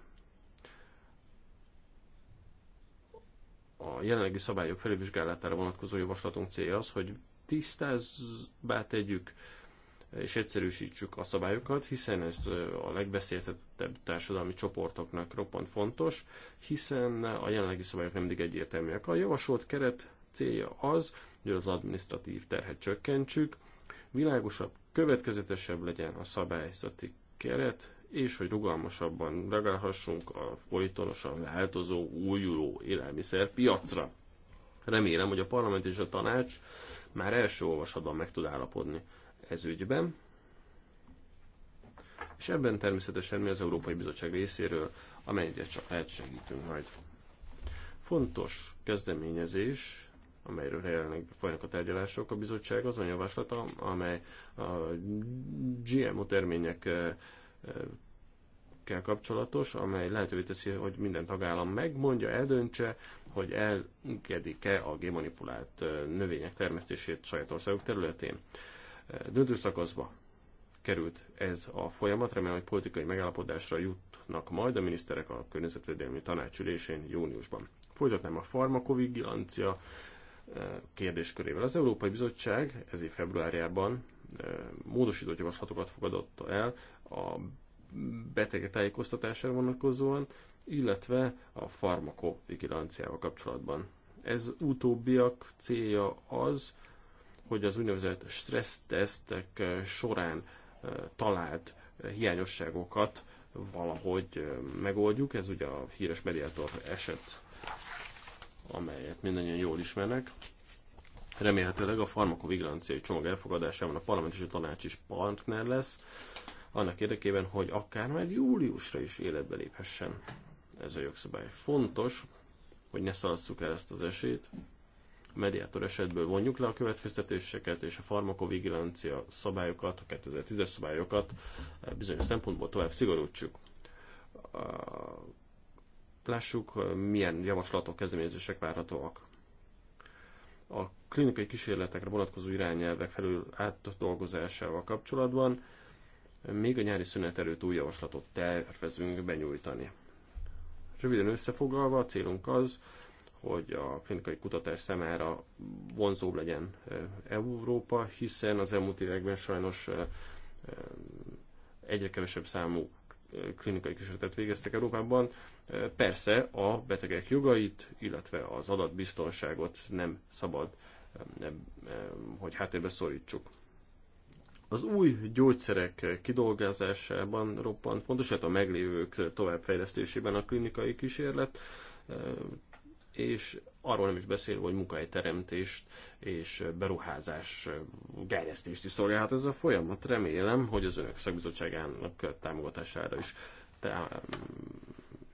A jelenlegi szabályok felvizsgálatára vonatkozó javaslatunk célja az, hogy tisztázbá tegyük és egyszerűsítsük a szabályokat, hiszen ez a legbeszélhetettebb társadalmi csoportoknak roppant fontos, hiszen a jelenlegi szabályok nem mindig egyértelműek. A javasolt keret célja az, hogy az administratív terhet csökkentsük, világosabb, következetesebb legyen a szabályzati keret, és hogy rugalmasabban reagálhassunk a folytonosan változó, újuló élelmiszerpiacra. Remélem, hogy a parlament és a tanács már első olvasatban meg tud állapodni ez ügyben. És ebben természetesen mi az Európai Bizottság részéről, amennyire csak lehet segítünk majd. Fontos kezdeményezés amelyről jelenleg folynak a tárgyalások. A bizottság azon javaslata, amely a GMO termények eh, eh, kell kapcsolatos, amely lehetővé teszi, hogy minden tagállam megmondja, eldöntse, hogy elkedik-e a gémanipulált eh, növények termesztését saját országok területén. Döntő szakaszba került ez a folyamat, remélem, hogy politikai megállapodásra jutnak majd a miniszterek a környezetvédelmi tanácsülésén júniusban. Folytatnám a farmakovigilancia kérdéskörével. Az Európai Bizottság ez év februárjában módosított javaslatokat fogadott el a betege tájékoztatására vonatkozóan, illetve a farmakovigilanciával kapcsolatban. Ez utóbbiak célja az, hogy az úgynevezett stressztesztek során talált hiányosságokat valahogy megoldjuk. Ez ugye a híres mediátor eset amelyet mindannyian jól ismernek. Remélhetőleg a farmakovigilanciai csomag elfogadásában a parlament és a tanács is partner lesz, annak érdekében, hogy akár már júliusra is életbe léphessen ez a jogszabály. Fontos, hogy ne szalasszuk el ezt az esélyt, a mediátor esetből vonjuk le a következtetéseket, és a farmakovigilancia szabályokat, a 2010-es szabályokat eh, bizonyos szempontból tovább szigorítsuk. Lássuk, milyen javaslatok, kezdeményezések várhatóak. A klinikai kísérletekre vonatkozó irányelvek felül átdolgozásával kapcsolatban még a nyári szünet előtt új javaslatot tervezünk benyújtani. Röviden összefoglalva a célunk az, hogy a klinikai kutatás számára vonzóbb legyen Európa, hiszen az elmúlt években sajnos egyre kevesebb számú klinikai kísérletet végeztek Európában, persze a betegek jogait, illetve az adatbiztonságot nem szabad, hogy háttérbe szorítsuk. Az új gyógyszerek kidolgozásában roppant fontos, illetve a meglévők továbbfejlesztésében a klinikai kísérlet, és arról nem is beszél, hogy munkahelyteremtést és beruházás gerjesztést is szolgálhat ez a folyamat. Remélem, hogy az önök szakbizottságának támogatására is, te,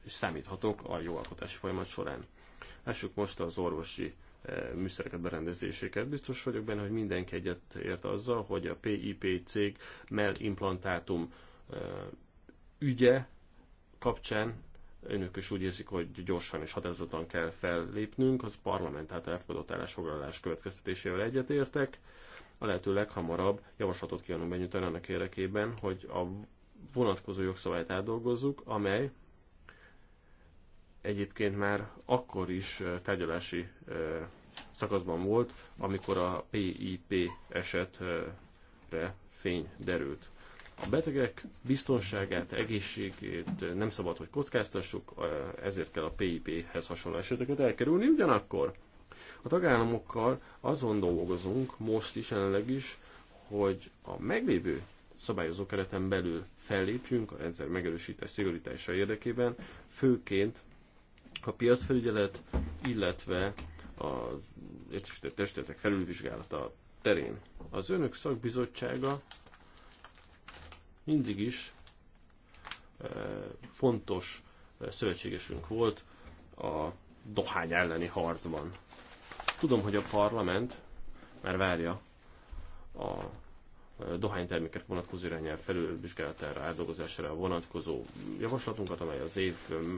is számíthatok a jogalkotási folyamat során. Lássuk most az orvosi műszereket, berendezéseket. Biztos vagyok benne, hogy mindenki egyet ért azzal, hogy a PIP cég mellimplantátum ügye kapcsán önök is úgy érzik, hogy gyorsan és határozottan kell fellépnünk, az parlament által elfogadott állásfoglalás következtetésével egyetértek. A lehető leghamarabb javaslatot kívánunk benyújtani annak érdekében, hogy a vonatkozó jogszabályt átdolgozzuk, amely egyébként már akkor is tárgyalási szakaszban volt, amikor a PIP esetre fény derült. A betegek biztonságát, egészségét nem szabad, hogy kockáztassuk, ezért kell a PIP-hez hasonló eseteket elkerülni. Ugyanakkor a tagállamokkal azon dolgozunk, most is, jelenleg is, hogy a meglévő szabályozó kereten belül fellépjünk a rendszer megerősítés szigorítása érdekében, főként a piacfelügyelet, illetve a értesített testületek felülvizsgálata terén. Az önök szakbizottsága mindig is eh, fontos eh, szövetségesünk volt a dohány elleni harcban. Tudom, hogy a parlament már várja a eh, dohánytermékek vonatkozó irányelv felülvizsgálatára, átdolgozására vonatkozó javaslatunkat, amely az év mm,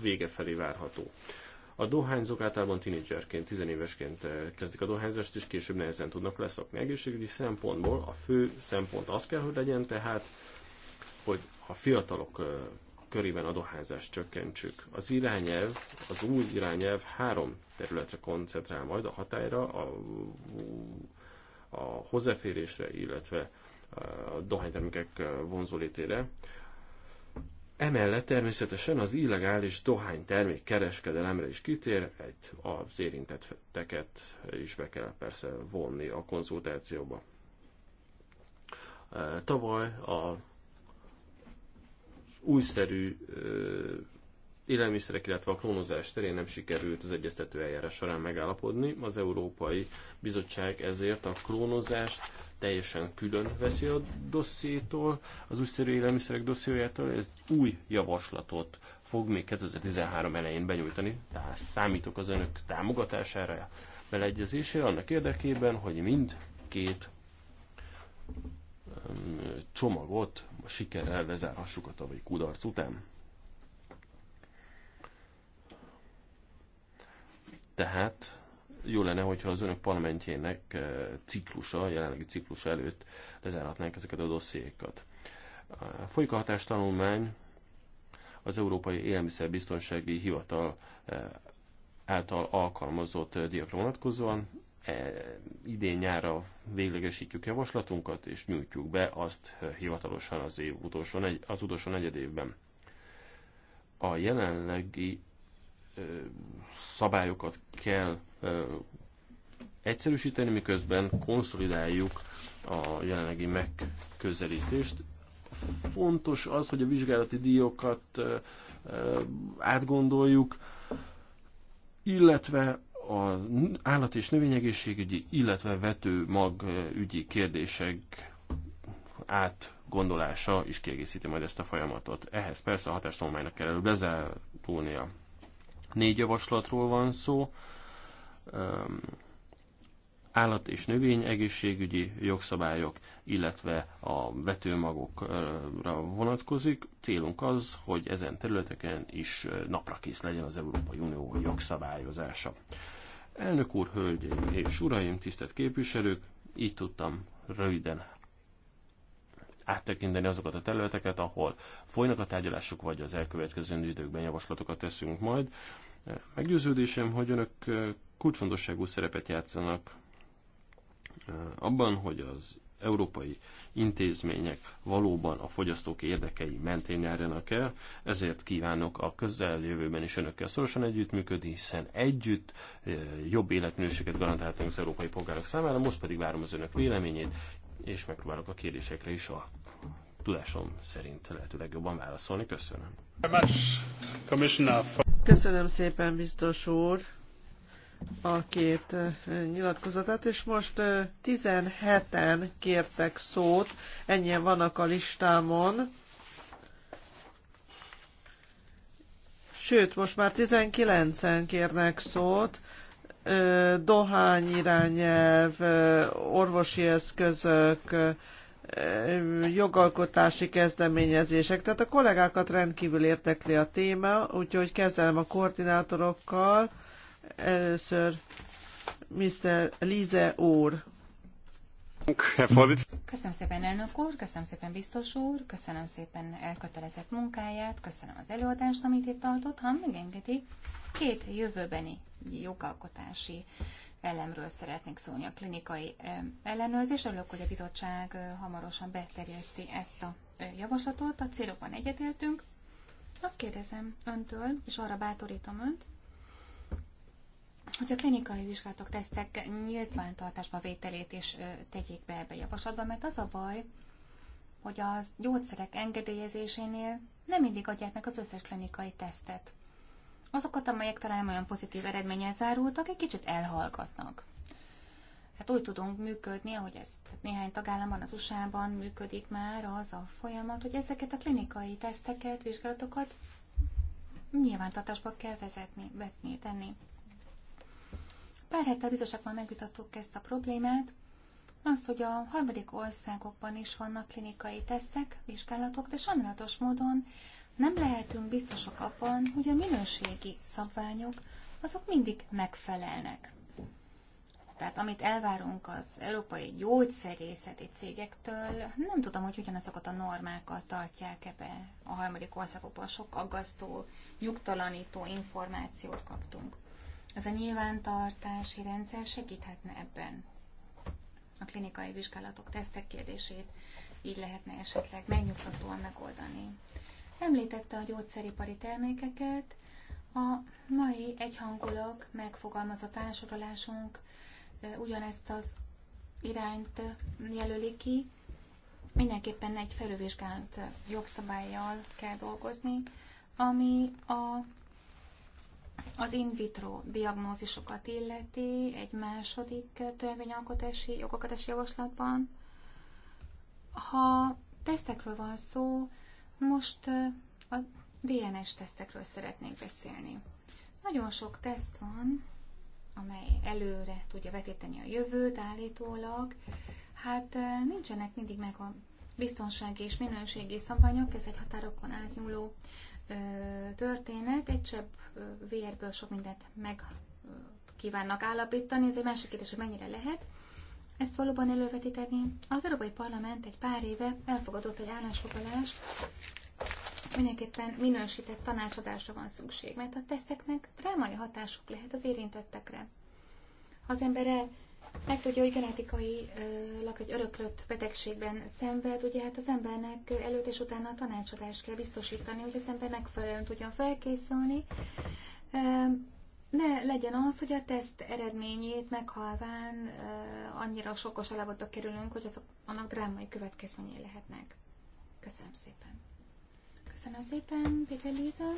vége felé várható. A dohányzók általában tinédzserként, tizenévesként eh, kezdik a dohányzást, és később nehezen tudnak leszokni. Egészségügyi szempontból a fő szempont az kell, hogy legyen tehát, hogy a fiatalok eh, körében a dohányzást csökkentsük. Az irányelv, az új irányelv három területre koncentrál majd a hatályra, a, a hozzáférésre, illetve eh, a dohánytermékek vonzólétére. Emellett természetesen az illegális dohánytermék kereskedelemre is kitér, egy az érintetteket is be kell persze vonni a konzultációba. E, tavaly a újszerű e, élelmiszerek, illetve a klónozás terén nem sikerült az egyeztető eljárás során megállapodni. Az Európai Bizottság ezért a klónozást teljesen külön veszi a dossziétól, az újszerű élelmiszerek dossziójától, ez új javaslatot fog még 2013 elején benyújtani, tehát számítok az önök támogatására, beleegyezésére annak érdekében, hogy mind két csomagot sikerrel lezárhassuk a tavalyi kudarc után. Tehát jó lenne, hogyha az önök parlamentjének eh, ciklusa, jelenlegi ciklusa előtt lezárhatnánk ezeket a dossziékat. Eh, folyik a hatástanulmány az Európai Élelmiszerbiztonsági Hivatal eh, által alkalmazott diakra vonatkozóan. E, idén nyára véglegesítjük javaslatunkat, és nyújtjuk be azt hivatalosan az év utolsó, az utolsó negyed évben. A jelenlegi szabályokat kell egyszerűsíteni, miközben konszolidáljuk a jelenlegi megközelítést. Fontos az, hogy a vizsgálati díjokat átgondoljuk, illetve az állat- és növényegészségügyi, illetve vetőmag ügyi kérdések átgondolása is kiegészíti majd ezt a folyamatot. Ehhez persze a hatástanulmánynak kell előbb lezárulnia. Négy javaslatról van szó. Állat és növény egészségügyi jogszabályok, illetve a vetőmagokra vonatkozik. Célunk az, hogy ezen területeken is naprakész legyen az Európai Unió jogszabályozása. Elnök úr, hölgyeim és uraim, tisztelt képviselők, így tudtam röviden áttekinteni azokat a területeket, ahol folynak a tárgyalások, vagy az elkövetkező időkben javaslatokat teszünk majd. Meggyőződésem, hogy önök kulcsfontosságú szerepet játszanak abban, hogy az európai intézmények valóban a fogyasztók érdekei mentén járjanak el, ezért kívánok a közeljövőben is önökkel szorosan együttműködni, hiszen együtt jobb életminőséget garantáltunk az európai polgárok számára, most pedig várom az önök véleményét, és megpróbálok a kérdésekre is a tudásom szerint lehetőleg jobban válaszolni. Köszönöm. Köszönöm szépen, biztos úr, a két eh, nyilatkozatát, és most 17-en eh, kértek szót, ennyien vannak a listámon. Sőt, most már 19-en kérnek szót, dohányirányelv, orvosi eszközök, jogalkotási kezdeményezések. Tehát a kollégákat rendkívül érdekli a téma, úgyhogy kezdem a koordinátorokkal. Először Mr. Lize úr. Köszönöm szépen, elnök úr, köszönöm szépen, biztos úr, köszönöm szépen elkötelezett munkáját, köszönöm az előadást, amit itt tartott. Ha megengedik, Két jövőbeni jogalkotási elemről szeretnék szólni, a klinikai ellenőrzés. Örülök, hogy a bizottság hamarosan beterjeszti ezt a javaslatot. A célokban egyetértünk. Azt kérdezem öntől, és arra bátorítom önt, hogy a klinikai vizsgálatok, tesztek nyilvántartásba vételét is tegyék be ebbe a javaslatba, mert az a baj, hogy a gyógyszerek engedélyezésénél nem mindig adják meg az összes klinikai tesztet azokat, amelyek talán nem olyan pozitív eredménnyel zárultak, egy kicsit elhallgatnak. Hát úgy tudunk működni, ahogy ezt néhány tagállamban, az USA-ban működik már az a folyamat, hogy ezeket a klinikai teszteket, vizsgálatokat nyilvántartásba kell vezetni, vetni, tenni. Pár hete a bizottságban megvitattuk ezt a problémát, az, hogy a harmadik országokban is vannak klinikai tesztek, vizsgálatok, de sajnálatos módon nem lehetünk biztosak abban, hogy a minőségi szabványok azok mindig megfelelnek. Tehát amit elvárunk az európai gyógyszerészeti cégektől, nem tudom, hogy ugyanazokat a normákat tartják ebbe a harmadik országokban. Sok aggasztó, nyugtalanító információt kaptunk. Ez a nyilvántartási rendszer segíthetne ebben. A klinikai vizsgálatok, tesztek kérdését így lehetne esetleg megnyugtatóan megoldani. Említette a gyógyszeripari termékeket, a mai egyhangulag megfogalmazott ásorolásunk ugyanezt az irányt jelöli ki. Mindenképpen egy felülvizsgált jogszabályjal kell dolgozni, ami a, az in vitro diagnózisokat illeti egy második törvényalkotási jogokatási javaslatban. Ha tesztekről van szó, most a DNS tesztekről szeretnék beszélni. Nagyon sok teszt van, amely előre tudja vetíteni a jövőt állítólag. Hát nincsenek mindig meg a biztonsági és minőségi szabványok, ez egy határokon átnyúló ö, történet, egy csepp vérből sok mindent meg kívánnak állapítani, ez egy másik kérdés, hogy mennyire lehet ezt valóban elővetíteni. Az Európai Parlament egy pár éve elfogadott egy állásfoglalást, mindenképpen minősített tanácsadásra van szükség, mert a teszteknek drámai hatásuk lehet az érintettekre. Ha az ember el tudja, hogy genetikailag egy öröklött betegségben szenved, ugye hát az embernek előtt és utána a tanácsadást kell biztosítani, hogy az ember megfelelően tudjon felkészülni, ne legyen az, hogy a teszt eredményét meghalván uh, annyira sokos alapotba kerülünk, hogy azok, annak drámai következményei lehetnek. Köszönöm szépen. Köszönöm szépen, Péter Líza.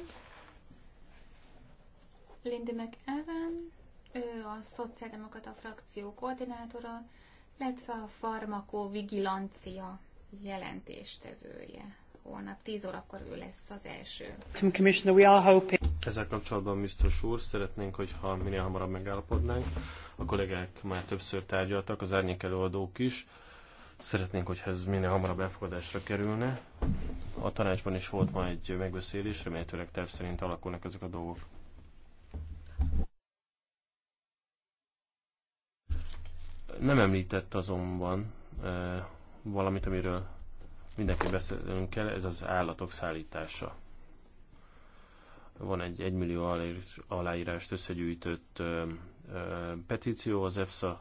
Lindy McEwen, ő a Szociáldemokrata frakció koordinátora, illetve a farmakovigilancia jelentéstevője holnap 10 órakor ő lesz az első. Ezzel kapcsolatban biztos úr, szeretnénk, hogyha minél hamarabb megállapodnánk. A kollégák már többször tárgyaltak, az árnyék előadók is. Szeretnénk, hogyha ez minél hamarabb elfogadásra kerülne. A tanácsban is volt ma egy megbeszélés, remélhetőleg terv szerint alakulnak ezek a dolgok. Nem említett azonban e, valamit, amiről mindenki beszélnünk kell, ez az állatok szállítása. Van egy 1 millió aláírást összegyűjtött ö, ö, petíció, az EFSA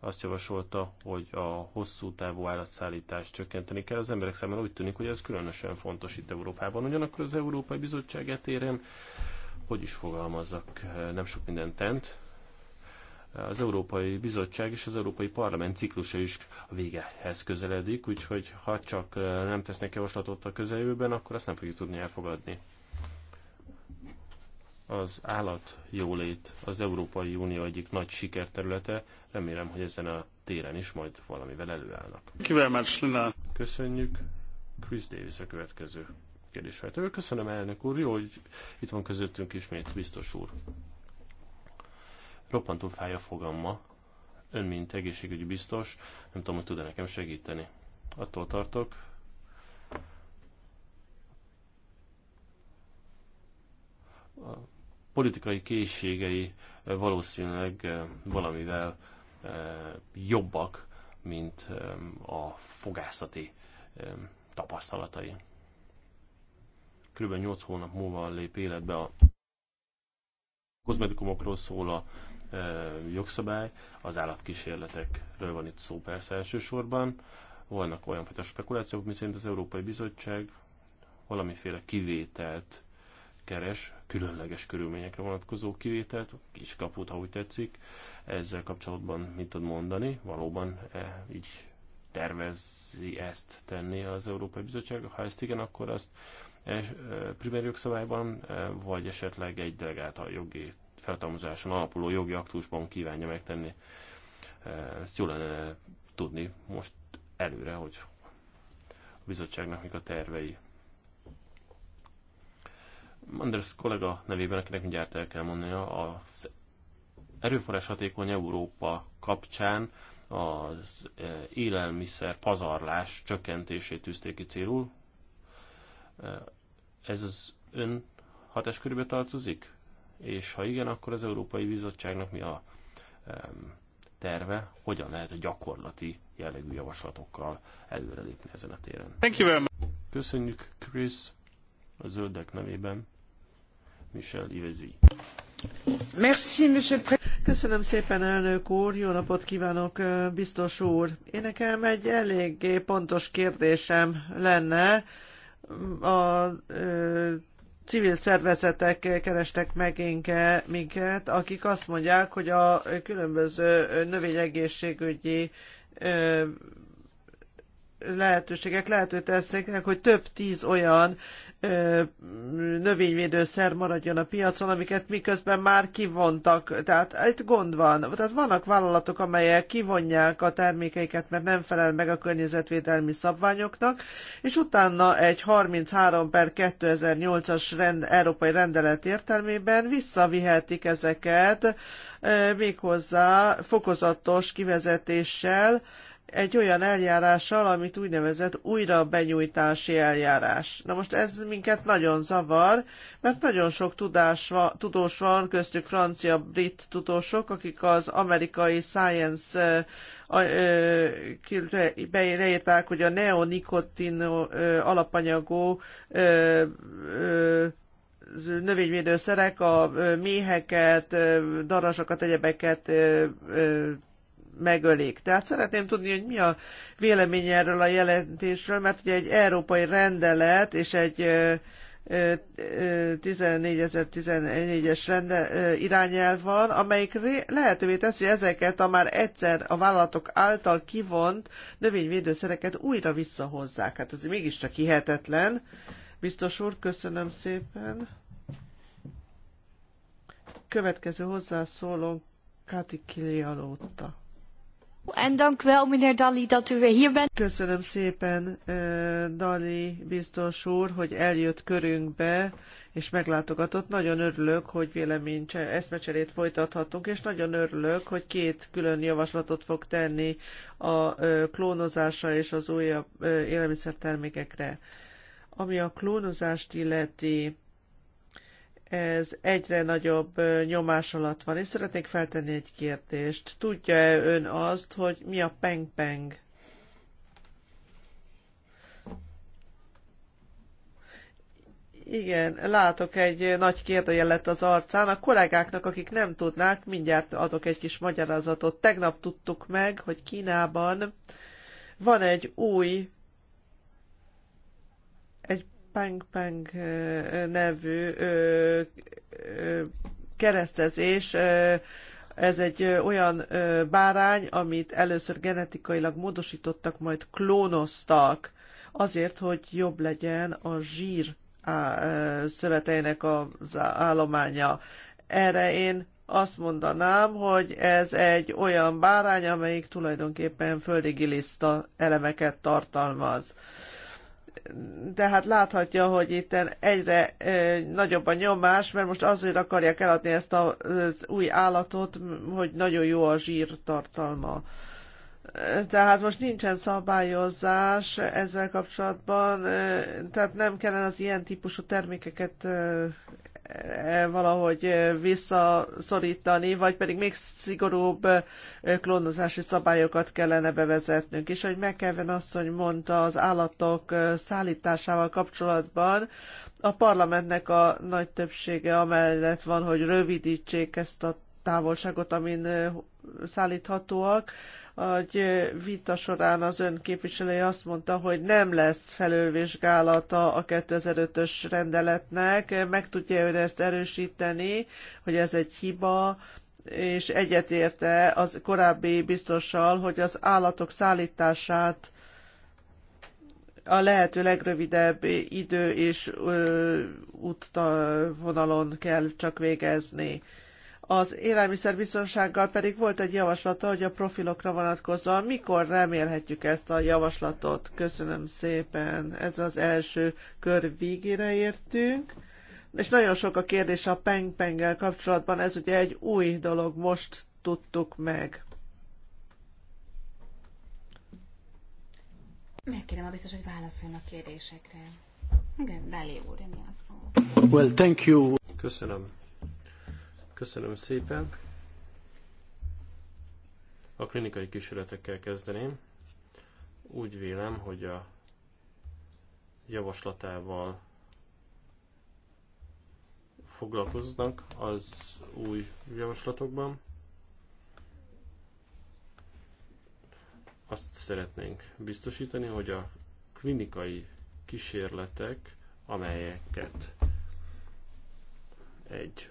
azt javasolta, hogy a hosszú távú állatszállítást csökkenteni kell. Az emberek számára úgy tűnik, hogy ez különösen fontos itt Európában. Ugyanakkor az Európai Bizottság etéren, hogy is fogalmazzak, nem sok mindent tent, az Európai Bizottság és az Európai Parlament ciklusa is a végehez közeledik, úgyhogy ha csak eh, nem tesznek javaslatot a közeljövőben, akkor azt nem fogjuk tudni elfogadni. Az állatjólét az Európai Unió egyik nagy sikerterülete, remélem, hogy ezen a téren is majd valamivel előállnak. Köszönjük. Chris Davis a következő kérdésfejtő. Köszönöm elnök úr, jó, hogy itt van közöttünk ismét, biztos úr. Roppantul fáj a fogamma. Ön, mint egészségügyi biztos, nem tudom, hogy tud-e nekem segíteni. Attól tartok, a politikai készségei eh, valószínűleg eh, valamivel eh, jobbak, mint a fogászati tapasztalatai. Körülbelül 8 hónap múlva lép életbe a kozmetikumokról szól a jogszabály, az állatkísérletekről van itt szó persze elsősorban. Vannak olyan fajta spekulációk, miszerint az Európai Bizottság valamiféle kivételt keres, különleges körülményekre vonatkozó kivételt, kis kaput, ha úgy tetszik. Ezzel kapcsolatban mit tud mondani? Valóban -e így tervezi ezt tenni az Európai Bizottság? Ha ezt igen, akkor azt e, e, primér jogszabályban, e, vagy esetleg egy delegált a jogi feltalmazáson alapuló jogi aktusban kívánja megtenni. Ezt jól lenne tudni most előre, hogy a bizottságnak mik a tervei. Anders kollega nevében, akinek mindjárt el kell mondania, az erőforrás hatékony Európa kapcsán az élelmiszer pazarlás csökkentését tűzték ki célul. Ez az ön körülbe tartozik? és ha igen, akkor az Európai Bizottságnak mi a terve, hogyan lehet a gyakorlati jellegű javaslatokkal előrelépni ezen a téren. Thank you very much. Köszönjük Chris a zöldek nevében. Michel Ivezi. Merci, monsieur le président. Köszönöm szépen, elnök úr, jó napot kívánok, biztos úr. Én nekem egy eléggé pontos kérdésem lenne a civil szervezetek kerestek meg minket, akik azt mondják, hogy a különböző növényegészségügyi lehetőségek lehető teszéknek, hogy több tíz olyan ö, növényvédőszer maradjon a piacon, amiket miközben már kivontak. Tehát itt gond van. Tehát vannak vállalatok, amelyek kivonják a termékeiket, mert nem felel meg a környezetvédelmi szabványoknak, és utána egy 33 per 2008-as rend, európai rendelet értelmében visszavihetik ezeket ö, méghozzá fokozatos kivezetéssel, egy olyan eljárással, amit úgynevezett újra benyújtási eljárás. Na most ez minket nagyon zavar, mert nagyon sok tudás va, tudós van, köztük francia, brit tudósok, akik az amerikai Science beírták, hogy a neonikotin alapanyagú növényvédőszerek a méheket, darasokat, egyebeket megölik. Tehát szeretném tudni, hogy mi a véleménye erről a jelentésről, mert ugye egy európai rendelet és egy 14.014-es irányelv van, amelyik lehetővé teszi ezeket a már egyszer a vállalatok által kivont növényvédőszereket újra visszahozzák. Hát ez mégiscsak hihetetlen. Biztos úr, köszönöm szépen. Következő hozzászólónk Kati Kilialóta. En dank wel, meneer Dali, dat u weer hier bent. Köszönöm szépen, eh, Dali biztos úr, hogy eljött körünkbe, és meglátogatott. Nagyon örülök, hogy vélemény eszmecserét folytathatunk, és nagyon örülök, hogy két külön javaslatot fog tenni a eh, klónozásra és az újabb eh, élelmiszertermékekre. Ami a klónozást illeti, ez egyre nagyobb nyomás alatt van, és szeretnék feltenni egy kérdést. Tudja-e ön azt, hogy mi a peng-peng? Igen, látok egy nagy kérdőjelet az arcán. A kollégáknak, akik nem tudnák, mindjárt adok egy kis magyarázatot. Tegnap tudtuk meg, hogy Kínában van egy új Peng Peng nevű keresztezés ez egy olyan bárány, amit először genetikailag módosítottak, majd klónoztak azért, hogy jobb legyen a zsír szöveteinek az állománya. Erre én azt mondanám, hogy ez egy olyan bárány, amelyik tulajdonképpen földigiliszta elemeket tartalmaz de hát láthatja, hogy itt egyre nagyobb a nyomás, mert most azért akarják eladni ezt az új állatot, hogy nagyon jó a tartalma, Tehát most nincsen szabályozás ezzel kapcsolatban, tehát nem kellene az ilyen típusú termékeket e, valahogy hogy visszaszorítani, vagy pedig még szigorúbb klónozási szabályokat kellene bevezetnünk. És ahogy McKeven asszony mondta az állatok szállításával kapcsolatban, a parlamentnek a nagy többsége amellett van, hogy rövidítsék ezt a távolságot, amin szállíthatóak. A vita során az ön képviselője azt mondta, hogy nem lesz felülvizsgálata a 2005-ös rendeletnek. Meg tudja ön ezt erősíteni, hogy ez egy hiba, és egyetérte az korábbi biztossal, hogy az állatok szállítását a lehető legrövidebb idő és útvonalon kell csak végezni. Az élelmiszerbiztonsággal pedig volt egy javaslata, hogy a profilokra vonatkozóan mikor remélhetjük ezt a javaslatot. Köszönöm szépen. Ez az első kör végére értünk. És nagyon sok a kérdés a peng-pengel kapcsolatban. Ez ugye egy új dolog, most tudtuk meg. Megkérem a biztos, hogy válaszoljon a kérdésekre. Igen, Dali úr, mi a szó? Well, thank you. Köszönöm Köszönöm szépen. A klinikai kísérletekkel kezdeném. Úgy vélem, hogy a javaslatával foglalkoznak az új javaslatokban. Azt szeretnénk biztosítani, hogy a klinikai kísérletek, amelyeket egy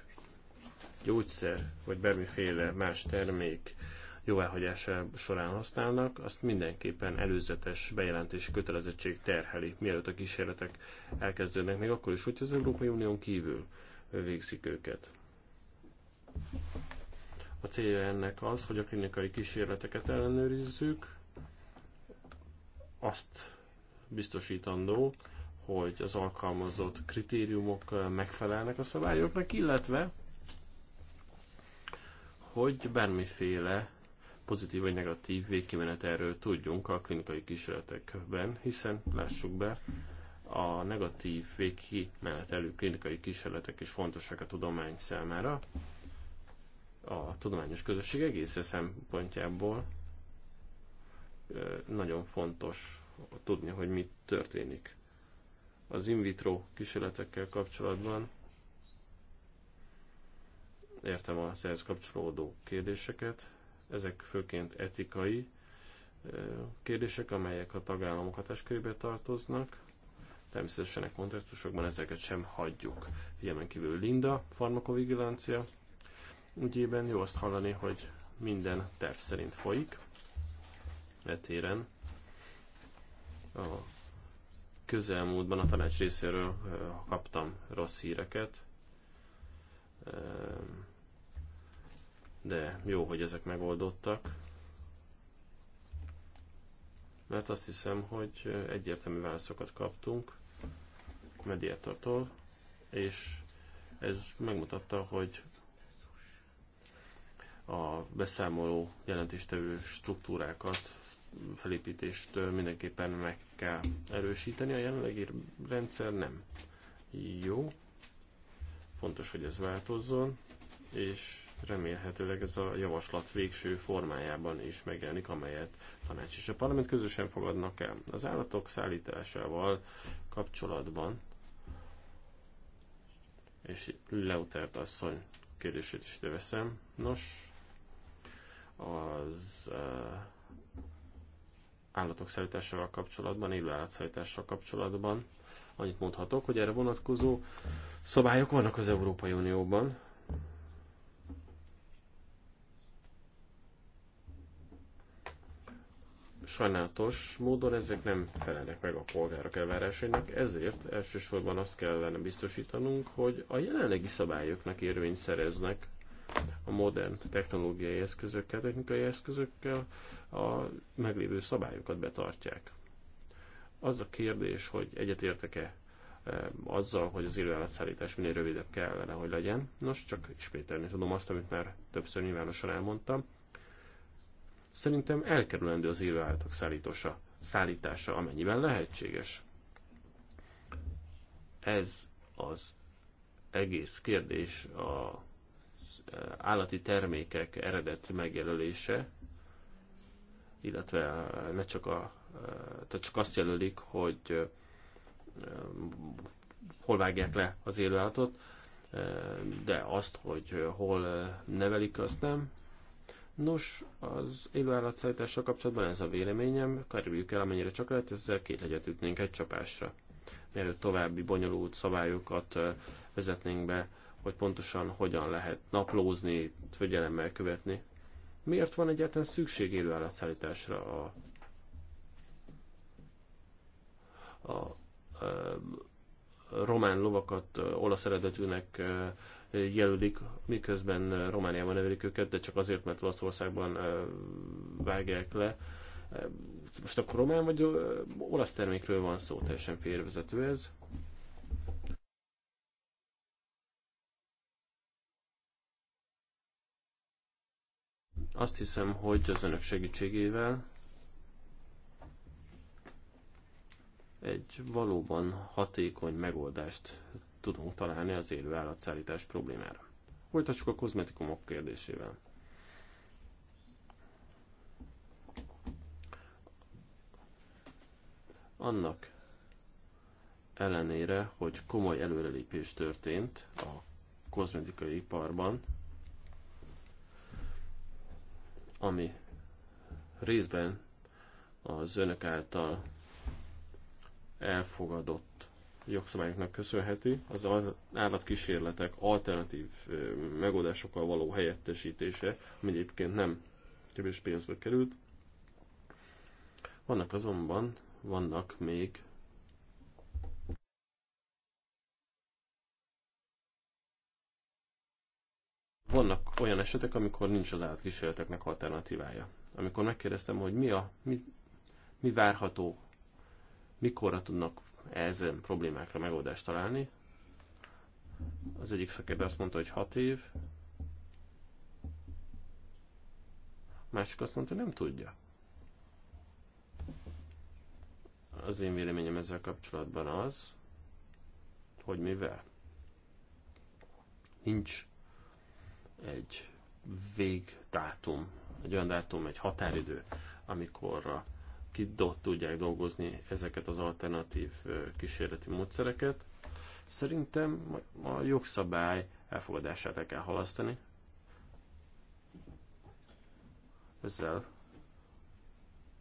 gyógyszer vagy bármiféle más termék jóváhagyása során használnak, azt mindenképpen előzetes bejelentési kötelezettség terheli, mielőtt a kísérletek elkezdődnek, még akkor is, hogy az Európai Unión kívül végzik őket. A célja ennek az, hogy a klinikai kísérleteket ellenőrizzük, azt biztosítandó, hogy az alkalmazott kritériumok megfelelnek a szabályoknak, illetve hogy bármiféle pozitív vagy negatív végkimenet erről tudjunk a klinikai kísérletekben, hiszen lássuk be, a negatív elő klinikai kísérletek is fontosak a tudomány számára, a tudományos közösség egész szempontjából nagyon fontos tudni, hogy mit történik. Az in vitro kísérletekkel kapcsolatban értem a szerhez kapcsolódó kérdéseket. Ezek főként etikai kérdések, amelyek a tagállamok hatáskörébe tartoznak. Természetesen a kontextusokban ezeket sem hagyjuk. Figyelmen kívül Linda, farmakovigilancia. Ügyében jó azt hallani, hogy minden terv szerint folyik. Etéren a közelmúltban a tanács részéről kaptam rossz híreket de jó, hogy ezek megoldottak. Mert azt hiszem, hogy egyértelmű válaszokat kaptunk Mediatortól, és ez megmutatta, hogy a beszámoló jelentéstevő struktúrákat, felépítést mindenképpen meg kell erősíteni. A jelenlegi rendszer nem jó. Fontos, hogy ez változzon, és remélhetőleg ez a javaslat végső formájában is megjelenik, amelyet tanács és a parlament közösen fogadnak el. Az állatok szállításával kapcsolatban, és Leutert asszony kérdését is teveszem. Nos, az állatok szállításával kapcsolatban, élő állatszállítással kapcsolatban annyit mondhatok, hogy erre vonatkozó szabályok vannak az Európai Unióban, Sajnálatos módon ezek nem felelnek meg a polgárok elvárásainak, ezért elsősorban azt kellene biztosítanunk, hogy a jelenlegi szabályoknak érvényt szereznek a modern technológiai eszközökkel, technikai eszközökkel a meglévő szabályokat betartják. Az a kérdés, hogy egyetértek-e eh, azzal, hogy az élőállatszállítás minél rövidebb kellene, hogy legyen. Nos, csak ismételni tudom azt, amit már többször nyilvánosan elmondtam. Szerintem elkerülendő az élőállatok szállítása, szállítása, amennyiben lehetséges. Ez az egész kérdés a e, állati termékek eredet megjelölése, illetve e, ne csak, a, e, tehát csak azt jelölik, hogy hol vágják le az élőállatot, de azt, hogy hol nevelik, azt nem. Nos, az élőállatszállítással kapcsolatban ez a véleményem, kerüljük el amennyire csak lehet, ezzel két legyet ütnénk egy csapásra. Mielőtt további bonyolult szabályokat vezetnénk be, hogy pontosan hogyan lehet naplózni, fögyelemmel követni. Miért van egyáltalán szükség élőállatszállításra a, a, a, a román lovakat olasz eredetűnek jelölik, miközben Romániában nevelik őket, de csak azért, mert Olaszországban vágják le. Most akkor román vagy olasz termékről van szó, teljesen félvezető ez. Azt hiszem, hogy az önök segítségével egy valóban hatékony megoldást tudunk találni az élő állatszállítás problémára. Folytassuk a kozmetikumok kérdésével. Annak ellenére, hogy komoly előrelépés történt a kozmetikai iparban, ami részben az önök által elfogadott jogszabályoknak köszönheti, az állatkísérletek alternatív megoldásokkal való helyettesítése, ami egyébként nem kevés pénzbe került. Vannak azonban, vannak még vannak olyan esetek, amikor nincs az állatkísérleteknek alternatívája. Amikor megkérdeztem, hogy mi a, mi, mi várható, mikorra tudnak ezen problémákra megoldást találni. Az egyik szakértő azt mondta, hogy 6 év, a másik azt mondta, hogy nem tudja. Az én véleményem ezzel kapcsolatban az, hogy mivel nincs egy végdátum, egy olyan dátum, egy határidő, amikor ki tudják dolgozni ezeket az alternatív kísérleti módszereket. Szerintem a jogszabály elfogadását el kell halasztani. Ezzel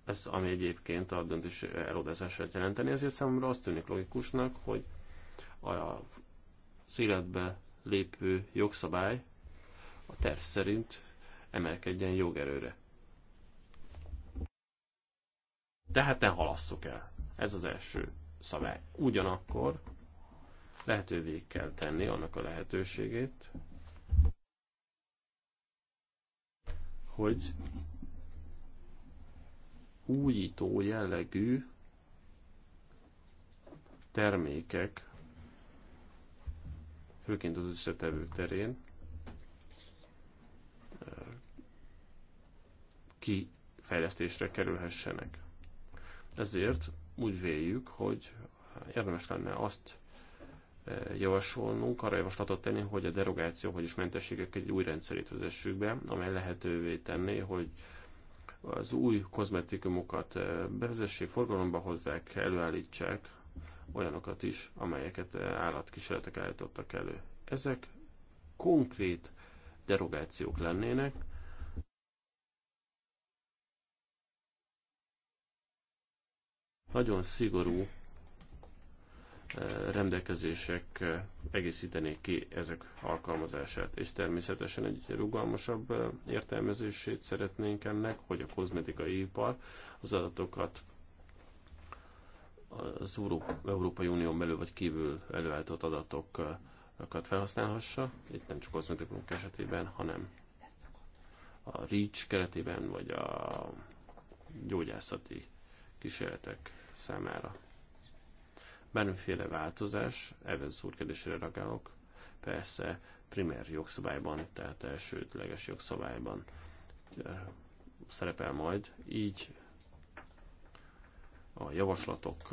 ez, ami egyébként a döntés elodázását jelenteni, ezért számomra azt tűnik logikusnak, hogy a, az életbe lépő jogszabály a terv szerint emelkedjen jogerőre. Tehát ne halasszuk el. Ez az első szabály. Ugyanakkor lehetővé kell tenni annak a lehetőségét, hogy újító jellegű termékek, főként az összetevő terén, kifejlesztésre kerülhessenek. Ezért úgy véljük, hogy érdemes lenne azt eh, javasolnunk, arra javaslatot tenni, hogy a derogációk, vagyis mentességek egy új rendszerét vezessük be, amely lehetővé tenné, hogy az új kozmetikumokat eh, bevezessék, forgalomba hozzák, előállítsák olyanokat is, amelyeket eh, állatkísérletek állítottak elő. Ezek konkrét derogációk lennének, nagyon szigorú eh, rendelkezések eh, egészítenék ki ezek alkalmazását, és természetesen egy rugalmasabb eh, értelmezését szeretnénk ennek, hogy a kozmetikai ipar az adatokat az Európai Unión belül vagy kívül előállított adatokat felhasználhassa, itt nem csak kozmetikumok esetében, hanem a REACH keretében, vagy a gyógyászati kísérletek számára. Bármiféle változás, ebben az kérdésére reagálok, persze primér jogszabályban, tehát elsődleges jogszabályban szerepel majd, így a javaslatok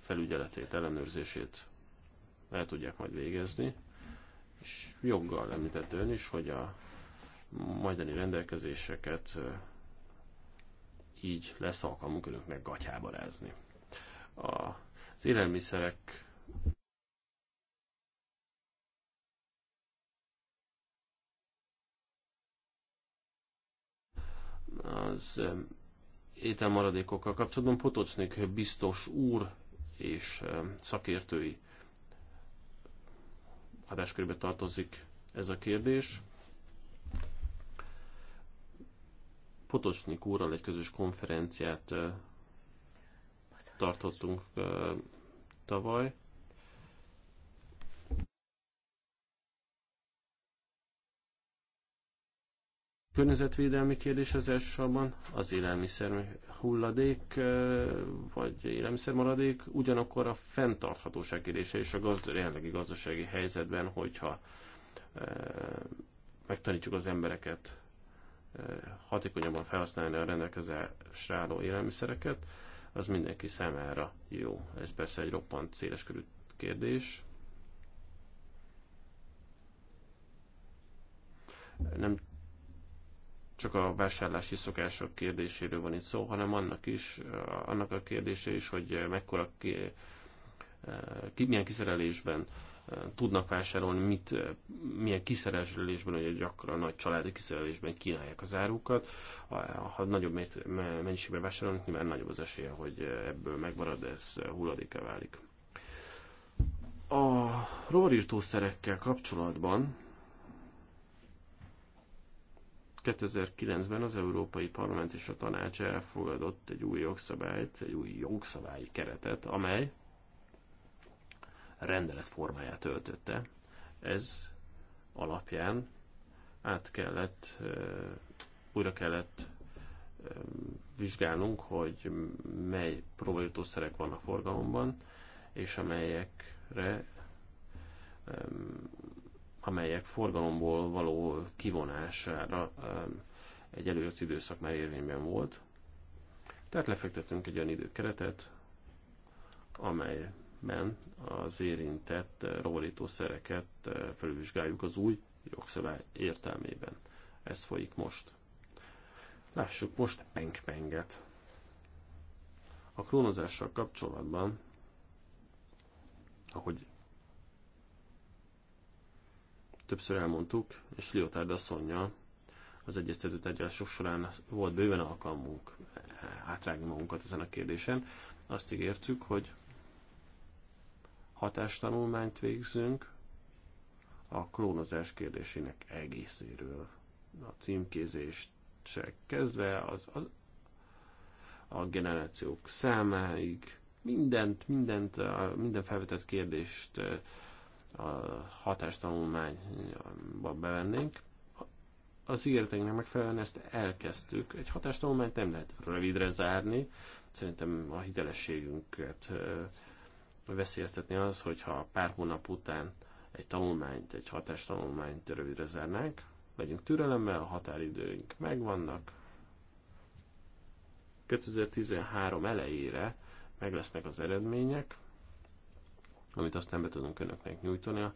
felügyeletét, ellenőrzését el tudják majd végezni, és joggal említett ön is, hogy a majdani rendelkezéseket így lesz alkalmunk önöknek gatyába rázni az élelmiszerek az um, ételmaradékokkal kapcsolatban Potocsnik biztos úr és um, szakértői hatáskörébe tartozik ez a kérdés. Potocsnik úrral egy közös konferenciát uh, tartottunk tavaly. Környezetvédelmi kérdés az elsősorban az élelmiszer hulladék vagy élelmiszermaradék, ugyanakkor a fenntarthatóság kérdése és a gazd- jelenlegi gazdasági helyzetben, hogyha megtanítjuk az embereket hatékonyabban felhasználni a rendelkezésre álló élelmiszereket, az mindenki számára jó. Ez persze egy roppant széleskörű kérdés. Nem csak a vásárlási szokások kérdéséről van itt szó, hanem annak is, annak a kérdése is, hogy mekkora ki, eh, ki milyen kiszerelésben tudnak vásárolni, mit, eh, milyen kiszerelésben, hogy gyakran nagy családi kiszerelésben kínálják az árukat. Ha nagyobb mennyiségben vásárolnak, nyilván nagyobb az esélye, hogy eh, ebből megmarad, ez eh, hulladéka válik. A rovarírtószerekkel kapcsolatban 2009-ben az Európai Parlament és a Tanács elfogadott egy új jogszabályt, egy új jogszabályi keretet, amely rendelet formáját öltötte. Ez alapján át kellett, újra kellett vizsgálnunk, hogy mely próbajutószerek vannak forgalomban, és amelyekre amelyek forgalomból való kivonására egy előjött időszak már érvényben volt. Tehát lefektetünk egy olyan időkeretet, amely ben az érintett rovarítószereket eh, felülvizsgáljuk az új jogszabály értelmében. Ez folyik most. Lássuk most pengpenget. A klónozással kapcsolatban, ahogy többször elmondtuk, és Liotard asszonya az egyeztető tárgyalások során volt bőven alkalmunk eh, átrágni magunkat ezen a kérdésen. Azt ígértük, hogy hatástanulmányt végzünk a klónozás kérdésének egészéről. A címkézések kezdve az, az, a generációk számáig mindent, mindent, minden felvetett kérdést a hatástanulmányba bevennénk. Az ígéreteinknek megfelelően ezt elkezdtük. Egy hatástanulmányt nem lehet rövidre zárni. Szerintem a hitelességünket veszélyeztetni az, hogyha pár hónap után egy tanulmányt, egy tanulmányt rövidre zárnánk, legyünk türelemmel, a határidőink megvannak. 2013 elejére meg lesznek az eredmények, amit aztán be tudunk önöknek nyújtani a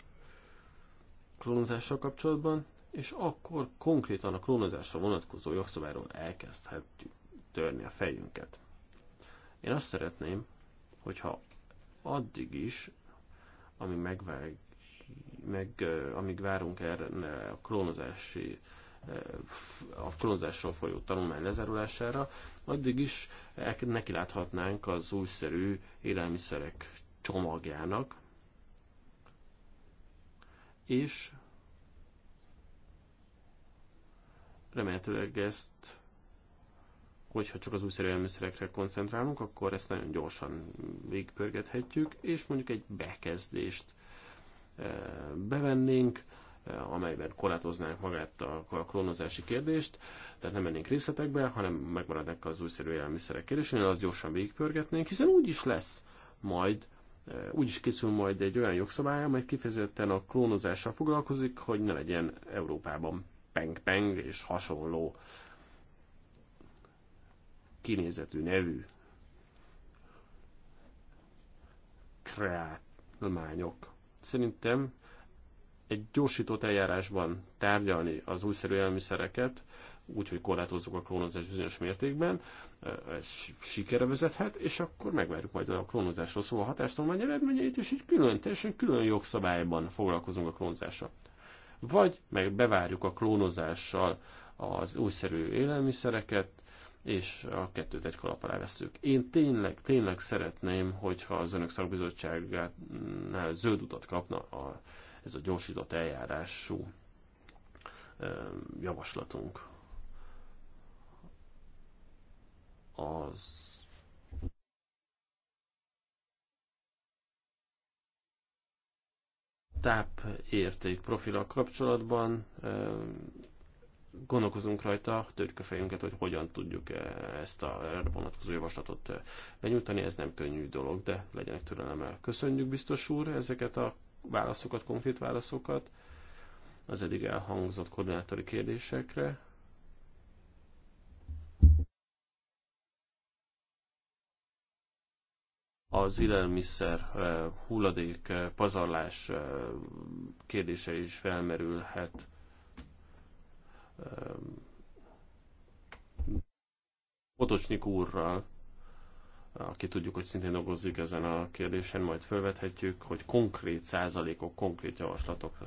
klónozással kapcsolatban, és akkor konkrétan a klónozásra vonatkozó jogszabályról elkezdhetjük törni a fejünket. Én azt szeretném, hogyha addig is, ami megvág, meg, amíg várunk erre a klónozási a klónozásról folyó tanulmány lezárulására, addig is e-, neki láthatnánk az újszerű élelmiszerek csomagjának, és remélhetőleg ezt hogyha csak az újszerű elmészerekre koncentrálunk, akkor ezt nagyon gyorsan végpörgethetjük, és mondjuk egy bekezdést eh, bevennénk, eh, amelyben korlátoznánk magát a klónozási kérdést, tehát nem mennénk részletekbe, hanem megmaradnak az újszerű élelmiszerek kérdésén, az gyorsan végigpörgetnénk, hiszen úgy is lesz majd, eh, úgy is készül majd egy olyan jogszabály, amely kifejezetten a klónozással foglalkozik, hogy ne legyen Európában peng-peng és hasonló uh, kinézetű nevű kreálmányok. Szerintem egy gyorsított eljárásban tárgyalni az újszerű élelmiszereket, úgyhogy korlátozzuk a klónozás bizonyos mértékben, ez sikere vezethet, és akkor megvárjuk majd a klónozásról szóló hatástanulmány eredményeit, és így külön, teljesen külön jogszabályban foglalkozunk a klónozással. Vagy meg bevárjuk a klónozással az újszerű élelmiszereket, és a kettőt egy kalap alá veszük. Én tényleg, tényleg szeretném, hogyha az Önök szakbizottságnál zöld utat kapna a, ez a gyorsított eljárású javaslatunk. Az érték profilak kapcsolatban gondolkozunk rajta, törjük a fejünket, hogy hogyan tudjuk eh, ezt a erre vonatkozó javaslatot eh, benyújtani. Ez nem könnyű dolog, de legyenek türelemmel. Köszönjük biztos úr ezeket a válaszokat, konkrét válaszokat az eddig elhangzott koordinátori kérdésekre. az élelmiszer eh, hulladék pazarlás kérdése is felmerülhet Potocsnik úrral, aki tudjuk, hogy szintén dolgozik ezen a kérdésen, majd felvethetjük, hogy konkrét százalékok, konkrét javaslatok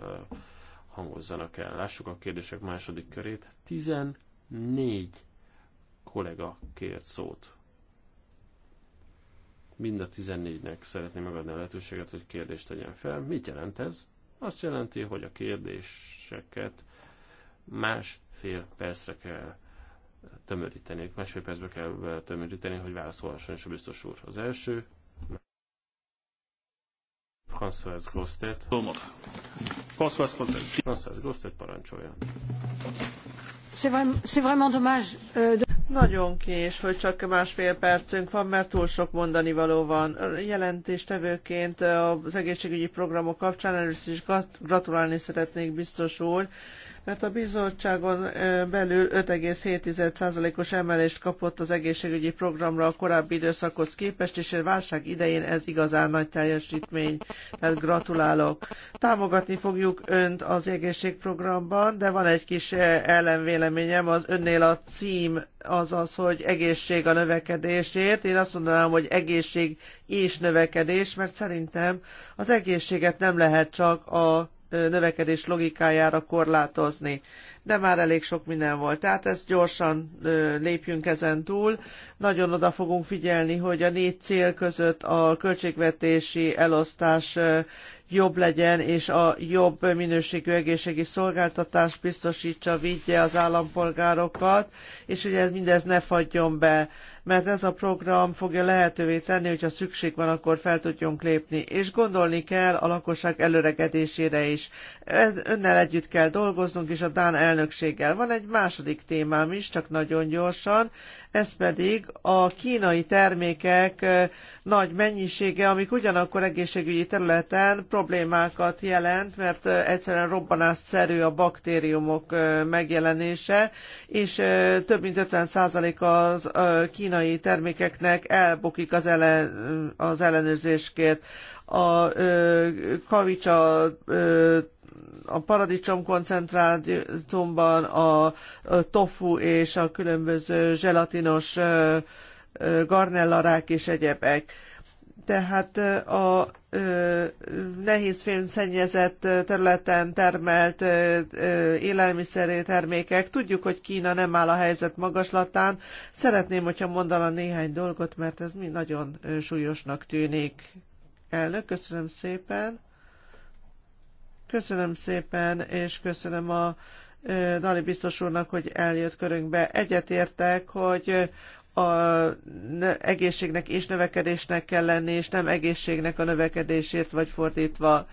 hangozzanak el. Lássuk a kérdések második körét. 14 kollega kért szót. Mind a 14-nek szeretném megadni a lehetőséget, hogy kérdést tegyen fel. Mit jelent ez? Azt jelenti, hogy a kérdéseket más fél percre kell tömöríteni, másfél percbe kell tömöríteni, hogy válaszolhasson is a biztos úr. Az első, François Gostet. Tomot. François Gostet. François Gostet parancsolja. C'est vraiment dommage. Euh, Nagyon kés, hogy csak másfél percünk van, mert túl sok mondani való van. Jelentéstevőként az egészségügyi programok kapcsán először is gratulálni szeretnék biztos úr, mert a bizottságon belül 5,7%-os emelést kapott az egészségügyi programra a korábbi időszakhoz képest, és a válság idején ez igazán nagy teljesítmény, tehát gratulálok. Támogatni fogjuk önt az egészségprogramban, de van egy kis ellenvéleményem, az önnél a cím az az, hogy egészség a növekedésért. Én azt mondanám, hogy egészség és növekedés, mert szerintem az egészséget nem lehet csak a növekedés logikájára korlátozni. De már elég sok minden volt. Tehát ezt gyorsan lépjünk ezen túl. Nagyon oda fogunk figyelni, hogy a négy cél között a költségvetési elosztás jobb legyen, és a jobb minőségű egészségi szolgáltatást biztosítsa, vigye az állampolgárokat, és hogy ez mindez ne fagyjon be, mert ez a program fogja lehetővé tenni, hogyha szükség van, akkor fel tudjunk lépni. És gondolni kell a lakosság előregedésére is. Önnel együtt kell dolgoznunk, és a Dán elnökséggel. Van egy második témám is, csak nagyon gyorsan ez pedig a kínai termékek nagy mennyisége, amik ugyanakkor egészségügyi területen problémákat jelent, mert egyszerűen robbanásszerű a baktériumok megjelenése, és több mint 50% az kínai termékeknek elbukik az, ellen, az ellenőrzéskért a kavicsa a paradicsom koncentrátumban a, tofu és a különböző zselatinos garnellarák és egyebek. Tehát a nehézfém szennyezett területen termelt élelmiszeré termékek. Tudjuk, hogy Kína nem áll a helyzet magaslatán. Szeretném, hogyha mondana néhány dolgot, mert ez mi nagyon súlyosnak tűnik. Elnök, köszönöm szépen. Köszönöm szépen, és köszönöm a Dali biztos úrnak, hogy eljött körünkbe. Egyetértek, hogy a egészségnek és növekedésnek kell lenni, és nem egészségnek a növekedésért, vagy fordítva.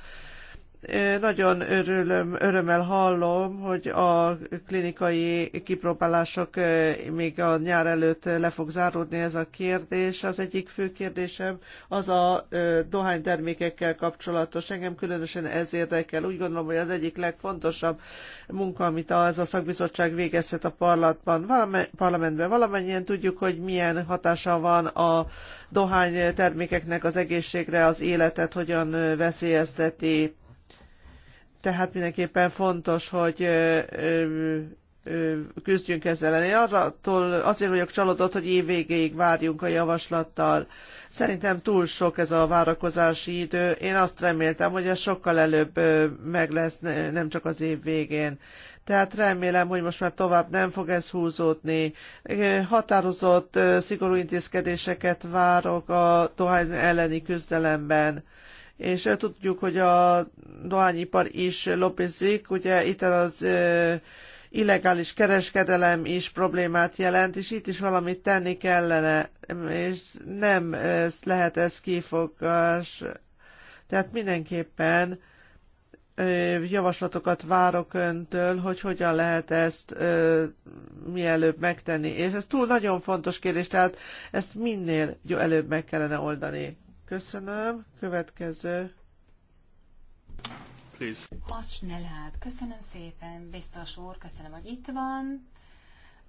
Nagyon örülöm, örömmel hallom, hogy a klinikai kipróbálások még a nyár előtt le fog záródni ez a kérdés. Az egyik fő kérdésem az a dohánytermékekkel kapcsolatos. Engem különösen ez érdekel. Úgy gondolom, hogy az egyik legfontosabb munka, amit az a szakbizottság végezhet a parlamentben. parlamentben valamennyien tudjuk, hogy milyen hatása van a dohánytermékeknek az egészségre, az életet hogyan veszélyezteti tehát mindenképpen fontos, hogy küzdjünk ezzel Én arratól azért vagyok csalódott, hogy év végéig várjunk a javaslattal. Szerintem túl sok ez a várakozási idő. Én azt reméltem, hogy ez sokkal előbb meg lesz, nem csak az év végén. Tehát remélem, hogy most már tovább nem fog ez húzódni. Határozott, szigorú intézkedéseket várok a dohány elleni küzdelemben és tudjuk, hogy a dohányipar is lopizik, ugye itt az illegális kereskedelem is problémát jelent, és itt is valamit tenni kellene, és nem lehet ez kifogás. Tehát mindenképpen javaslatokat várok öntől, hogy hogyan lehet ezt ö, mielőbb megtenni. És ez túl nagyon fontos kérdés, tehát ezt minél előbb meg kellene oldani. Köszönöm. Következő. Please. Hasz Snellhát. Köszönöm szépen, biztos úr. Köszönöm, hogy itt van.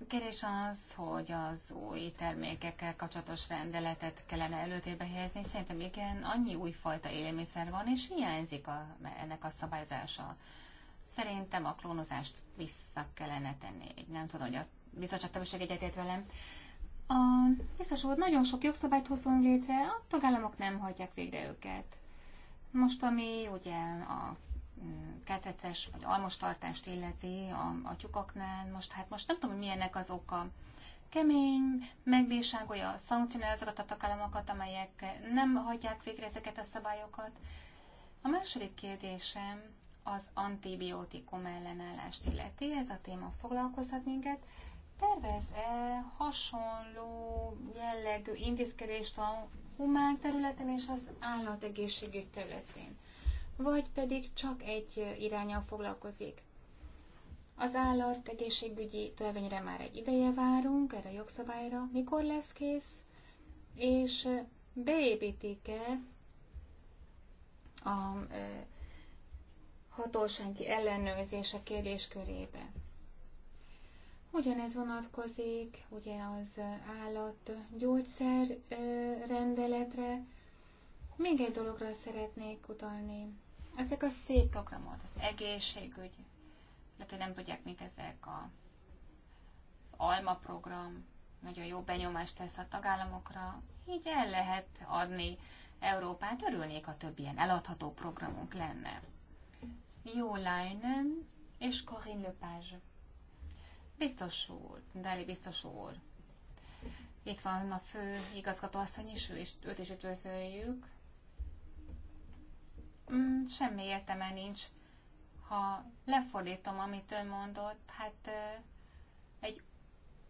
A kérdés az, hogy az új termékekkel kapcsolatos rendeletet kellene előtérbe helyezni. Szerintem igen, annyi újfajta élelmiszer van, és hiányzik a, ennek a szabályzása. Szerintem a klónozást vissza kellene tenni. Nem tudom, hogy a bizottság többség egyetért velem. A biztos volt, nagyon sok jogszabályt hozom létre, a tagállamok nem hagyják végre őket. Most, ami ugye a mm, ketreces vagy tartást illeti a, a tyukoknál, most hát most nem tudom, hogy milyennek az oka. Kemény, megbírságolja, szankcionál azokat a tagállamokat, amelyek nem hagyják végre ezeket a szabályokat. A második kérdésem az antibiotikum ellenállást illeti, ez a téma foglalkozhat minket tervez-e hasonló jellegű intézkedést a humán területen és az állategészségügy területén? Vagy pedig csak egy irányal foglalkozik? Az állategészségügyi törvényre már egy ideje várunk, erre a jogszabályra, mikor lesz kész, és beépítik-e a hatósági ellenőrzése kérdéskörébe. Ugyanez vonatkozik ugye az állatgyógyszer rendeletre. Még egy dologra szeretnék utalni. Ezek a szép programok, az egészségügy, de például nem tudják, mik ezek a, az ALMA program, nagyon jó benyomást tesz a tagállamokra, így el lehet adni Európát, örülnék, a több ilyen eladható programunk lenne. Jó Leinen és Corinne Lepage. Biztos úr, Dáli biztos úr. Itt van a fő igazgatóasszony is, és őt is üdvözöljük. Mm, semmi értelme nincs, ha lefordítom, amit ön mondott, hát egy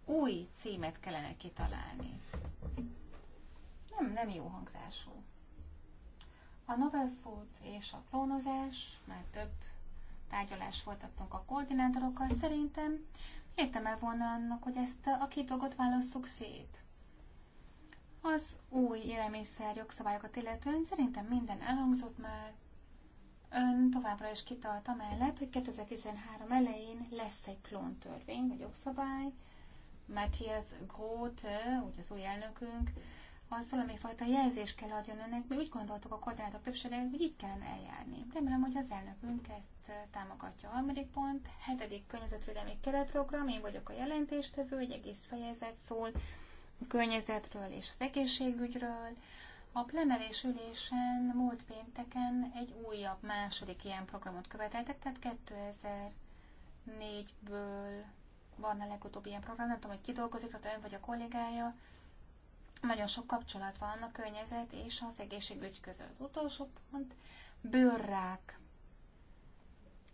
új címet kellene kitalálni. Nem, nem jó hangzású. A novel food és a klónozás, mert több tárgyalás folytattunk a koordinátorokkal, szerintem Értem-e volna annak, hogy ezt a két dolgot válasszuk szét? Az új élelmiszer jogszabályokat illetően szerintem minden elhangzott már. Ön továbbra is kitart amellett, hogy 2013 elején lesz egy klóntörvény vagy jogszabály. Matthias Grote, úgy az új elnökünk, az valami fajta jelzést kell adjon önnek, mi úgy gondoltuk a koordinátok többsége, hogy így kellene eljárni. Remélem, hogy az elnökünk ezt eh, támogatja. Harmadik pont, hetedik környezetvédelmi keretprogram, én vagyok a jelentéstevő, egy egész fejezet szól a környezetről és az egészségügyről. A plenáris ülésen múlt pénteken egy újabb második ilyen programot követeltek, tehát 2004-ből van a legutóbbi ilyen program, nem tudom, hogy ki dolgozik, ott ön vagy a kollégája, nagyon sok kapcsolat van a környezet és az egészségügy között. Utolsó pont, bőrrák.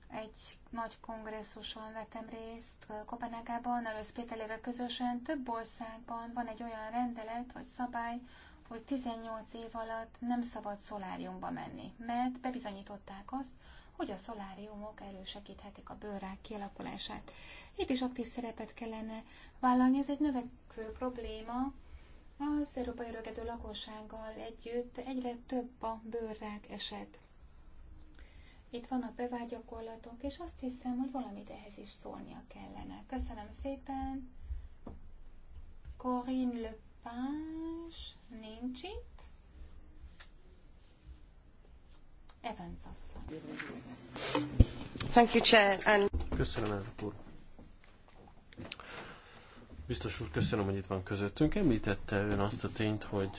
Egy nagy kongresszuson vettem részt Kopenhágában, először Pételével közösen több országban van egy olyan rendelet vagy szabály, hogy 18 év alatt nem szabad szoláriumba menni, mert bebizonyították azt, hogy a szoláriumok elősegíthetik a bőrrák kialakulását. Itt is aktív szerepet kellene vállalni, ez egy növekvő probléma, az európai örökedő lakossággal együtt egyre több a bőrrák eset. Itt vannak bevágyakorlatok, és azt hiszem, hogy valamit ehhez is szólnia kellene. Köszönöm szépen! Corinne Lepage nincs itt. Evans asszony. Thank you, Chair. And... Köszönöm, elnök úr. Biztos úr, köszönöm, hogy itt van közöttünk. Említette ön azt a tényt, hogy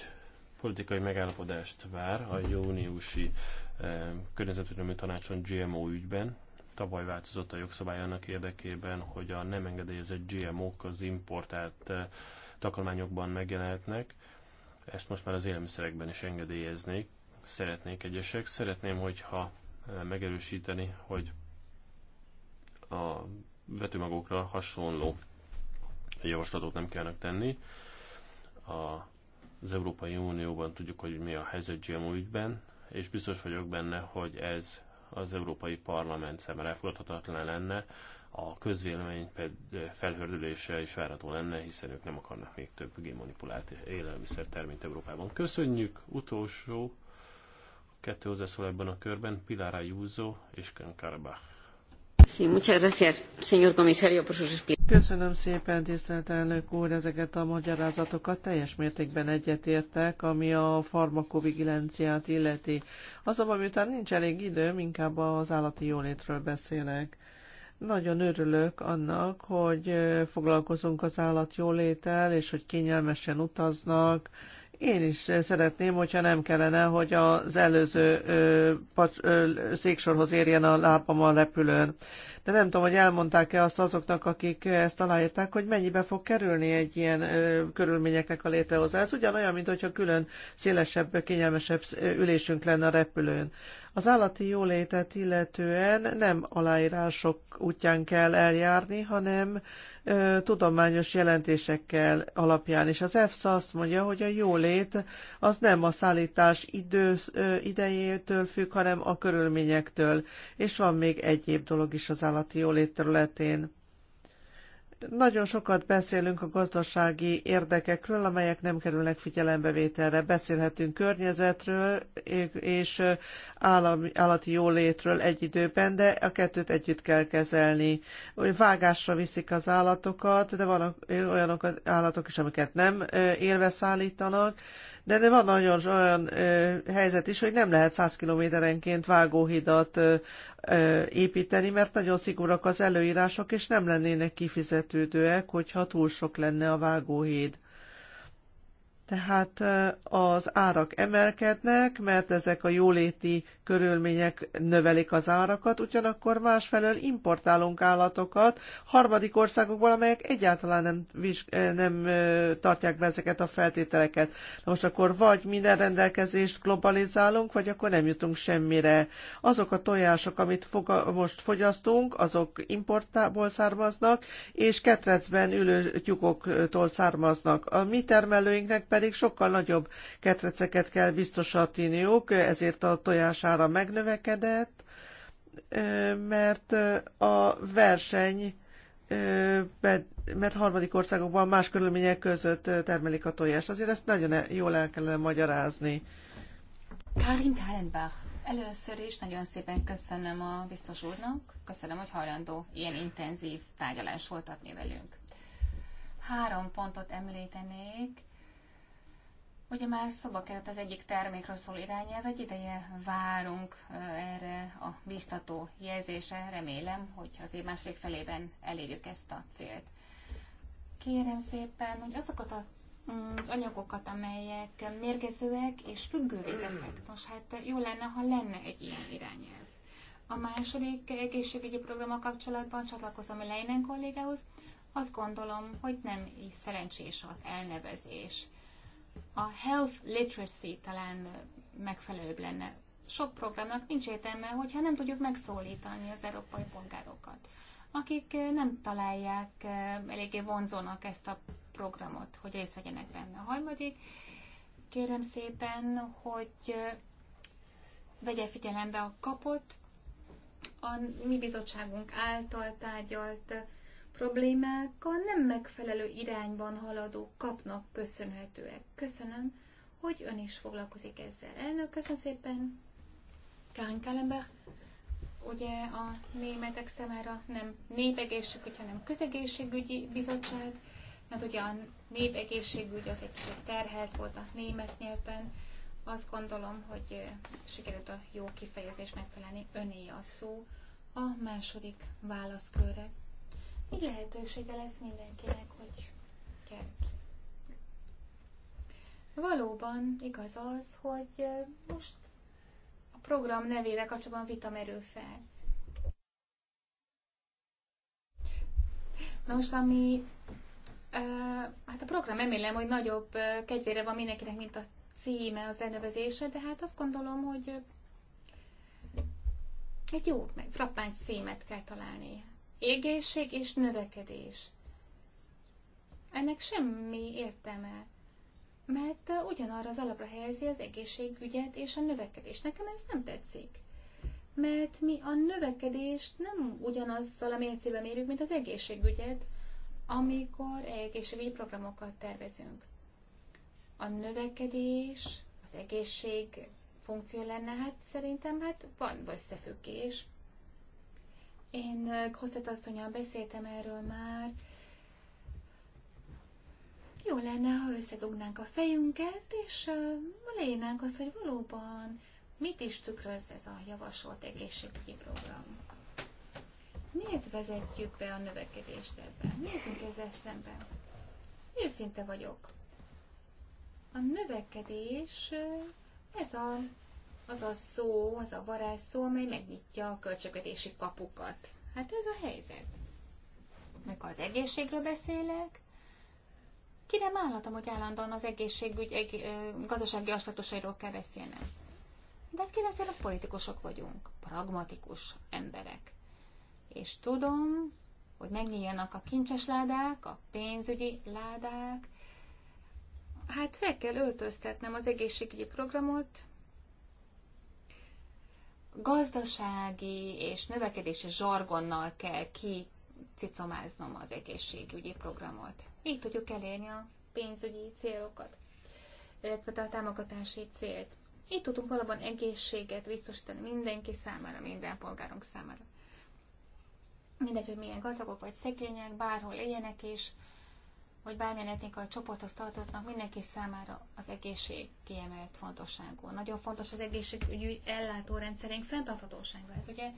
politikai megállapodást vár a júniusi eh, környezetvédelmi tanácson GMO ügyben. Tavaly változott a jogszabály annak érdekében, hogy a nem engedélyezett GMO-k az importált eh, takarmányokban megjelenhetnek. Ezt most már az élelmiszerekben is engedélyeznék, szeretnék egyesek. Szeretném, hogyha eh, megerősíteni, hogy a vetőmagokra hasonló javaslatot nem kellene tenni. A, az Európai Unióban tudjuk, hogy mi a helyzet GMO ügyben, és biztos vagyok benne, hogy ez az Európai Parlament szemben elfogadhatatlan lenne, a közvélemény felhördülése is várható lenne, hiszen ők nem akarnak még több génmanipulált élelmiszer terményt Európában. Köszönjük! Utolsó kettő hozzászól ebben a körben, Pilar Júzó és Ken Köszönöm szépen, tisztelt elnök úr, ezeket a magyarázatokat teljes mértékben egyetértek, ami a farmakovigilenciát illeti. Azonban, miután nincs elég időm, inkább az állati jólétről beszélek. Nagyon örülök annak, hogy foglalkozunk az állat jóléttel, és hogy kényelmesen utaznak, én is szeretném, hogyha nem kellene, hogy az előző ö, pac, ö, széksorhoz érjen a lábam a repülőn. De nem tudom, hogy elmondták-e azt azoknak, akik ezt találták, hogy mennyibe fog kerülni egy ilyen ö, körülményeknek a létrehozás. Ugyanolyan, mint hogyha külön szélesebb, kényelmesebb ülésünk lenne a repülőn. Az állati jólétet illetően nem aláírások útján kell eljárni, hanem tudományos jelentésekkel alapján, és az EFSA azt mondja, hogy a jólét az nem a szállítás idő, idejétől függ, hanem a körülményektől, és van még egyéb dolog is az állati jólét területén. Nagyon sokat beszélünk a gazdasági érdekekről, amelyek nem kerülnek figyelembevételre. Beszélhetünk környezetről és állami, állati jólétről egy időben, de a kettőt együtt kell kezelni. Vágásra viszik az állatokat, de vannak az állatok is, amiket nem élve szállítanak, de van nagyon olyan ö, helyzet is, hogy nem lehet 100 kilométerenként vágóhidat ö, ö, építeni, mert nagyon szigorúak az előírások, és nem lennének kifizetődőek, hogyha túl sok lenne a vágóhíd. Tehát az árak emelkednek, mert ezek a jóléti körülmények növelik az árakat, ugyanakkor másfelől importálunk állatokat harmadik országokból, amelyek egyáltalán nem, nem tartják be ezeket a feltételeket. Na most akkor vagy minden rendelkezést globalizálunk, vagy akkor nem jutunk semmire. Azok a tojások, amit foga- most fogyasztunk, azok importából származnak, és ketrecben ülő tyúkoktól származnak. A mi termelőinknek pedig pedig sokkal nagyobb ketreceket kell biztosatniuk, ezért a tojására megnövekedett, mert a verseny mert harmadik országokban más körülmények között termelik a tojást. Azért ezt nagyon e- jól el kellene magyarázni. Karin Kallenbach, először is nagyon szépen köszönöm a biztos úrnak, köszönöm, hogy hajlandó ilyen intenzív tárgyalás voltatni velünk. Három pontot említenék, Ugye már szoba került az egyik termékről szól irányelv, egy ideje várunk erre a biztató jelzésre, remélem, hogy az év második felében elérjük ezt a célt. Kérem szépen, hogy azokat a, mm, az anyagokat, amelyek mérgezőek és függővé tesznek, nos hát jó lenne, ha lenne egy ilyen irányelv. A második egészségügyi programmal kapcsolatban csatlakozom a Leinen kollégához, azt gondolom, hogy nem szerencsés az elnevezés a health literacy talán megfelelőbb lenne. Sok programnak nincs értelme, hogyha nem tudjuk megszólítani az európai polgárokat, akik eh, nem találják eh, eléggé vonzónak ezt a programot, hogy részt vegyenek benne. A harmadik, kérem szépen, hogy eh, vegye figyelembe a kapott, a mi bizottságunk által tárgyalt problémákkal nem megfelelő irányban haladó kapnak köszönhetőek. Köszönöm, hogy ön is foglalkozik ezzel. Elnök, köszönöm szépen, Karin Kalember. Ugye a németek számára nem népegészségügy, hanem közegészségügyi bizottság, mert ugye a népegészségügy az egy kicsit terhelt volt a német nyelven. Azt gondolom, hogy sikerült a jó kifejezés megtalálni öné a szó a második válaszkörre. Így lehetősége lesz mindenkinek, hogy kell. Valóban igaz az, hogy most a program nevével kapcsolatban vita merül fel. Na most, ami hát a program remélem, hogy nagyobb kedvére van mindenkinek, mint a címe, az elnevezése, de hát azt gondolom, hogy egy jó, meg frappáns címet kell találni égészség és növekedés. Ennek semmi értelme, mert ugyanarra az alapra helyezi az egészségügyet és a növekedést. Nekem ez nem tetszik, mert mi a növekedést nem ugyanazzal a mércével mérjük, mint az egészségügyet, amikor egészségügyi programokat tervezünk. A növekedés, az egészség funkció lenne, hát szerintem hát van összefüggés, én Kosszett asszonyal beszéltem erről már. Jó lenne, ha összedugnánk a fejünket, és leírnánk azt, hogy valóban mit is tükröz ez a javasolt egészségügyi program. Miért vezetjük be a növekedést ebben? Nézzünk ezzel szemben. Őszinte vagyok. A növekedés, ez a az a szó, az a varázsszó, amely megnyitja a költségvetési kapukat. Hát ez a helyzet. Mikor az egészségről beszélek, ki nem hogy állandóan az egészségügy eg- gazdasági aspektusairól kell beszélnem. De hát kérdezzél, politikusok vagyunk, pragmatikus emberek. És tudom, hogy megnyíljanak a kincses ládák, a pénzügyi ládák. Hát fel kell öltöztetnem az egészségügyi programot, gazdasági és növekedési zsargonnal kell kicicomáznom az egészségügyi programot. Így tudjuk elérni a pénzügyi célokat, illetve a támogatási célt. Így tudunk valóban egészséget biztosítani mindenki számára, minden polgárunk számára. Mindegy, hogy milyen gazdagok vagy szegények, bárhol éljenek is, hogy bármilyen etnikai csoporthoz tartoznak, mindenki számára az egészség kiemelt fontosságú. Nagyon fontos az egészségügyi ellátórendszerénk fenntarthatósága. Ez ugye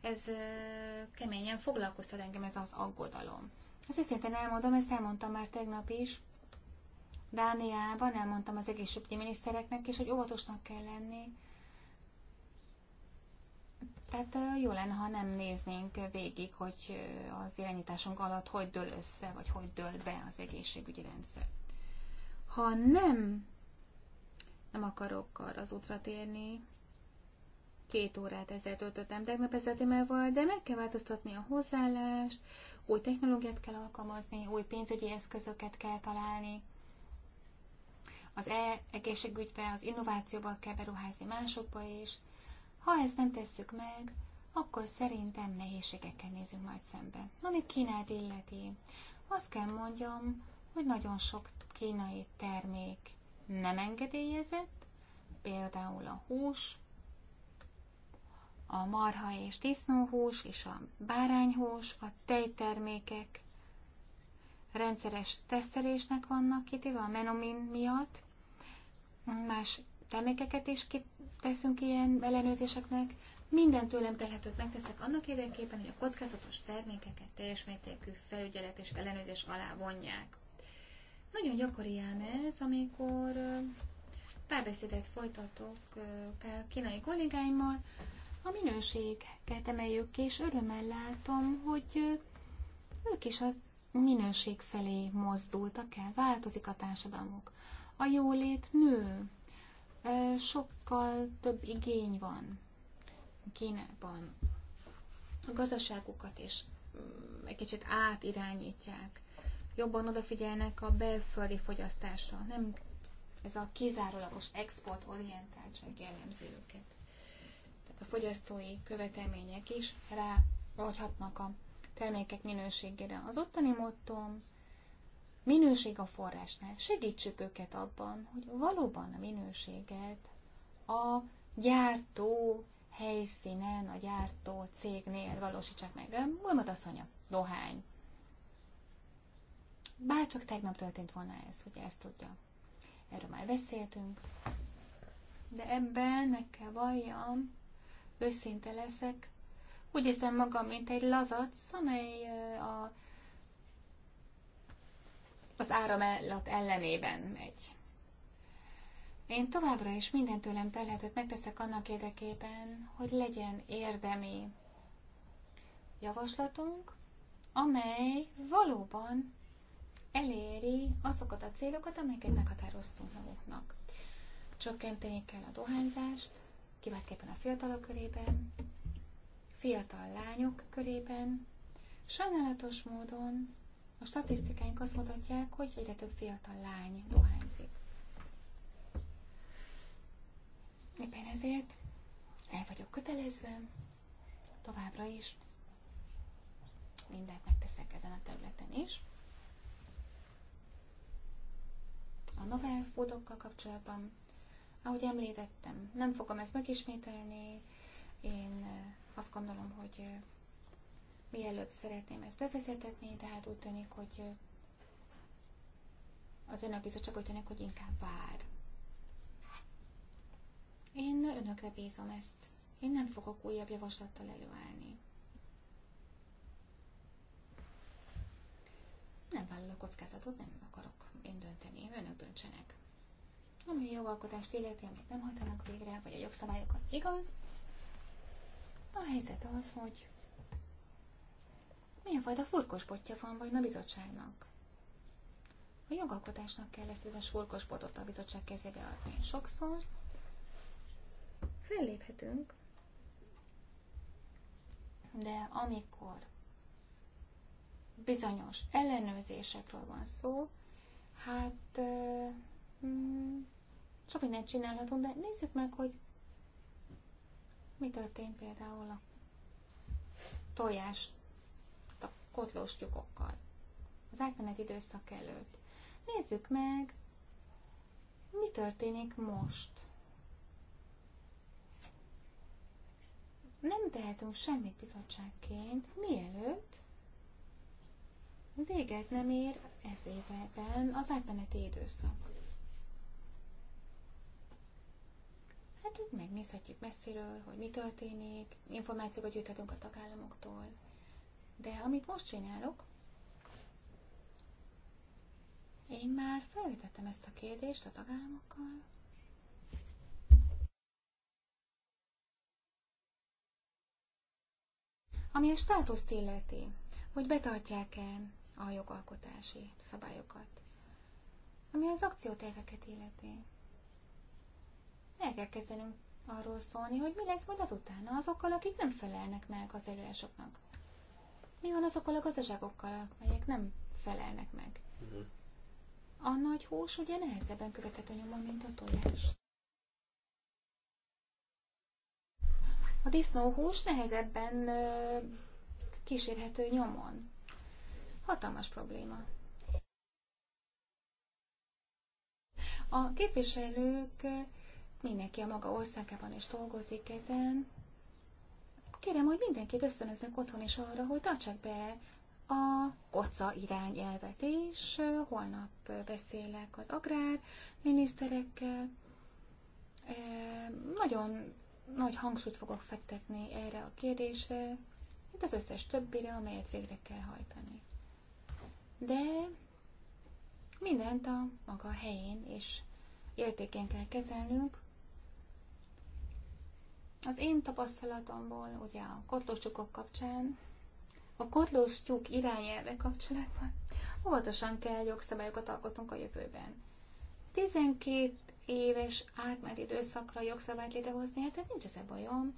ez keményen foglalkoztat engem ez az aggodalom. Ezt őszintén elmondom, ezt elmondtam már tegnap is. Dániában elmondtam az egészségügyi minisztereknek is, hogy óvatosnak kell lenni, Hát jó lenne, ha nem néznénk végig, hogy az irányításunk alatt hogy dől össze, vagy hogy dől be az egészségügyi rendszer. Ha nem, nem akarok arra az útra térni, két órát ezzel töltöttem tegnap ezzel témával, de meg kell változtatni a hozzáállást, új technológiát kell alkalmazni, új pénzügyi eszközöket kell találni, az e-egészségügybe, az innovációba kell beruházni másokba is, ha ezt nem tesszük meg, akkor szerintem nehézségekkel nézünk majd szembe. Ami Kínát illeti, azt kell mondjam, hogy nagyon sok kínai termék nem engedélyezett, például a hús, a marha és disznóhús és a bárányhús, a tejtermékek rendszeres tesztelésnek vannak kitéve a menomin miatt, más termékeket is teszünk ilyen ellenőrzéseknek. Minden tőlem telhetőt megteszek annak érdekében, hogy a kockázatos termékeket teljes mértékű felügyelet és ellenőrzés alá vonják. Nagyon gyakori ám ez, amikor párbeszédet folytatok kínai kollégáimmal, a minőséget emeljük ki, és örömmel látom, hogy ők is az minőség felé mozdultak el, változik a társadalmuk. A jólét nő, sokkal több igény van Kínában. A gazdaságukat is mm, egy kicsit átirányítják. Jobban odafigyelnek a belföldi fogyasztásra, nem ez a kizárólagos exportorientáltság jellemzi őket. Tehát a fogyasztói követelmények is ráadhatnak a termékek minőségére. Az ottani mottom minőség a forrásnál. Segítsük őket abban, hogy valóban a minőséget a gyártó helyszínen, a gyártó cégnél valósítsák meg. Mondod asszony, a dohány. Bár csak tegnap történt volna ez, ugye ezt tudja. Erről már beszéltünk. De ebben nekem valljam, őszinte leszek, úgy hiszem magam, mint egy lazac, amely a az áramellat ellenében megy. Én továbbra is minden tőlem telhetőt megteszek annak érdekében, hogy legyen érdemi javaslatunk, amely valóban eléri azokat a célokat, amelyeket meghatároztunk magunknak. Csökkenteni kell a dohányzást, kiváltképpen a fiatalok körében, fiatal lányok körében. Sajnálatos módon a statisztikáink azt mutatják, hogy egyre több fiatal lány dohányzik. Éppen ezért el vagyok kötelezve, továbbra is mindent megteszek ezen a területen is. A novel foodokkal kapcsolatban, ahogy említettem, nem fogom ezt megismételni. Én eh, azt gondolom, hogy eh, Mielőbb szeretném ezt bevezetetni, tehát úgy tűnik, hogy az önök csak úgy tűnik, hogy inkább vár. Én önökre bízom ezt. Én nem fogok újabb javaslattal előállni. Nem vállalok kockázatot, nem akarok én dönteni, én önök döntsenek. Ami a jogalkotást illeti, amit nem hajtanak végre, vagy a jogszabályokat igaz, a helyzet az, hogy milyen fajta furkosbotja van vajon a bizottságnak? A jogalkotásnak kell ezt furkos furkosbotot a bizottság kezébe adni. Sokszor felléphetünk, de amikor bizonyos ellenőrzésekről van szó, hát hmm, sok mindent csinálhatunk, de nézzük meg, hogy mi történt például a tojás kotlós tyúkokkal Az átmeneti időszak előtt. Nézzük meg, mi történik most. Nem tehetünk semmit bizottságként, mielőtt véget nem ér ez évben az átmeneti időszak. Hát megnézhetjük messziről, hogy mi történik, információkat gyűjthetünk a tagállamoktól, de amit most csinálok, én már felvetettem ezt a kérdést a tagállamokkal. Ami a státuszt illeti, hogy betartják-e a jogalkotási szabályokat, ami az akcióterveket illeti. El kell kezdenünk arról szólni, hogy mi lesz majd azután azokkal, akik nem felelnek meg az előásoknak. Mi van azokkal a gazdaságokkal, amelyek nem felelnek meg? Mhm. A nagy hús ugye nehezebben követhető nyomon, mint a tojás. A disznóhús nehezebben ö, kísérhető nyomon. Hatalmas probléma. A képviselők mindenki a maga országában is dolgozik ezen, Kérem, hogy mindenkit összönöznek otthon is arra, hogy tartsák be a koca irányelvet, és holnap beszélek az agrár miniszterekkel. Nagyon nagy hangsúlyt fogok fektetni erre a kérdésre, mint az összes többire, amelyet végre kell hajtani. De mindent a maga helyén és értékén kell kezelnünk, az én tapasztalatomból, ugye a kotlóscsukok kapcsán, a kotlóstyúk irányelve kapcsolatban óvatosan kell jogszabályokat alkotnunk a jövőben. 12 éves átmeneti időszakra jogszabályt létrehozni, hát nincs ez a bajom,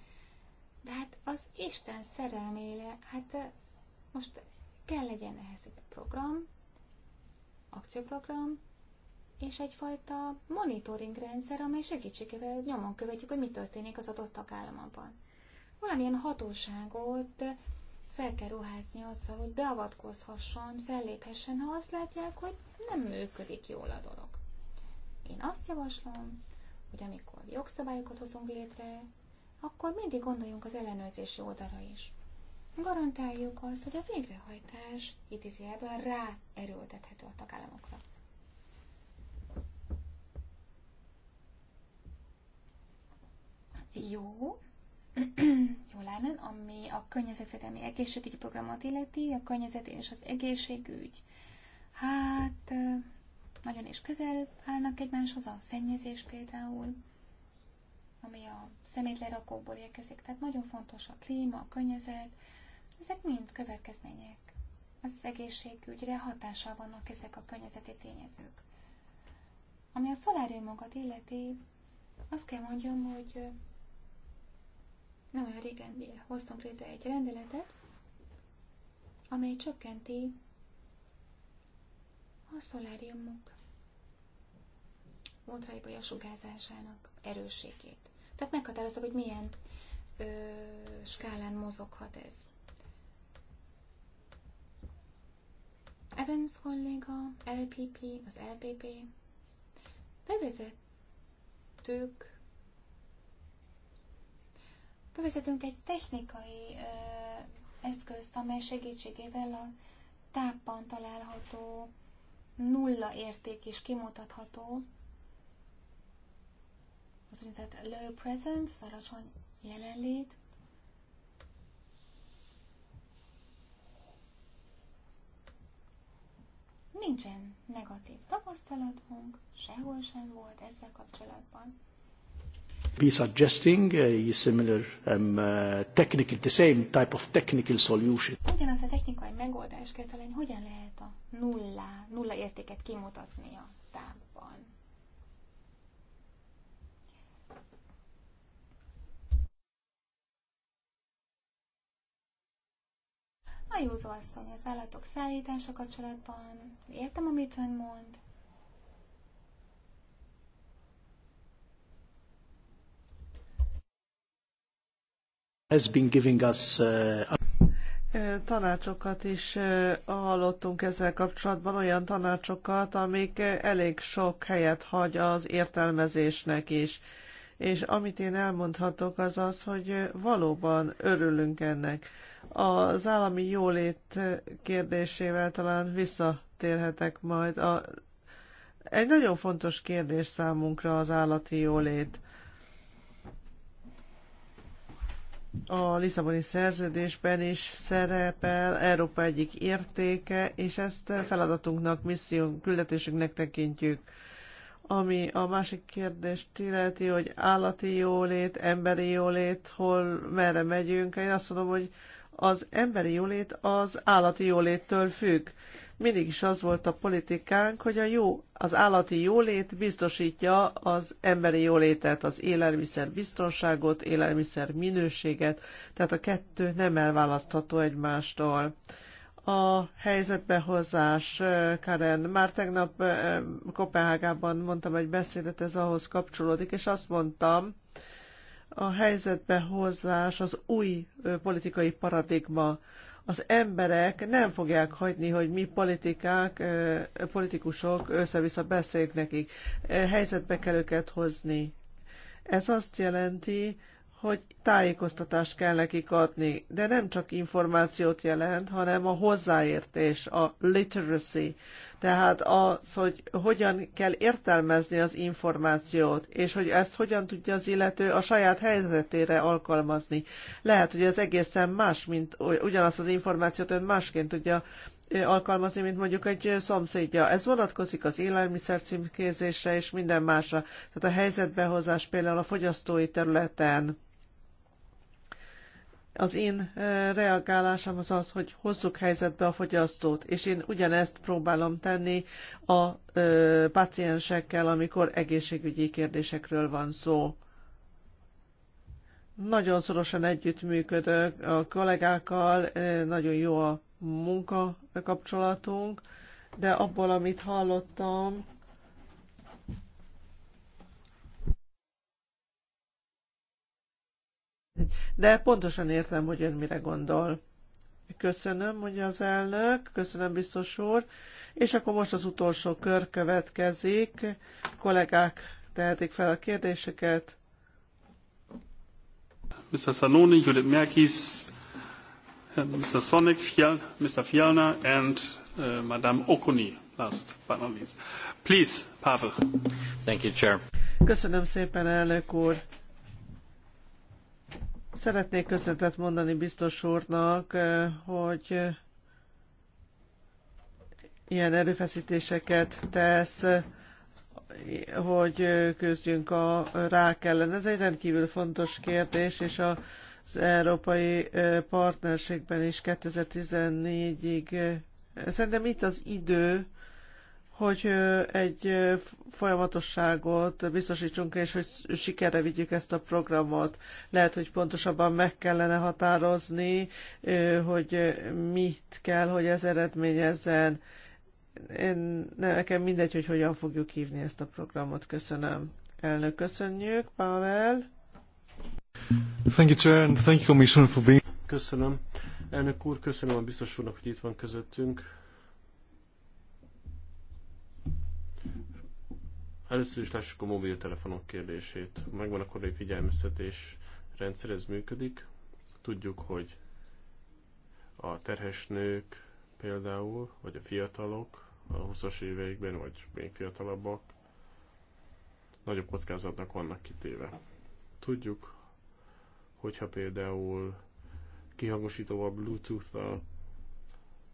de hát az Isten szerelmére, hát eh, most kell legyen ehhez egy program, akcióprogram, és egyfajta monitoring rendszer, amely segítségével nyomon követjük, hogy mi történik az adott tagállamban. Valamilyen hatóságot fel kell ruházni azzal, hogy beavatkozhasson, felléphessen, ha azt látják, hogy nem működik jól a dolog. Én azt javaslom, hogy amikor jogszabályokat hozunk létre, akkor mindig gondoljunk az ellenőrzési oldalra is. Garantáljuk azt, hogy a végrehajtás rá erőltethető a tagállamokra. jó, jó lenne, ami a környezetvédelmi egészségügyi programot illeti, a környezet és az egészségügy. Hát, nagyon is közel állnak egymáshoz a szennyezés például, ami a szemétlerakókból érkezik. Tehát nagyon fontos a klíma, a környezet, ezek mind következmények. Az egészségügyre hatással vannak ezek a környezeti tényezők. Ami a szoláriumokat illeti, azt kell mondjam, hogy nem olyan régen hoztunk létre egy rendeletet, amely csökkenti a szoláriumok ultraibai a sugárzásának erősségét. Tehát meghatározok, hogy milyen ö, skálán mozoghat ez. Evans kolléga, LPP, az LPP bevezettük bevezetünk egy technikai ö, eszközt, amely segítségével a tápban található nulla érték is kimutatható. Az úgynevezett low presence, az alacsony jelenlét. Nincsen negatív tapasztalatunk, sehol sem volt ezzel kapcsolatban be suggesting a similar um, uh, technical, the same type of technical solution. Ugyanaz a technikai megoldás kell hogyan lehet a nulla, nulla értéket kimutatni a tábban? A Józó asszony az állatok szállítása kapcsolatban, értem, amit ön mond, has been giving us uh, Tanácsokat is hallottunk ezzel kapcsolatban, olyan tanácsokat, amik elég sok helyet hagy az értelmezésnek is. És amit én elmondhatok, az az, hogy valóban örülünk ennek. Az állami jólét kérdésével talán visszatérhetek majd. A, egy nagyon fontos kérdés számunkra az állati jólét a Lisszaboni szerződésben is szerepel Európa egyik értéke, és ezt feladatunknak, missziónk, küldetésünknek tekintjük. Ami a másik kérdést illeti, hogy állati jólét, emberi jólét, hol, merre megyünk. Én azt mondom, hogy az emberi jólét az állati jóléttől függ mindig is az volt a politikánk, hogy a jó, az állati jólét biztosítja az emberi jólétet, az élelmiszer biztonságot, élelmiszer minőséget, tehát a kettő nem elválasztható egymástól a helyzetbehozás. Eh, Karen, már tegnap eh, Kopenhágában mondtam egy beszédet, ez ahhoz kapcsolódik, és azt mondtam, a helyzetbehozás az új eh, politikai paradigma az emberek nem fogják hagyni, hogy mi politikák, politikusok össze-vissza beszéljük nekik. Helyzetbe kell őket hozni. Ez azt jelenti, hogy tájékoztatást kell nekik adni, de nem csak információt jelent, hanem a hozzáértés, a literacy, tehát az, hogy hogyan kell értelmezni az információt, és hogy ezt hogyan tudja az illető a saját helyzetére alkalmazni. Lehet, hogy ez egészen más, mint ugyanazt az információt ön másként tudja alkalmazni, mint mondjuk egy szomszédja. Ez vonatkozik az élelmiszer címkézésre és minden másra. Tehát a helyzetbehozás például a fogyasztói területen az én reagálásom az az, hogy hozzuk helyzetbe a fogyasztót, és én ugyanezt próbálom tenni a ö, paciensekkel, amikor egészségügyi kérdésekről van szó. Nagyon szorosan együttműködök a kollégákkal, nagyon jó a munka kapcsolatunk, de abból, amit hallottam, De pontosan értem, hogy ön mire gondol. Köszönöm, mondja az elnök, köszönöm biztos úr. És akkor most az utolsó kör következik. Kollégák tehetik fel a kérdéseket. Mr. Sanoni, Judith Merkis, Mr. Sonic, Fjell, Mr. Fjellner and uh, Madame Okoni last but not least. Please, Pavel. Thank you, Chair. Köszönöm szépen, elnök úr. Szeretnék köszöntet mondani biztos úrnak, eh, hogy eh, ilyen erőfeszítéseket tesz, eh, hogy küzdjünk a rák ellen. Ez egy rendkívül fontos kérdés, és az európai partnerségben is 2014-ig. Szerintem itt az idő, hogy egy folyamatosságot biztosítsunk, és hogy sikerre vigyük ezt a programot. Lehet, hogy pontosabban meg kellene határozni, hogy mit kell, hogy ez eredményezzen. Én, nekem mindegy, hogy hogyan fogjuk hívni ezt a programot. Köszönöm. Elnök, köszönjük. Pavel. Thank you, Chair, and thank you, Commissioner, for being... Köszönöm. Elnök úr, köszönöm a biztos úrnak, hogy itt van közöttünk Először is lássuk a mobiltelefonok kérdését. Megvan a korai figyelmeztetés rendszer, ez működik. Tudjuk, hogy a terhes nők például, vagy a fiatalok a 20-as éveikben, vagy még fiatalabbak nagyobb kockázatnak vannak kitéve. Tudjuk, hogyha például kihangosítóval, bluetooth-tal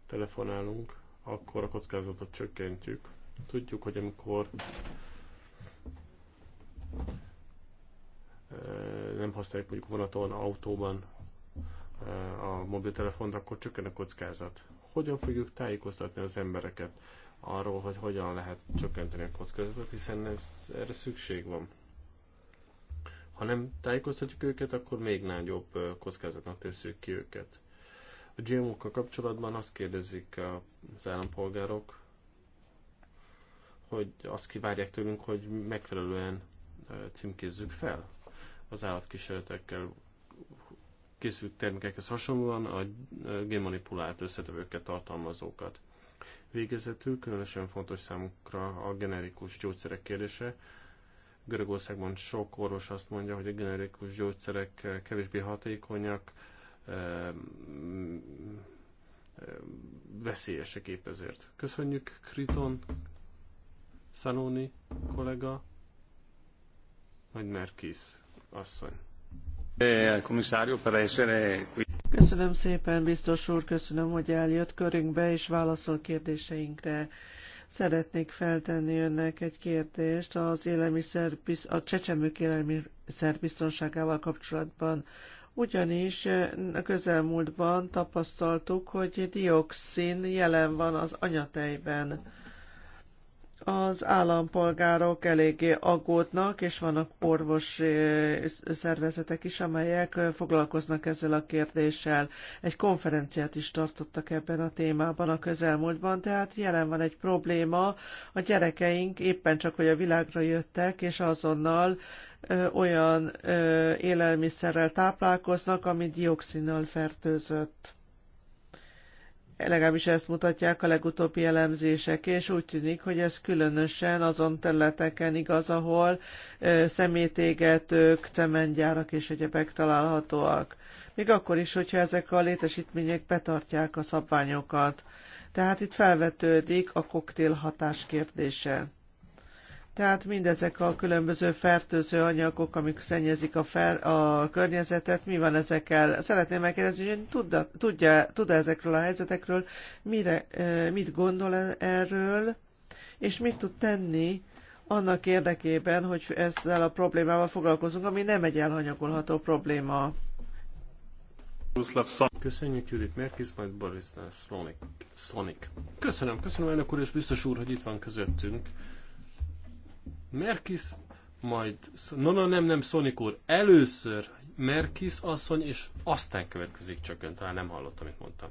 telefonálunk, akkor a kockázatot csökkentjük. Tudjuk, hogy amikor nem használjuk mondjuk vonaton, autóban e, a mobiltelefont, akkor csökken a kockázat. Hogyan fogjuk tájékoztatni az embereket arról, hogy hogyan lehet csökkenteni a kockázatot, hiszen ez, erre szükség van. Ha nem tájékoztatjuk őket, akkor még nagyobb e, kockázatnak tesszük ki őket. A GMO-kkal kapcsolatban azt kérdezik az állampolgárok, hogy azt kivárják tőlünk, hogy megfelelően e, címkézzük fel az állatkísérletekkel készült termékekhez hasonlóan a génmanipulált összetevőket tartalmazókat. Végezetül különösen fontos számukra a generikus gyógyszerek kérdése. Görögországban sok orvos azt mondja, hogy a generikus gyógyszerek kevésbé hatékonyak, e, e, veszélyesek épp ezért. Köszönjük Kriton, Szanóni kollega, majd Merkis asszony. Köszönöm szépen, biztos úr, köszönöm, hogy eljött körünkbe és válaszol kérdéseinkre. Szeretnék feltenni önnek egy kérdést az élelmiszer, a csecsemők élelmiszer biztonságával kapcsolatban. Ugyanis a közelmúltban tapasztaltuk, hogy dioxin jelen van az anyatejben az állampolgárok eléggé aggódnak, és vannak orvos szervezetek is, amelyek foglalkoznak ezzel a kérdéssel. Egy konferenciát is tartottak ebben a témában a közelmúltban, tehát jelen van egy probléma. A gyerekeink éppen csak, hogy a világra jöttek, és azonnal olyan élelmiszerrel táplálkoznak, ami dioxinnal fertőzött legalábbis ezt mutatják a legutóbbi elemzések, és úgy tűnik, hogy ez különösen azon területeken igaz, ahol szemétégetők, cementgyárak és egyebek találhatóak. Még akkor is, hogyha ezek a létesítmények betartják a szabványokat. Tehát itt felvetődik a koktél hatás kérdése. Tehát mindezek a különböző fertőző anyagok, amik szennyezik a, fel, a környezetet, mi van ezekkel? Szeretném megkérdezni, hogy tudja, tudja, tud ezekről a helyzetekről, mire, mit gondol e-, erről, és mit tud tenni annak érdekében, hogy ezzel a problémával foglalkozunk, ami nem egy elhanyagolható probléma. Köszönjük Judit Merkis, majd Boris Sonic. Köszönöm, köszönöm elnök úr és biztos úr, hogy itt van közöttünk Merkis, majd... No, no, nem, nem, Sonic úr. Először Merkis asszony, és aztán következik csak ön. Talán nem hallottam, amit mondtam.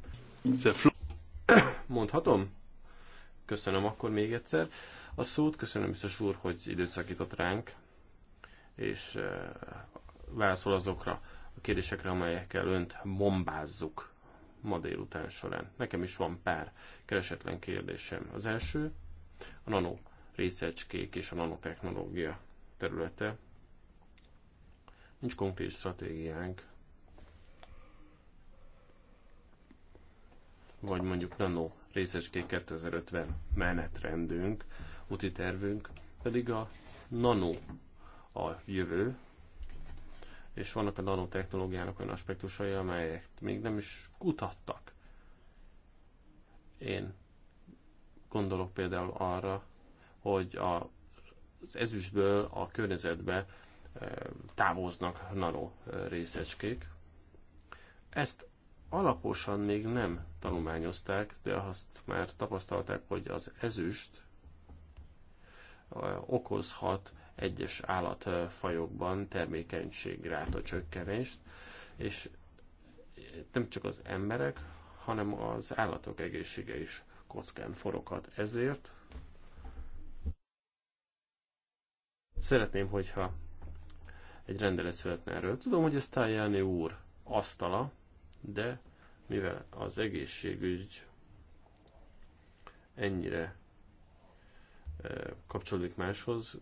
Mondhatom? Köszönöm akkor még egyszer a szót. Köszönöm biztos úr, hogy időt szakított ránk, és eh, válaszol azokra a kérdésekre, amelyekkel önt bombázzuk ma délután során. Nekem is van pár keresetlen kérdésem. Az első, a nano részecskék és a nanotechnológia területe. Nincs konkrét stratégiánk, vagy mondjuk nano részecskék 2050 menetrendünk, úti tervünk, pedig a nano a jövő, és vannak a nanotechnológiának olyan aspektusai, amelyek még nem is kutattak. Én gondolok például arra, hogy a, az ezüstből a környezetbe e, távoznak nano e, részecskék. Ezt alaposan még nem tanulmányozták, de azt már tapasztalták, hogy az ezüst e, okozhat egyes állatfajokban termékenységráta csökkenést, és nem csak az emberek, hanem az állatok egészsége is kockán foroghat. Ezért Szeretném, hogyha egy rendelet születne erről. Tudom, hogy ez Tajani úr asztala, de mivel az egészségügy ennyire e, kapcsolódik máshoz,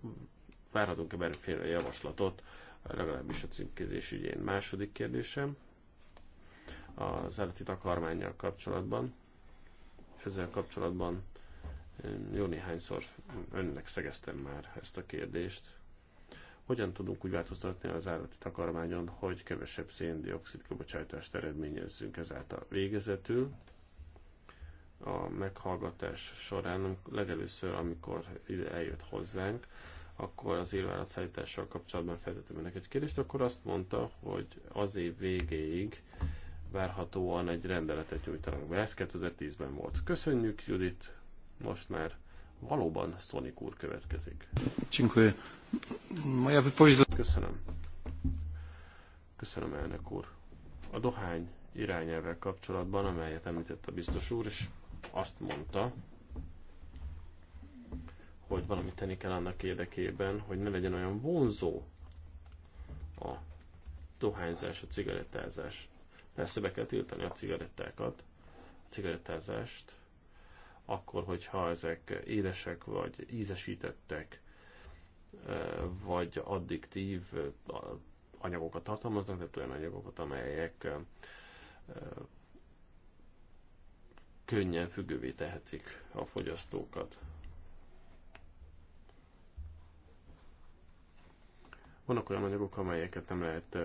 várhatunk-e bármiféle javaslatot, legalábbis a címkézés ügyén. Második kérdésem az állati takarmányjal kapcsolatban. Ezzel kapcsolatban jó néhányszor önnek szegeztem már ezt a kérdést. Hogyan tudunk úgy változtatni az állati takarmányon, hogy kevesebb széndiokszid kibocsátást eredményezzünk ezáltal végezetül? A meghallgatás során legelőször, amikor ide eljött hozzánk, akkor az élvállalatszállítással kapcsolatban feltettem ennek egy kérdést, akkor azt mondta, hogy az év végéig várhatóan egy rendeletet nyújtanak be. Ez 2010-ben volt. Köszönjük, Judit! Most már valóban Sonic úr következik. Köszönöm. Köszönöm, elnök úr. A dohány irányelvvel kapcsolatban, amelyet említett a biztos úr, és azt mondta, hogy valamit tenni kell annak érdekében, hogy ne legyen olyan vonzó a dohányzás, a cigarettázás. Persze be kell tiltani a cigarettákat, a cigarettázást, akkor, hogyha ezek édesek vagy ízesítettek, vagy addiktív anyagokat tartalmaznak, tehát olyan anyagokat, amelyek könnyen függővé tehetik a fogyasztókat. Vannak olyan anyagok, amelyeket nem lehet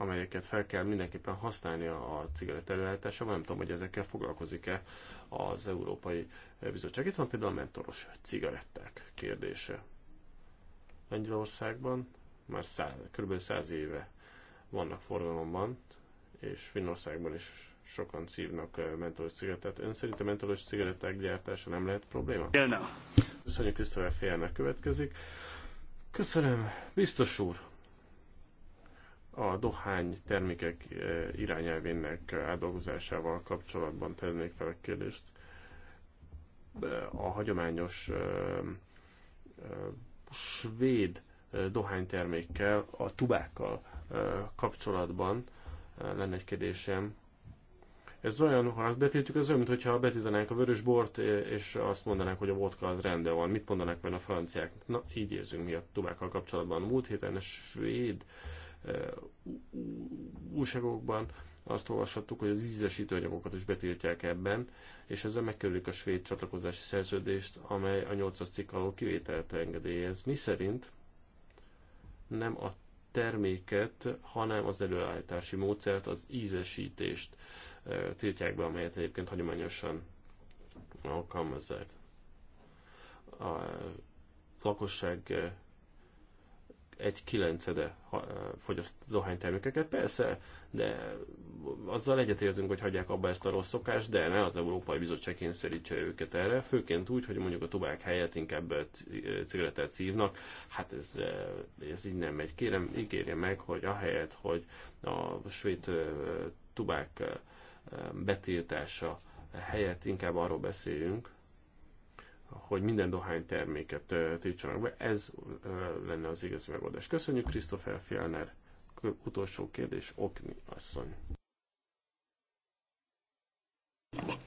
amelyeket fel kell mindenképpen használni a cigarett előállításában. Nem tudom, hogy ezekkel foglalkozik-e az Európai Bizottság. Itt van például a mentoros cigaretták kérdése. Lengyelországban már száz, kb. 100 éve vannak forgalomban, és Finnországban is sokan szívnak eh, mentoros cigarettát. Ön szerint a mentoros cigaretták gyártása nem lehet probléma? Félne. Köszönjük, Krisztófer Félne következik. Köszönöm, biztos úr, a dohány termékek eh, irányelvének átdolgozásával kapcsolatban tennék fel a kérdést. A hagyományos eh, eh, svéd dohánytermékkel, a tubákkal kapcsolatban lenne egy kérdésem. Ez olyan, ha azt betiltjuk, ez olyan, mintha betiltanánk a vörös bort, és azt mondanánk, hogy a vodka az rendben van. Mit mondanák vajon a franciák? Na, így érzünk mi a tubákkal kapcsolatban. Múlt héten a svéd uh, újságokban azt olvashattuk, hogy az ízesítő anyagokat is betiltják ebben, és ezzel megkerülik a svéd csatlakozási szerződést, amely a 8-as cikk alól kivételt engedélyez, mi szerint nem a terméket, hanem az előállítási módszert, az ízesítést tiltják be, amelyet egyébként hagyományosan alkalmazzák. A lakosság egy kilencede fogyaszt dohánytermékeket, persze, de azzal egyetértünk, hogy hagyják abba ezt a rossz szokást, de ne az Európai Bizottság kényszerítse őket erre, főként úgy, hogy mondjuk a tubák helyett inkább cigarettát szívnak, hát ez, ez így nem megy. Kérem, ígérje meg, hogy ahelyett, hogy a svéd tubák betiltása helyett inkább arról beszéljünk, hogy minden dohány terméket tiltsanak be, ez lenne az igazi megoldás. Köszönjük, Christopher Fjellner. Utolsó kérdés, Okni asszony.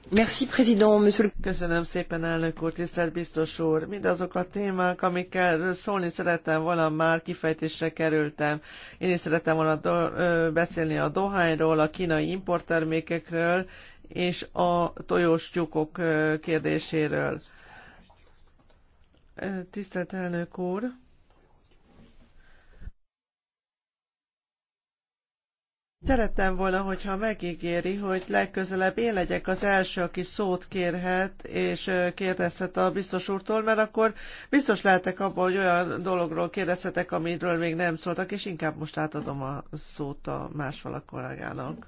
Merci, président, monsieur... Köszönöm szépen, elnök úr, tisztelt biztos úr. Mindazok a témák, amikkel szólni szerettem volna, már kifejtésre kerültem. Én is szerettem volna do- beszélni a dohányról, a kínai importtermékekről és a tojós tyúkok kérdéséről Tisztelt elnök úr! Szerettem volna, hogyha megígéri, hogy legközelebb én legyek az első, aki szót kérhet, és kérdezhet a biztos úrtól, mert akkor biztos lehetek abban, hogy olyan dologról kérdezhetek, amiről még nem szóltak, és inkább most átadom a szót a másfala kollégának.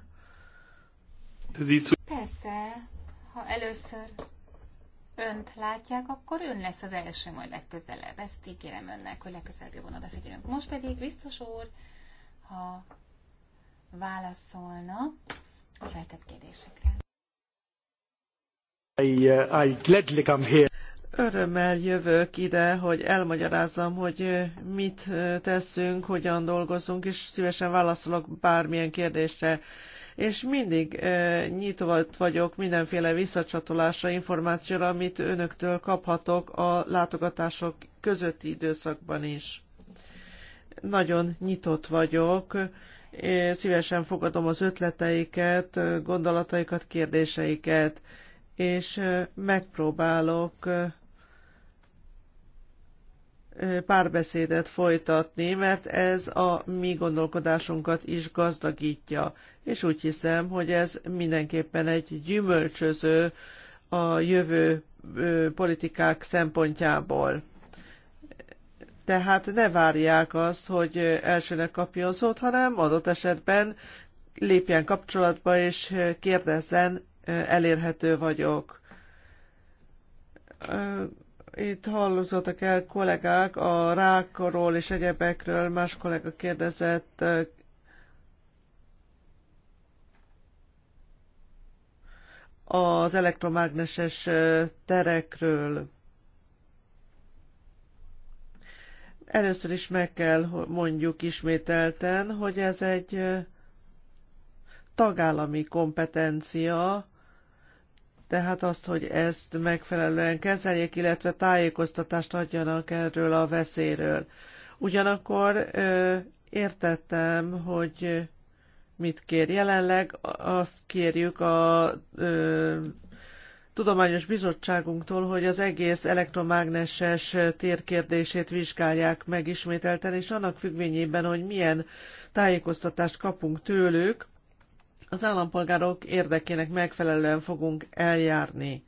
Persze, ha először önt látják, akkor ön lesz az első majd legközelebb. Ezt ígérem önnek, hogy legközelebb jobban odafigyelünk. Most pedig biztos úr, ha válaszolna a feltett kérdésekre. I, uh, I gladly come here. Örömmel jövök ide, hogy elmagyarázzam, hogy uh, mit uh, teszünk, hogyan dolgozunk, és szívesen válaszolok bármilyen kérdésre. Uh, és mindig nyitva vagyok mindenféle visszacsatolásra, információra, amit önöktől kaphatok a látogatások közötti időszakban is. Nagyon nyitott vagyok, szívesen fogadom az ötleteiket, gondolataikat, kérdéseiket, és megpróbálok párbeszédet folytatni, mert ez a mi gondolkodásunkat is gazdagítja. És úgy hiszem, hogy ez mindenképpen egy gyümölcsöző a jövő politikák szempontjából. Tehát ne várják azt, hogy elsőnek kapjon szót, hanem adott esetben lépjen kapcsolatba és kérdezzen, elérhető vagyok itt hallottak el kollégák a rákról és egyebekről, más kollega kérdezett az elektromágneses terekről. Először is meg kell mondjuk ismételten, hogy ez egy tagállami kompetencia, tehát azt, hogy ezt megfelelően kezeljék, illetve tájékoztatást adjanak erről a veszélyről. Ugyanakkor ö, értettem, hogy mit kér. Jelenleg azt kérjük a ö, Tudományos Bizottságunktól, hogy az egész elektromágneses térkérdését vizsgálják meg ismételten, és annak függvényében, hogy milyen tájékoztatást kapunk tőlük, az állampolgárok érdekének megfelelően fogunk eljárni.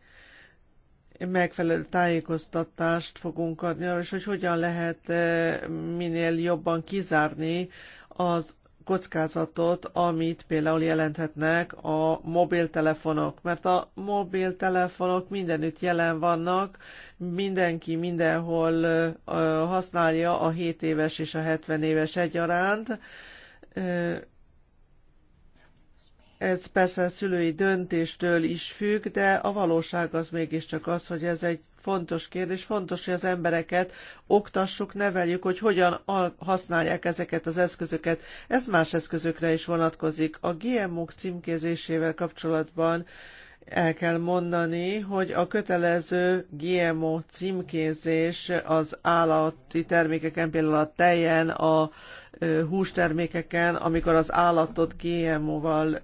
Megfelelő tájékoztatást fogunk adni arra, és hogy hogyan lehet eh, minél jobban kizárni az kockázatot, amit például jelenthetnek a mobiltelefonok, mert a mobiltelefonok mindenütt jelen vannak, mindenki mindenhol eh, használja a 7 éves és a 70 éves egyaránt, eh, ez persze szülői döntéstől is függ, de a valóság az mégiscsak az, hogy ez egy fontos kérdés, fontos, hogy az embereket oktassuk, neveljük, hogy hogyan használják ezeket az eszközöket. Ez más eszközökre is vonatkozik. A GMO-k címkézésével kapcsolatban el kell mondani, hogy a kötelező GMO címkézés az állati termékeken, például a tejen, a hústermékeken, amikor az állatot GMO-val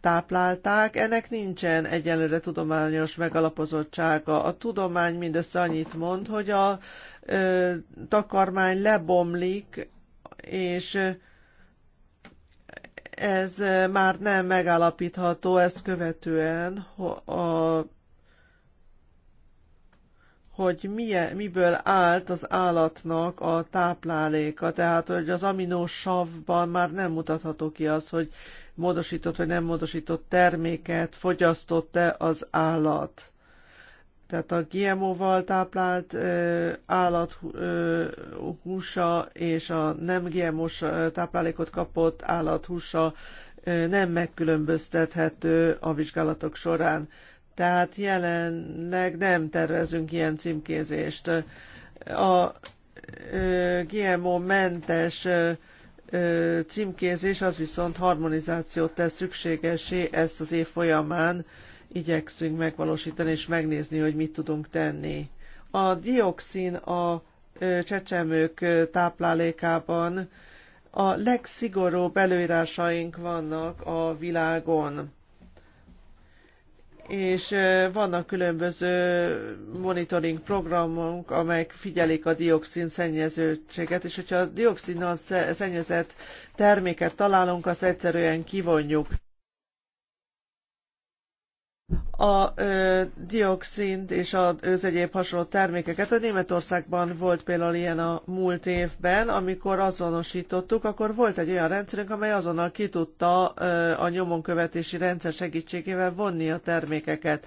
táplálták, ennek nincsen egyelőre tudományos megalapozottsága. A tudomány mindössze annyit mond, hogy a takarmány lebomlik, és ez már nem megállapítható, ezt követően a hogy milyen, miből állt az állatnak a tápláléka, tehát hogy az aminósavban már nem mutatható ki az, hogy módosított vagy nem módosított terméket fogyasztott-e az állat. Tehát a GMO-val táplált ö, állat húsa és a nem GMO-s táplálékot kapott állat húsa nem megkülönböztethető a vizsgálatok során. Tehát jelenleg nem tervezünk ilyen címkézést. A ö, GMO-mentes címkézés az viszont harmonizációt tesz szükségesé, ezt az év folyamán igyekszünk megvalósítani és megnézni, hogy mit tudunk tenni. A dioxin a csecsemők táplálékában a legszigorúbb előírásaink vannak a világon és vannak különböző monitoring programok, amelyek figyelik a dioxin szennyezettséget, és hogyha a dioxin szennyezett terméket találunk, azt egyszerűen kivonjuk a ö, dioxint és az egyéb hasonló termékeket. A Németországban volt például ilyen a múlt évben, amikor azonosítottuk, akkor volt egy olyan rendszerünk, amely azonnal ki tudta ö, a nyomonkövetési rendszer segítségével vonni a termékeket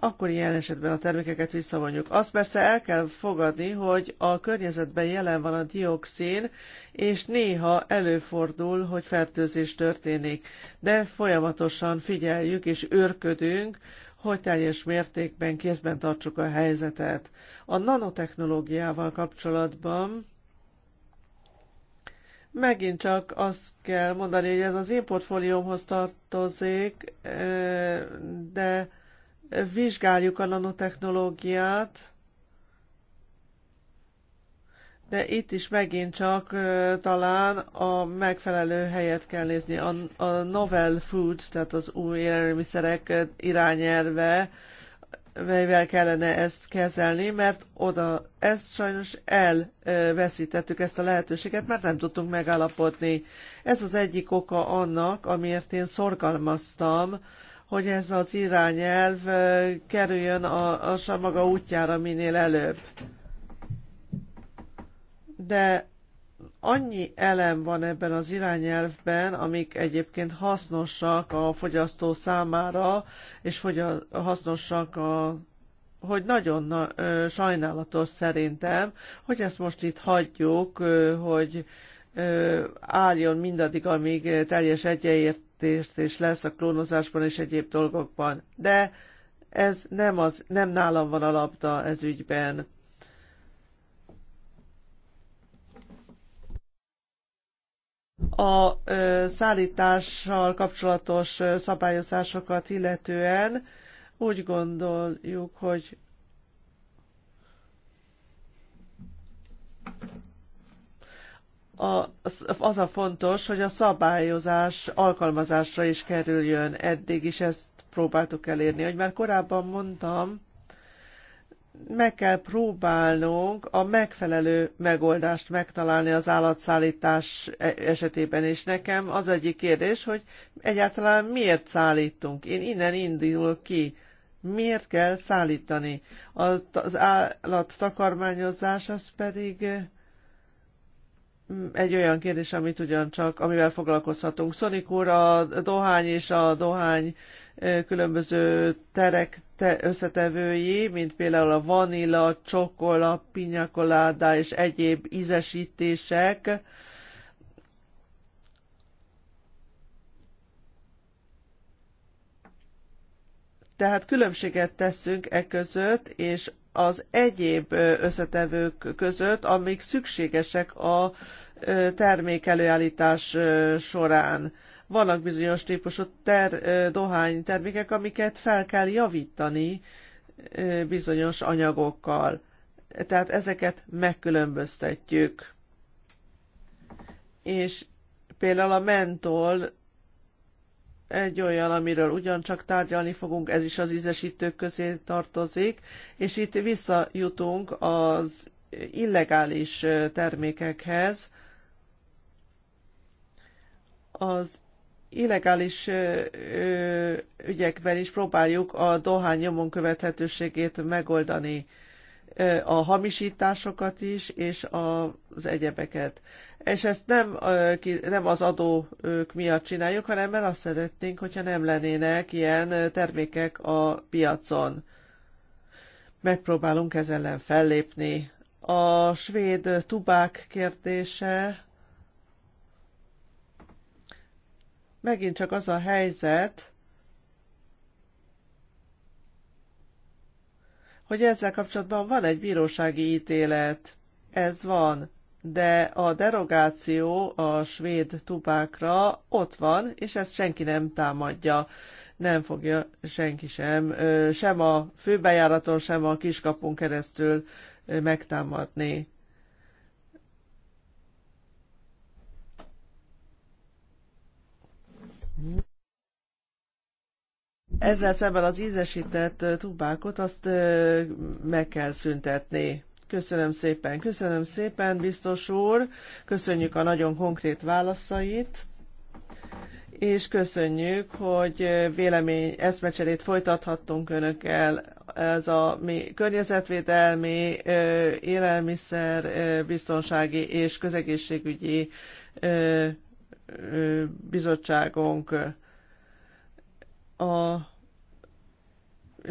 akkor ilyen esetben a termékeket visszavonjuk. Azt persze el kell fogadni, hogy a környezetben jelen van a dioxin, és néha előfordul, hogy fertőzés történik, de folyamatosan figyeljük és őrködünk, hogy teljes mértékben kézben tartsuk a helyzetet. A nanotechnológiával kapcsolatban megint csak azt kell mondani, hogy ez az én portfóliómhoz tartozik, de vizsgáljuk a nanotechnológiát, de itt is megint csak talán a megfelelő helyet kell nézni. A, a novel food, tehát az új élelmiszerek irányelve, melyvel kellene ezt kezelni, mert oda, ezt sajnos elveszítettük ezt a lehetőséget, mert nem tudtunk megállapodni. Ez az egyik oka annak, amiért én szorgalmaztam, hogy ez az irányelv kerüljön a, a samaga útjára minél előbb. De annyi elem van ebben az irányelvben, amik egyébként hasznosak a fogyasztó számára, és hogy a, hasznosak a hogy nagyon na, ö, sajnálatos szerintem, hogy ezt most itt hagyjuk, ö, hogy ö, álljon mindaddig, amíg teljes egyeért, egyetértés lesz a klónozásban és egyéb dolgokban. De ez nem, az, nem nálam van a labda ez ügyben. A ö, szállítással kapcsolatos szabályozásokat illetően úgy gondoljuk, hogy a, az a fontos, hogy a szabályozás alkalmazásra is kerüljön. Eddig is ezt próbáltuk elérni. Hogy már korábban mondtam, meg kell próbálnunk a megfelelő megoldást megtalálni az állatszállítás e- esetében, is. nekem az egyik kérdés, hogy egyáltalán miért szállítunk. Én innen indulok ki. Miért kell szállítani? Az, az állat takarmányozás az pedig egy olyan kérdés, amit ugyancsak, amivel foglalkozhatunk. Szonik úr, a dohány és a dohány különböző terek te összetevői, mint például a vanilla, csokola, pinyakoládá és egyéb ízesítések, Tehát különbséget teszünk e között, és az egyéb összetevők között, amik szükségesek a termék előállítás során. Vannak bizonyos típusú ter, dohány termékek, amiket fel kell javítani bizonyos anyagokkal. Tehát ezeket megkülönböztetjük. És például a mentol egy olyan, amiről ugyancsak tárgyalni fogunk, ez is az ízesítők közé tartozik, és itt visszajutunk az illegális termékekhez. Az illegális ügyekben is próbáljuk a dohány nyomon követhetőségét megoldani, a hamisításokat is, és az egyebeket és ezt nem, nem az adók miatt csináljuk, hanem mert azt szeretnénk, hogyha nem lennének ilyen termékek a piacon. Megpróbálunk ezzel ellen fellépni. A svéd tubák kérdése megint csak az a helyzet, hogy ezzel kapcsolatban van egy bírósági ítélet. Ez van de a derogáció a svéd tubákra ott van, és ezt senki nem támadja. Nem fogja senki sem, sem a főbejáraton, sem a kiskapun keresztül megtámadni. Ezzel szemben az ízesített tubákot azt meg kell szüntetni. Köszönöm szépen, köszönöm szépen, biztos úr. Köszönjük a nagyon konkrét válaszait és köszönjük, hogy vélemény eszmecserét folytathattunk önökkel. Ez a mi környezetvédelmi, élelmiszer, biztonsági és közegészségügyi bizottságunk. A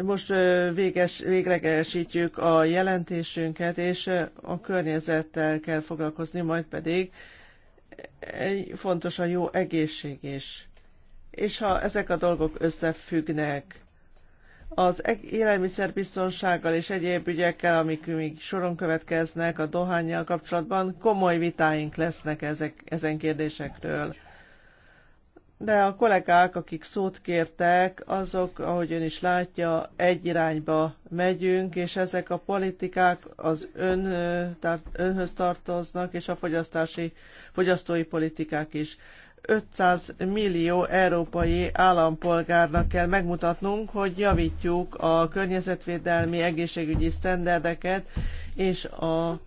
most véges, véglegesítjük a jelentésünket, és a környezettel kell foglalkozni, majd pedig fontos a jó egészség is. És ha ezek a dolgok összefüggnek, az élelmiszerbiztonsággal és egyéb ügyekkel, amik még soron következnek a dohányjal kapcsolatban, komoly vitáink lesznek ezek, ezen kérdésekről. De a kollégák, akik szót kértek, azok, ahogy ön is látja, egy irányba megyünk, és ezek a politikák az ön, tehát önhöz tartoznak, és a fogyasztási, fogyasztói politikák is. 500 millió európai állampolgárnak kell megmutatnunk, hogy javítjuk a környezetvédelmi egészségügyi sztenderdeket és a